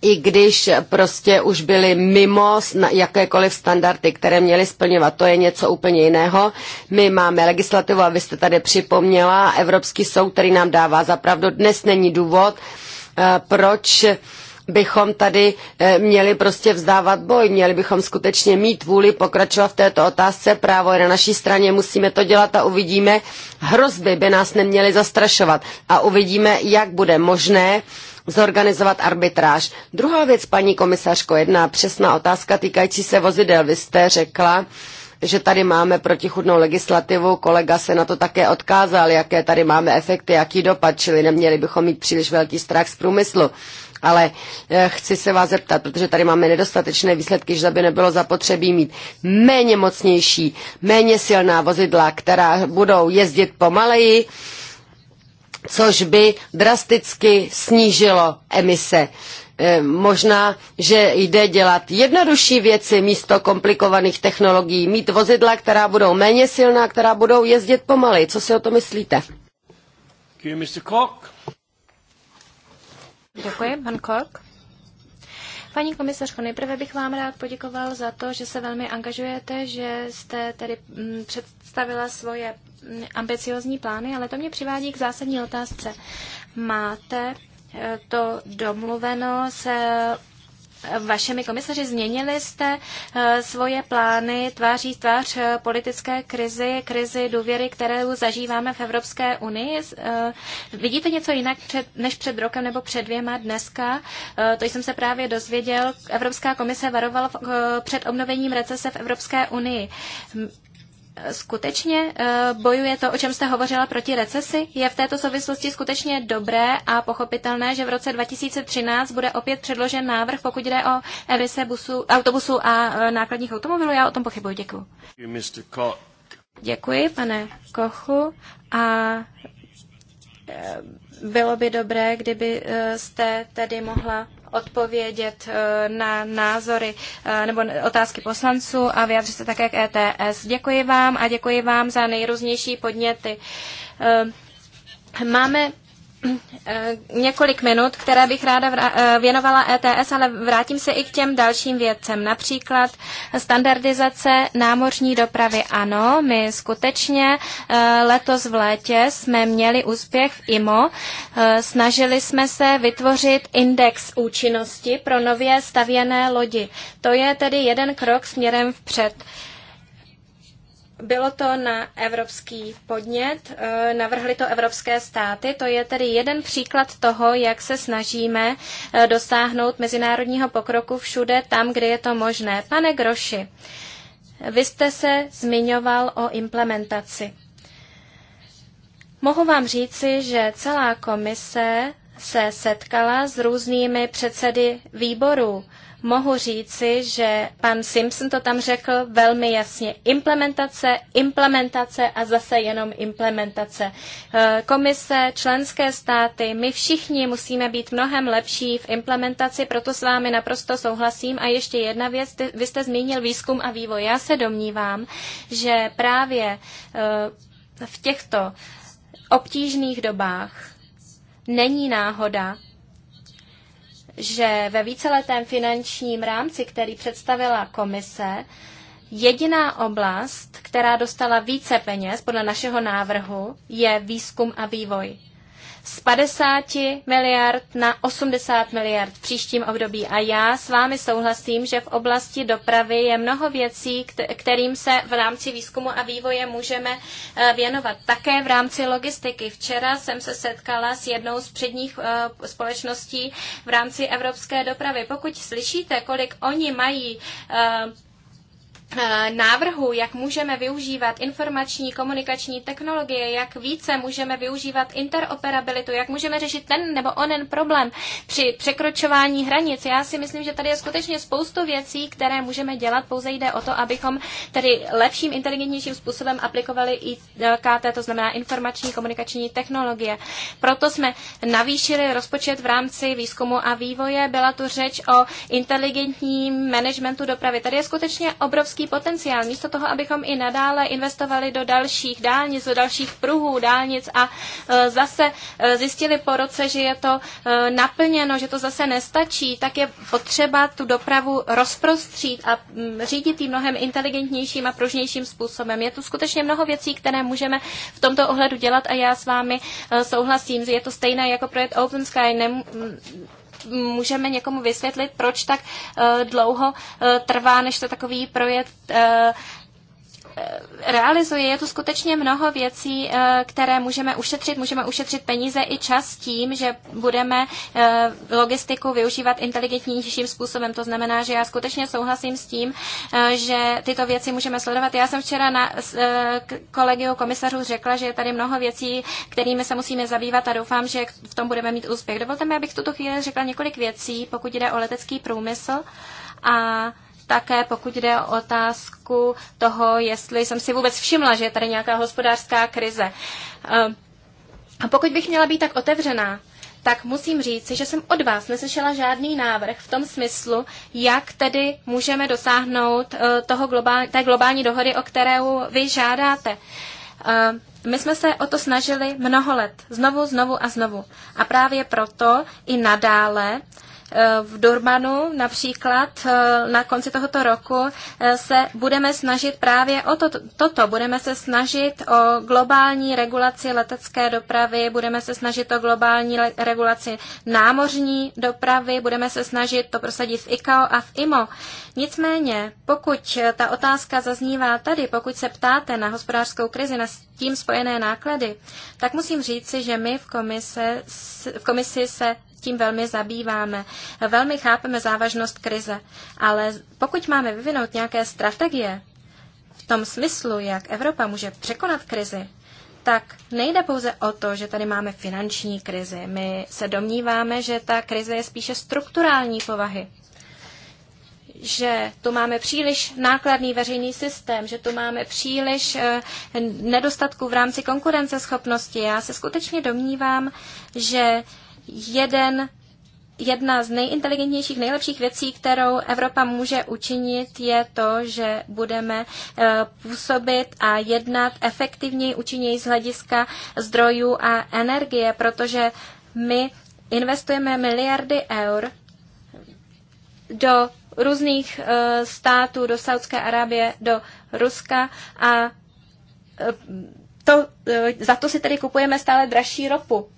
i když prostě už byly mimo jakékoliv standardy, které měly splňovat. To je něco úplně jiného. My máme legislativu, a vy jste tady připomněla, Evropský soud, který nám dává zapravdu. Dnes není důvod, eh, proč bychom tady eh, měli prostě vzdávat boj, měli bychom skutečně mít vůli pokračovat v této otázce. Právo je na naší straně, musíme to dělat a uvidíme. Hrozby by nás neměly zastrašovat a uvidíme, jak bude možné zorganizovat arbitráž. Druhá věc, paní komisařko, jedna přesná otázka týkající se vozidel. Vy jste řekla, že tady máme protichudnou legislativu, kolega se na to také odkázal, jaké tady máme efekty, jaký dopad, čili neměli bychom mít příliš velký strach z průmyslu. Ale eh, chci se vás zeptat, protože tady máme nedostatečné výsledky, že by nebylo zapotřebí mít méně mocnější, méně silná vozidla, která budou jezdit pomaleji, což by drasticky snížilo emise. E, možná, že jde dělat jednodušší věci místo komplikovaných technologií, mít vozidla, která budou méně silná, která budou jezdit pomalej. Co si o to myslíte? Děkuji, pan Kork. Paní komisařko, nejprve bych vám rád poděkoval za to, že se velmi angažujete, že jste tedy mm, představila svoje ambiciozní plány, ale to mě přivádí k zásadní otázce. Máte eh, to domluveno se eh, vašimi komisaři. Změnili jste eh, svoje plány tváří tvář politické krizi, krizi důvěry, kterou zažíváme v Evropské unii. Vidíte něco jinak před, než před rokem nebo před dvěma dneska? To jsem se právě dozvěděl. Evropská komise varovala před obnovením recese v Evropské unii skutečně eh, bojuje to, o čem jste hovořila proti recesi? Je v této souvislosti skutečně dobré a pochopitelné, že v roce 2013 bude opět předložen návrh, pokud jde o emise busu, autobusů a eh, nákladních automobilů? Já o tom pochybuji. Děkuji. Děkuji, pane Kochu. A eh, bylo by dobré, kdybyste tedy mohla odpovědět eh, na názory eh, nebo otázky poslanců a vyjádřit se také k ETS. Děkuji vám a děkuji vám za nejrůznější podněty. Eh, máme Eh, několik minut, které bych ráda eh, věnovala ETS, ale vrátím se i k těm dalším věcem. Například standardizace námořní dopravy. Ano, my skutečně eh, letos v létě jsme měli úspěch v IMO. Snažili jsme se vytvořit index účinnosti pro nově stavěné lodi. To je tedy jeden krok směrem vpřed. Bylo to na evropský podnět, eh, navrhly to evropské státy. To je tedy jeden příklad toho, jak se snažíme eh, dosáhnout mezinárodního pokroku všude tam, kde je to možné. Pane Groši, vy jste se zmiňoval o implementaci. Mohu vám říci, že celá komise se setkala s různými předsedy výborů mohu říci, že pan Simpson to tam řekl velmi jasně. Implementace, implementace a zase jenom implementace. E, komise, členské státy, my všichni musíme být mnohem lepší v implementaci, proto s vámi naprosto souhlasím. A ještě jedna věc, vy jste zmínil výzkum a vývoj. Já se domnívám, že právě e, v těchto obtížných dobách není náhoda, že ve víceletém finančním rámci, který představila komise, jediná oblast, která dostala více peněz podle našeho návrhu, je výzkum a vývoj z 50 miliard na 80 miliard v příštím období. A já s vámi souhlasím, že v oblasti dopravy je mnoho věcí, kterým se v rámci výzkumu a vývoje můžeme eh, věnovat. Také v rámci logistiky. Včera jsem se setkala s jednou z předních eh, společností v rámci evropské dopravy. Pokud slyšíte, kolik oni mají eh, Eh, návrhu, jak můžeme využívat informační komunikační technologie, jak více můžeme využívat interoperabilitu, jak můžeme řešit ten nebo onen problém při překročování hranic. Já si myslím, že tady je skutečně spoustu věcí, které můžeme dělat. Pouze jde o to, abychom tedy lepším, inteligentnějším způsobem aplikovali i eh, KT, to znamená informační komunikační technologie. Proto jsme navýšili rozpočet v rámci výzkumu a vývoje. Byla tu řeč o inteligentním managementu dopravy. Tady je skutečně obrovský obrovský potenciál. Místo toho, abychom i nadále investovali do dalších dálnic, do dalších pruhů dálnic a e, zase e, zjistili po roce, že je to e, naplněno, že to zase nestačí, tak je potřeba tu dopravu rozprostřít a mm, řídit ji mnohem inteligentnějším a pružnějším způsobem. Je tu skutečně mnoho věcí, které můžeme v tomto ohledu dělat a já s vámi souhlasím. Je to stejné jako projekt Open Sky. Nem- můžeme někomu vysvětlit, proč tak eh, dlouho eh, trvá, než to takový projekt eh, Eh, realizuje. Je tu skutečně mnoho věcí, eh, které můžeme ušetřit. Můžeme ušetřit peníze i čas tím, že budeme eh, logistiku využívat inteligentnějším způsobem. To znamená, že já skutečně souhlasím s tím, že tyto věci můžeme sledovat. Já jsem včera na kolegiu komisařů řekla, že je tady mnoho věcí, kterými se musíme zabývat a doufám, že v tom budeme mít úspěch. Dovolte mi, abych v tuto chvíli řekla několik věcí, pokud jde o letecký průmysl. A také pokud jde o otázku toho, jestli jsem si vůbec všimla, že je tady nějaká hospodářská krize. Ehm, a pokud bych měla být tak otevřená, tak musím říct, že jsem od vás neslyšela žádný návrh v tom smyslu, jak tedy můžeme dosáhnout eh, toho globál, té globální dohody, o kterou vy žádáte. Ehm, my jsme se o to snažili mnoho let, znovu, znovu a znovu. A právě proto i nadále Eh, v Durbanu například eh, na konci tohoto roku eh, se budeme snažit právě o to, toto. Budeme se snažit o globální regulaci letecké dopravy, budeme se snažit o globální regulaci námořní dopravy, budeme se snažit to prosadit v ICAO a v IMO. Nicméně, pokud ta otázka zaznívá tady, pokud se ptáte na hospodářskou krizi, na tím spojené náklady, tak musím říci, že my v, komisi, v komisi se tím velmi zabýváme. Velmi chápeme závažnost krize, ale pokud máme vyvinout nějaké strategie v tom smyslu, jak Evropa může překonat krizi, tak nejde pouze o to, že tady máme finanční krizi. My se domníváme, že ta krize je spíše strukturální povahy že tu máme příliš nákladný veřejný systém, že tu máme příliš eh, nedostatku v rámci konkurenceschopnosti. Já se skutečně domnívám, že jeden, jedna z nejinteligentnějších, nejlepších věcí, kterou Evropa může učinit, je to, že budeme eh, působit a jednat efektivněji, účinněji z hlediska zdrojů a energie, protože my investujeme miliardy eur do různých eh, států, do Saudské Arábie, do Ruska a eh, to, za to si tedy kupujeme stále dražší ropu.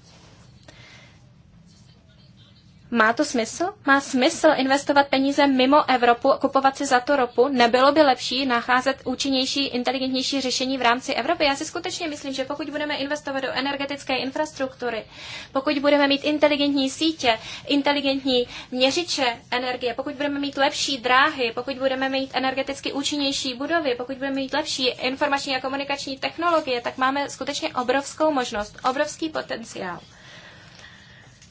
Má to smysl? Má smysl investovat peníze mimo Evropu a kupovat si za to ropu? Nebylo by lepší nacházet účinnější, inteligentnější řešení v rámci Evropy? Já si skutečně myslím, že pokud budeme investovat do energetické infrastruktury, pokud budeme mít inteligentní sítě, inteligentní měřiče energie, pokud budeme mít lepší dráhy, pokud budeme mít energeticky účinnější budovy, pokud budeme mít lepší informační a komunikační technologie, tak máme skutečně obrovskou možnost, obrovský potenciál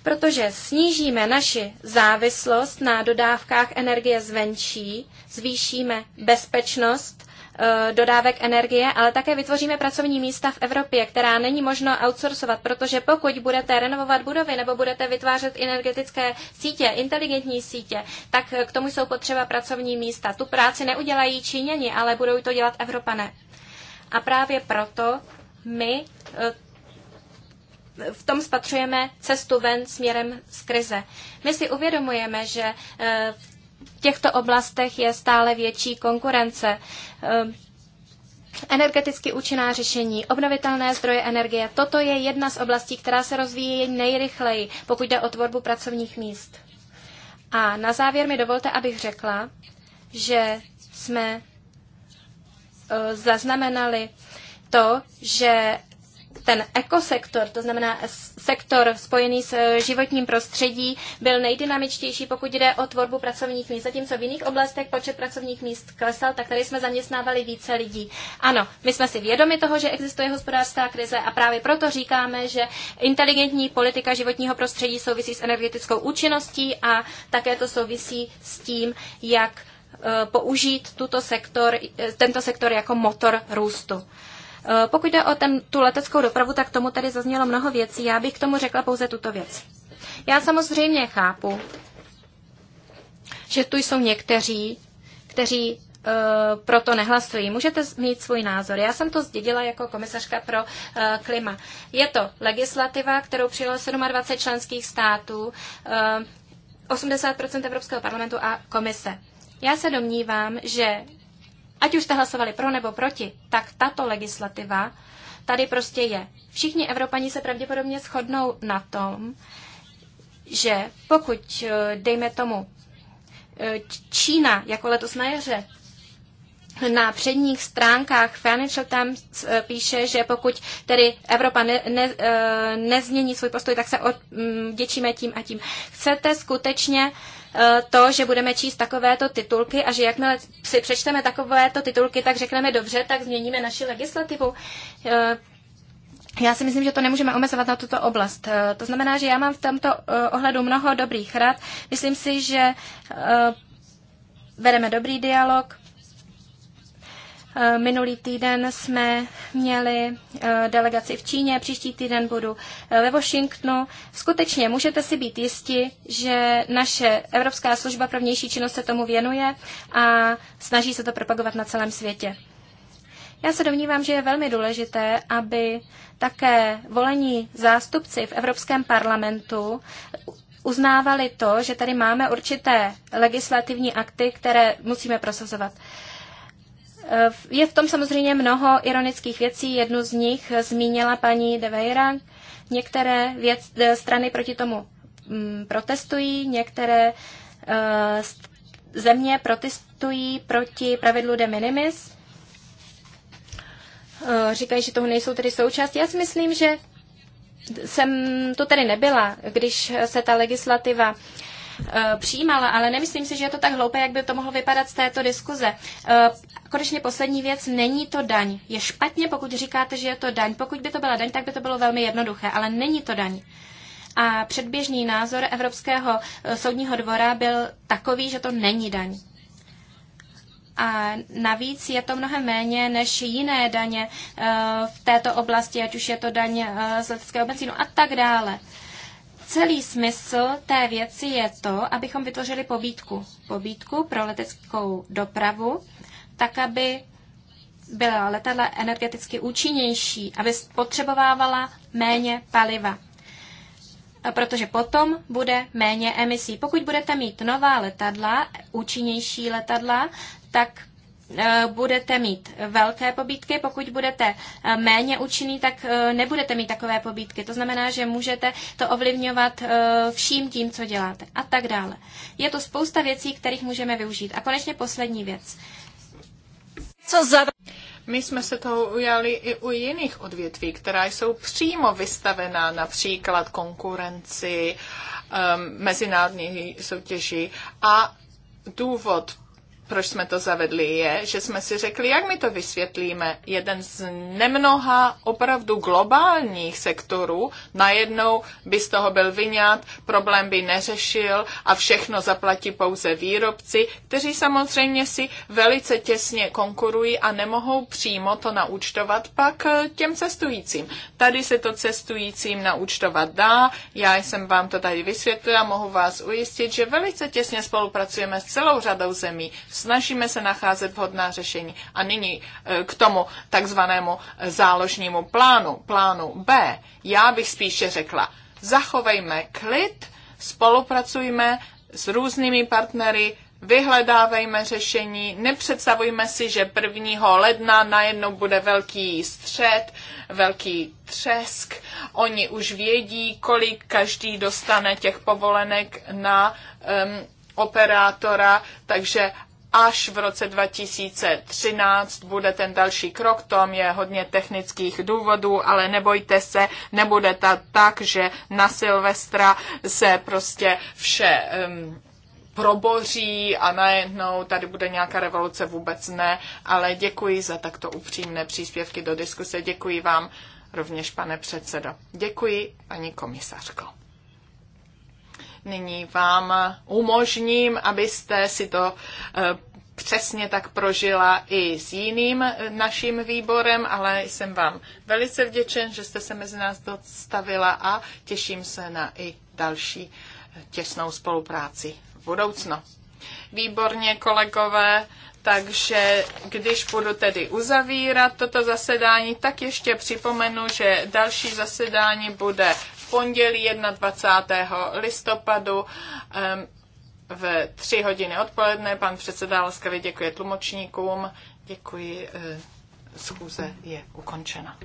protože snížíme naši závislost na dodávkách energie zvenčí, zvýšíme bezpečnost eh, dodávek energie, ale také vytvoříme pracovní místa v Evropě, která není možno outsourcovat, protože pokud budete renovovat budovy nebo budete vytvářet energetické sítě, inteligentní sítě, tak eh, k tomu jsou potřeba pracovní místa. Tu práci neudělají Číňani, ale budou to dělat Evropané. A právě proto my eh, v tom spatřujeme cestu ven směrem z krize. My si uvědomujeme, že eh, v těchto oblastech je stále větší konkurence. Eh, energeticky účinná řešení, obnovitelné zdroje energie, toto je jedna z oblastí, která se rozvíjí nejrychleji, pokud jde o tvorbu pracovních míst. A na závěr mi dovolte, abych řekla, že jsme eh, zaznamenali to, že ten ekosektor, to znamená sektor spojený s eh, životním prostředí, byl nejdynamičtější, pokud jde o tvorbu pracovních míst. Zatímco v jiných oblastech počet pracovních míst klesal, tak tady jsme zaměstnávali více lidí. Ano, my jsme si vědomi toho, že existuje hospodářská krize a právě proto říkáme, že inteligentní politika životního prostředí souvisí s energetickou účinností a také to souvisí s tím, jak eh, použít tuto sektor, eh, tento sektor jako motor růstu. Eh, pokud jde o ten, tu leteckou dopravu, tak tomu tady zaznělo mnoho věcí. Já bych k tomu řekla pouze tuto věc. Já samozřejmě chápu, že tu jsou někteří, kteří eh, proto nehlasují. Můžete mít svůj názor. Já jsem to zdědila jako komisařka pro eh, klima. Je to legislativa, kterou přijelo 27 členských států, 80 Evropského parlamentu a komise. Já se domnívám, že ať už jste hlasovali pro nebo proti, tak tato legislativa tady prostě je. Všichni Evropani se pravděpodobně shodnou na tom, že pokud, eh, dejme tomu, eh, Čína, jako letos na jaře, na předních stránkách Financial Times eh, píše, že pokud tedy Evropa ne, ne, nezmění svůj postoj, tak se mm, děčíme tím a tím. Chcete skutečně Eh, to, že budeme číst takovéto titulky a že jakmile si přečteme takovéto titulky, tak řekneme dobře, tak změníme naši legislativu. Eh, já si myslím, že to nemůžeme omezovat na tuto oblast. Eh, to znamená, že já mám v tomto ohledu mnoho dobrých rad. Myslím si, že vedeme dobrý dialog. Eh, minulý týden jsme měli eh, delegaci v Číně, příští týden budu eh, ve Washingtonu. Skutečně můžete si být jisti, že naše Evropská služba pro vnější činnost se tomu věnuje a snaží se to propagovat na celém světě. Já se domnívám, že je velmi důležité, aby také volení zástupci v Evropském parlamentu uznávali to, že tady máme určité legislativní akty, které musíme prosazovat. Je v tom samozřejmě mnoho ironických věcí, jednu z nich zmínila paní De Veira. Některé věc, eh, strany proti tomu mm, protestují, některé eh, země protestují proti pravidlu de minimis. Eh, říkají, že toho nejsou tedy součást. Já si myslím, že jsem tu tedy nebyla, když se ta legislativa Eh, přijímala, ale nemyslím si, že je to tak hloupé, jak by to mohlo vypadat z této diskuze. Eh, konečně poslední věc, není to daň. Je špatně, pokud říkáte, že je to daň. Pokud by to byla daň, tak by to bylo velmi jednoduché, ale není to daň. A předběžný názor Evropského eh, soudního dvora byl takový, že to není daň. A navíc je to mnohem méně než jiné daně v této oblasti, ať už je to daň z leteckého benzínu a tak dále. Celý smysl té věci je to, abychom vytvořili pobídku. Pobídku pro leteckou dopravu, tak aby byla letadla energeticky účinnější, aby spotřebovávala méně paliva. Protože potom bude méně emisí. Pokud budete mít nová letadla, účinnější letadla, tak Eh, budete mít velké pobídky, pokud budete eh, méně účinný, tak eh, nebudete mít takové pobídky. To znamená, že můžete to ovlivňovat vším tím, co děláte a tak dále. Je to spousta věcí, kterých můžeme využít. A konečně poslední věc. Co za... My jsme se toho ujali i u jiných odvětví, která jsou přímo vystavená například konkurenci, um, mezinárodní soutěži a důvod, proč jsme to zavedli, je, že jsme si řekli, jak my to vysvětlíme. Jeden z nemnoha opravdu globálních sektorů, najednou by z toho byl vyňat, problém by neřešil a všechno zaplatí pouze výrobci, kteří samozřejmě si velice těsně konkurují a nemohou přímo to naučtovat pak eh, těm cestujícím. Tady se to cestujícím naučtovat dá, já jsem vám to tady vysvětlila, mohu vás ujistit, že velice těsně spolupracujeme s celou řadou zemí, Snažíme se nacházet vhodná řešení. A nyní eh, k tomu takzvanému eh, záložnímu plánu, plánu B. Já bych spíše řekla, zachovejme klid, spolupracujme s různými partnery, vyhledávejme řešení, nepředstavujme si, že 1. ledna najednou bude velký střed, velký třesk. Oni už vědí, kolik každý dostane těch povolenek na um, operátora, takže až v roce 2013 bude ten další krok, tom je hodně technických důvodů, ale nebojte se, nebude to tak, že na Silvestra se prostě vše um, proboří a najednou tady bude nějaká revoluce, vůbec ne, ale děkuji za takto upřímné příspěvky do diskuse, děkuji vám rovněž, pane předsedo. Děkuji, paní komisařko nyní vám umožním, abyste si to eh, přesně tak prožila i s jiným eh, naším výborem, ale jsem vám velice vděčen, že jste se mezi nás dostavila a těším se na i další eh, těsnou spolupráci v budoucnu. Výborně, kolegové, takže když budu tedy uzavírat toto zasedání, tak ještě připomenu, že další zasedání bude pondělí 21. listopadu v 3 hodiny odpoledne. Pan předseda laskavě děkuje tlumočníkům. Děkuji. Eh, schůze je ukončena.